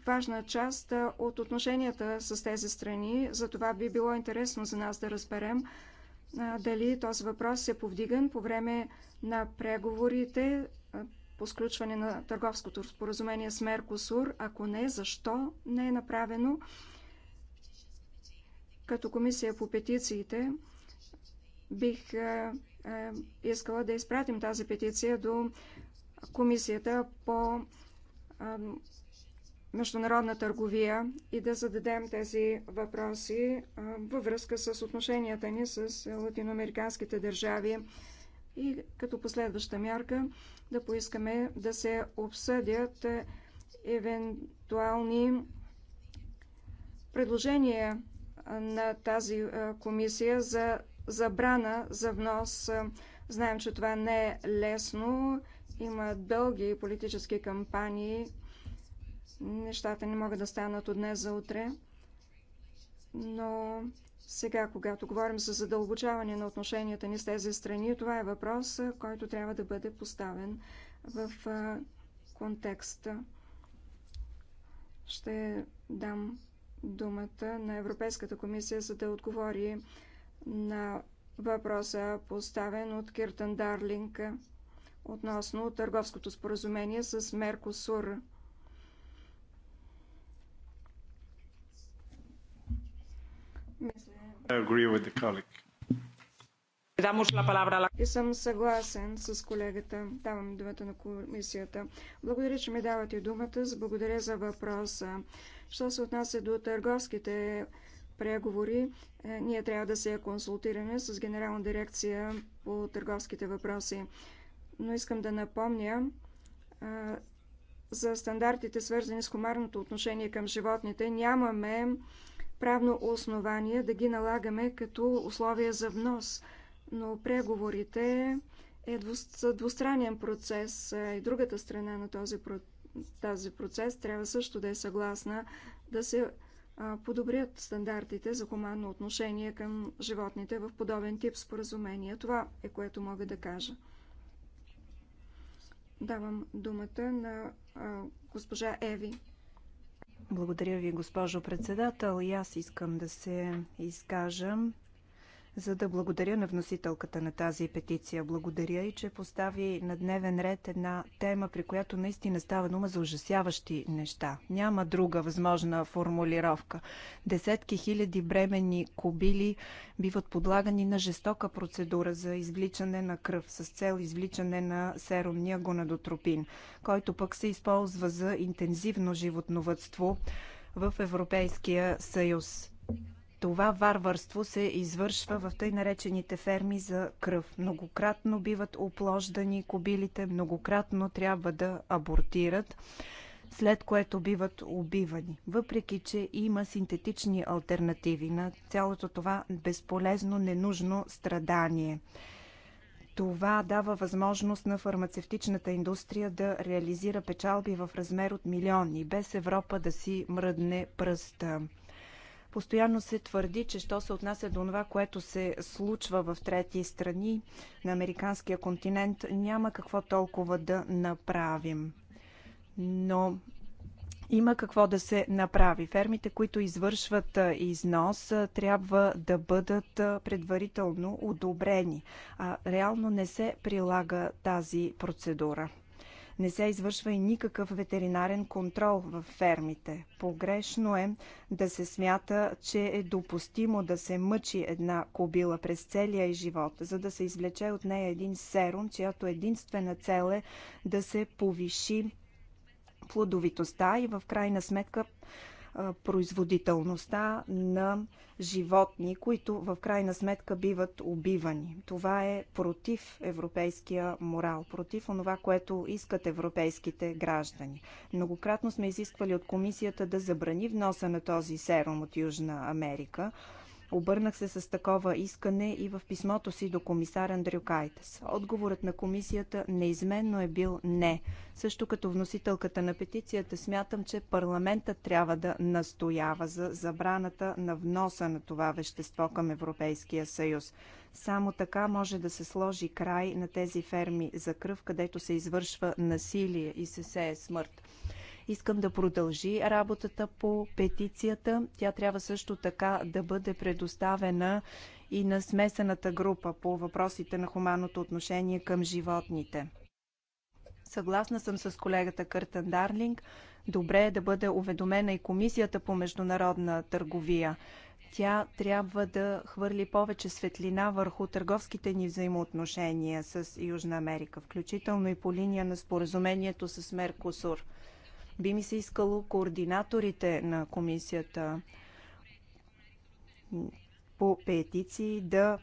важна част от отношенията с тези страни. За това би било интересно за нас да разберем дали този въпрос е повдиган по време на преговорите по сключване на търговското споразумение с Меркосур. Ако не, защо не е направено? Като комисия по петициите бих искала да изпратим тази петиция до комисията по международна търговия и да зададем тези въпроси във връзка с отношенията ни с латиноамериканските държави и като последваща мярка да поискаме да се обсъдят евентуални предложения на тази комисия за забрана за внос. Знаем, че това не е лесно. Има дълги политически кампании Нещата не могат да станат от днес за утре, но сега, когато говорим за задълбочаване на отношенията ни с тези страни, това е въпрос, който трябва да бъде поставен в контекста. Ще дам думата на Европейската комисия, за да отговори на въпроса, поставен от Киртан Дарлинг относно търговското споразумение с Меркосур. И съм съгласен с колегата. Давам думата на комисията. Благодаря, че ми давате думата. Благодаря за въпроса. Що се отнася до търговските преговори, е, ние трябва да се консултираме с Генерална дирекция по търговските въпроси. Но искам да напомня е, за стандартите, свързани с хумарното отношение към животните. Нямаме правно основание да ги налагаме като условия за внос, но преговорите е двустранен процес и другата страна на този, тази процес трябва също да е съгласна да се подобрят стандартите за хуманно отношение към животните в подобен тип споразумения. Това е което мога да кажа. Давам думата на госпожа Еви. Благодаря ви, госпожо председател. И аз искам да се изкажа за да благодаря на вносителката на тази петиция. Благодаря и, че постави на дневен ред една тема, при която наистина става дума за ужасяващи неща. Няма друга възможна формулировка. Десетки хиляди бремени кобили биват подлагани на жестока процедура за извличане на кръв с цел извличане на серумния гонадотропин, който пък се използва за интензивно животновътство в Европейския съюз. Това варварство се извършва в тъй наречените ферми за кръв. Многократно биват оплождани кобилите, многократно трябва да абортират след което биват убивани. Въпреки, че има синтетични альтернативи на цялото това безполезно, ненужно страдание. Това дава възможност на фармацевтичната индустрия да реализира печалби в размер от милиони, без Европа да си мръдне пръста. Постоянно се твърди, че що се отнася до това, което се случва в трети страни на американския континент, няма какво толкова да направим. Но има какво да се направи. Фермите, които извършват износ, трябва да бъдат предварително одобрени. А реално не се прилага тази процедура не се извършва и никакъв ветеринарен контрол в фермите. Погрешно е да се смята, че е допустимо да се мъчи една кобила през целия живот, за да се извлече от нея един серум, чиято единствена цел е да се повиши плодовитостта и в крайна сметка производителността на животни, които в крайна сметка биват убивани. Това е против европейския морал, против онова, което искат европейските граждани. Многократно сме изисквали от комисията да забрани вноса на този серум от Южна Америка. Обърнах се с такова искане и в писмото си до комисар Андрю Кайтес. Отговорът на комисията неизменно е бил не. Също като вносителката на петицията смятам, че парламентът трябва да настоява за забраната на вноса на това вещество към Европейския съюз. Само така може да се сложи край на тези ферми за кръв, където се извършва насилие и се сее смърт. Искам да продължи работата по петицията. Тя трябва също така да бъде предоставена и на смесената група по въпросите на хуманното отношение към животните. Съгласна съм с колегата Къртън Дарлинг. Добре е да бъде уведомена и Комисията по международна търговия. Тя трябва да хвърли повече светлина върху търговските ни взаимоотношения с Южна Америка, включително и по линия на споразумението с Меркосур – би ми се искало координаторите на комисията по петиции да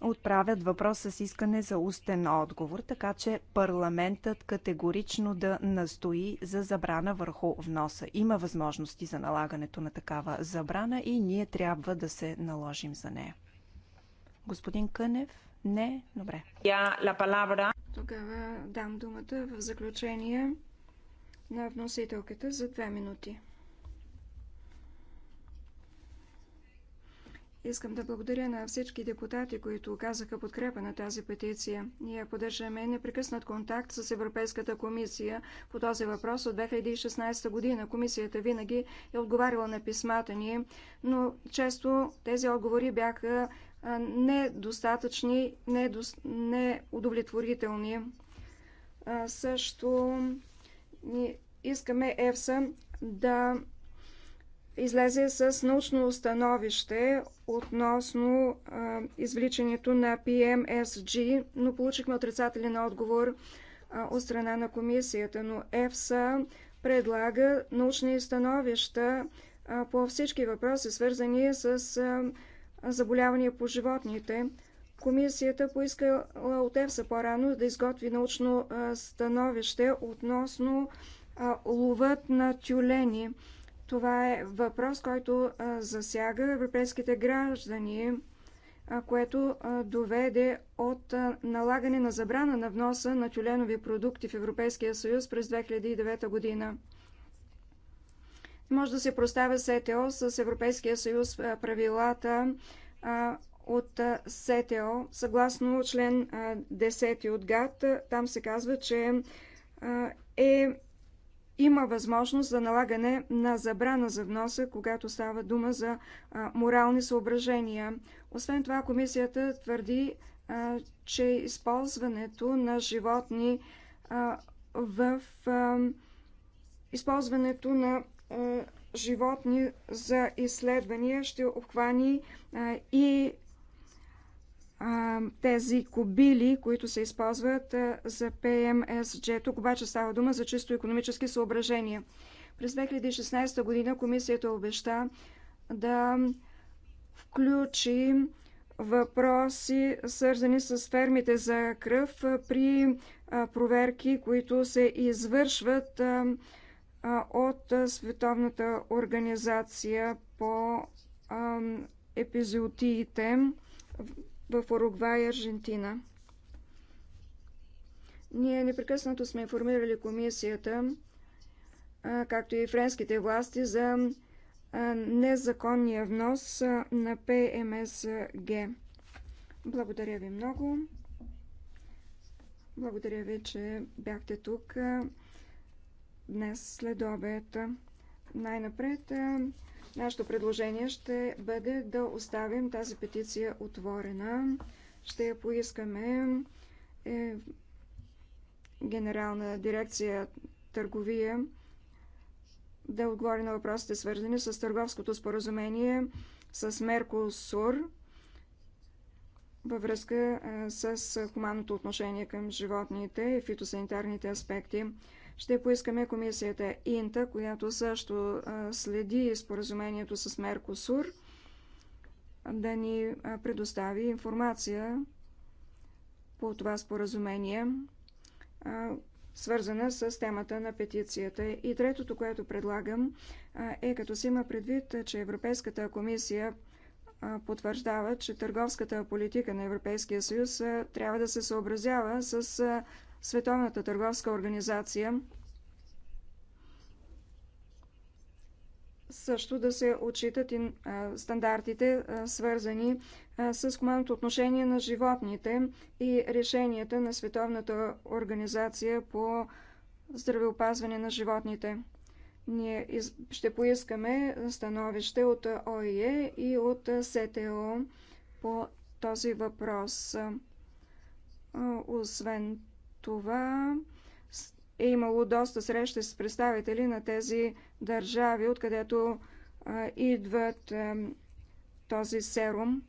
отправят въпрос с искане за устен отговор, така че парламентът категорично да настои за забрана върху вноса. Има възможности за налагането на такава забрана и ние трябва да се наложим за нея. Господин Кънев? Не? Добре. Тогава дам думата в заключение на вносителката за две минути. Искам да благодаря на всички депутати, които оказаха подкрепа на тази петиция. Ние поддържаме непрекъснат контакт с Европейската комисия по този въпрос от 2016 година. Комисията винаги е отговаряла на писмата ни, но често тези отговори бяха недостатъчни, неудовлетворителни. Също искаме ЕФСА да излезе с научно становище относно а, извличането на PMSG, но получихме отрицателен отговор а, от страна на комисията, но ЕФСА предлага научни становища а, по всички въпроси, свързани с а, заболявания по животните. Комисията поиска от ЕФСА по-рано да изготви научно становище относно ловът на тюлени. Това е въпрос, който засяга европейските граждани, което доведе от налагане на забрана на вноса на тюленови продукти в Европейския съюз през 2009 година. Може да се проставя СТО с Европейския съюз правилата от СТО. Съгласно член 10 от ГАТ, там се казва, че е има възможност за налагане на забрана за вноса, когато става дума за а, морални съображения. Освен това, комисията твърди, а, че използването на животни а, в а, използването на а, животни за изследвания ще обхвани а, и тези кобили, които се използват за ПМСЖ. Тук обаче става дума за чисто економически съображения. През 2016 година комисията обеща да включи въпроси, свързани с фермите за кръв при проверки, които се извършват от Световната организация по епизиотиите в Уругвай и Аржентина. Ние непрекъснато сме информирали комисията, както и френските власти, за незаконния внос на ПМСГ. Благодаря ви много. Благодаря ви, че бяхте тук днес след обед. Най-напред Нашето предложение ще бъде да оставим тази петиция отворена. Ще я поискаме е, Генерална дирекция търговия да отговори на въпросите, свързани с търговското споразумение с Меркосур във връзка с хуманното отношение към животните и фитосанитарните аспекти. Ще поискаме комисията Инта, която също следи споразумението с Меркосур, да ни предостави информация по това споразумение, свързана с темата на петицията. И третото, което предлагам, е като се има предвид, че Европейската комисия потвърждава, че търговската политика на Европейския съюз трябва да се съобразява с Световната търговска организация също да се отчитат и стандартите, свързани с хуманното отношение на животните и решенията на Световната организация по здравеопазване на животните. Ние ще поискаме становище от ОИЕ и от СТО по този въпрос. Освен това е имало доста срещи с представители на тези държави, откъдето идват този серум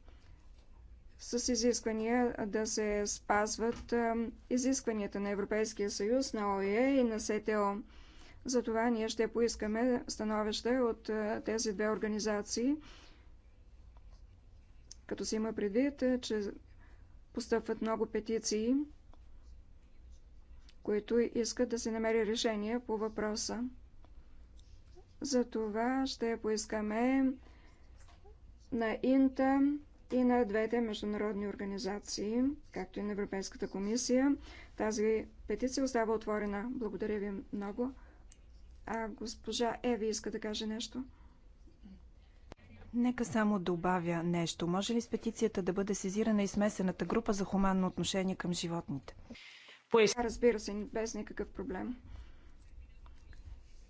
с изисквания да се спазват изискванията на Европейския съюз, на ОЕ и на СТО. Затова ние ще поискаме становище от тези две организации, като се има предвид, че постъпват много петиции които искат да се намери решение по въпроса. За това ще поискаме на Инта и на двете международни организации, както и на Европейската комисия. Тази петиция остава отворена. Благодаря ви много. А госпожа Еви иска да каже нещо. Нека само добавя нещо. Може ли с петицията да бъде сезирана и смесената група за хуманно отношение към животните? pues... Разбира се, без никакъв проблем.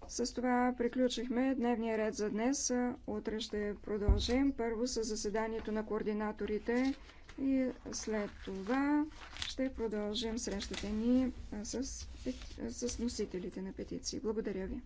С това приключихме дневния ред за днес. Утре ще продължим. Първо с заседанието на координаторите и след това ще продължим срещата ни с, с носителите на петиции. Благодаря ви.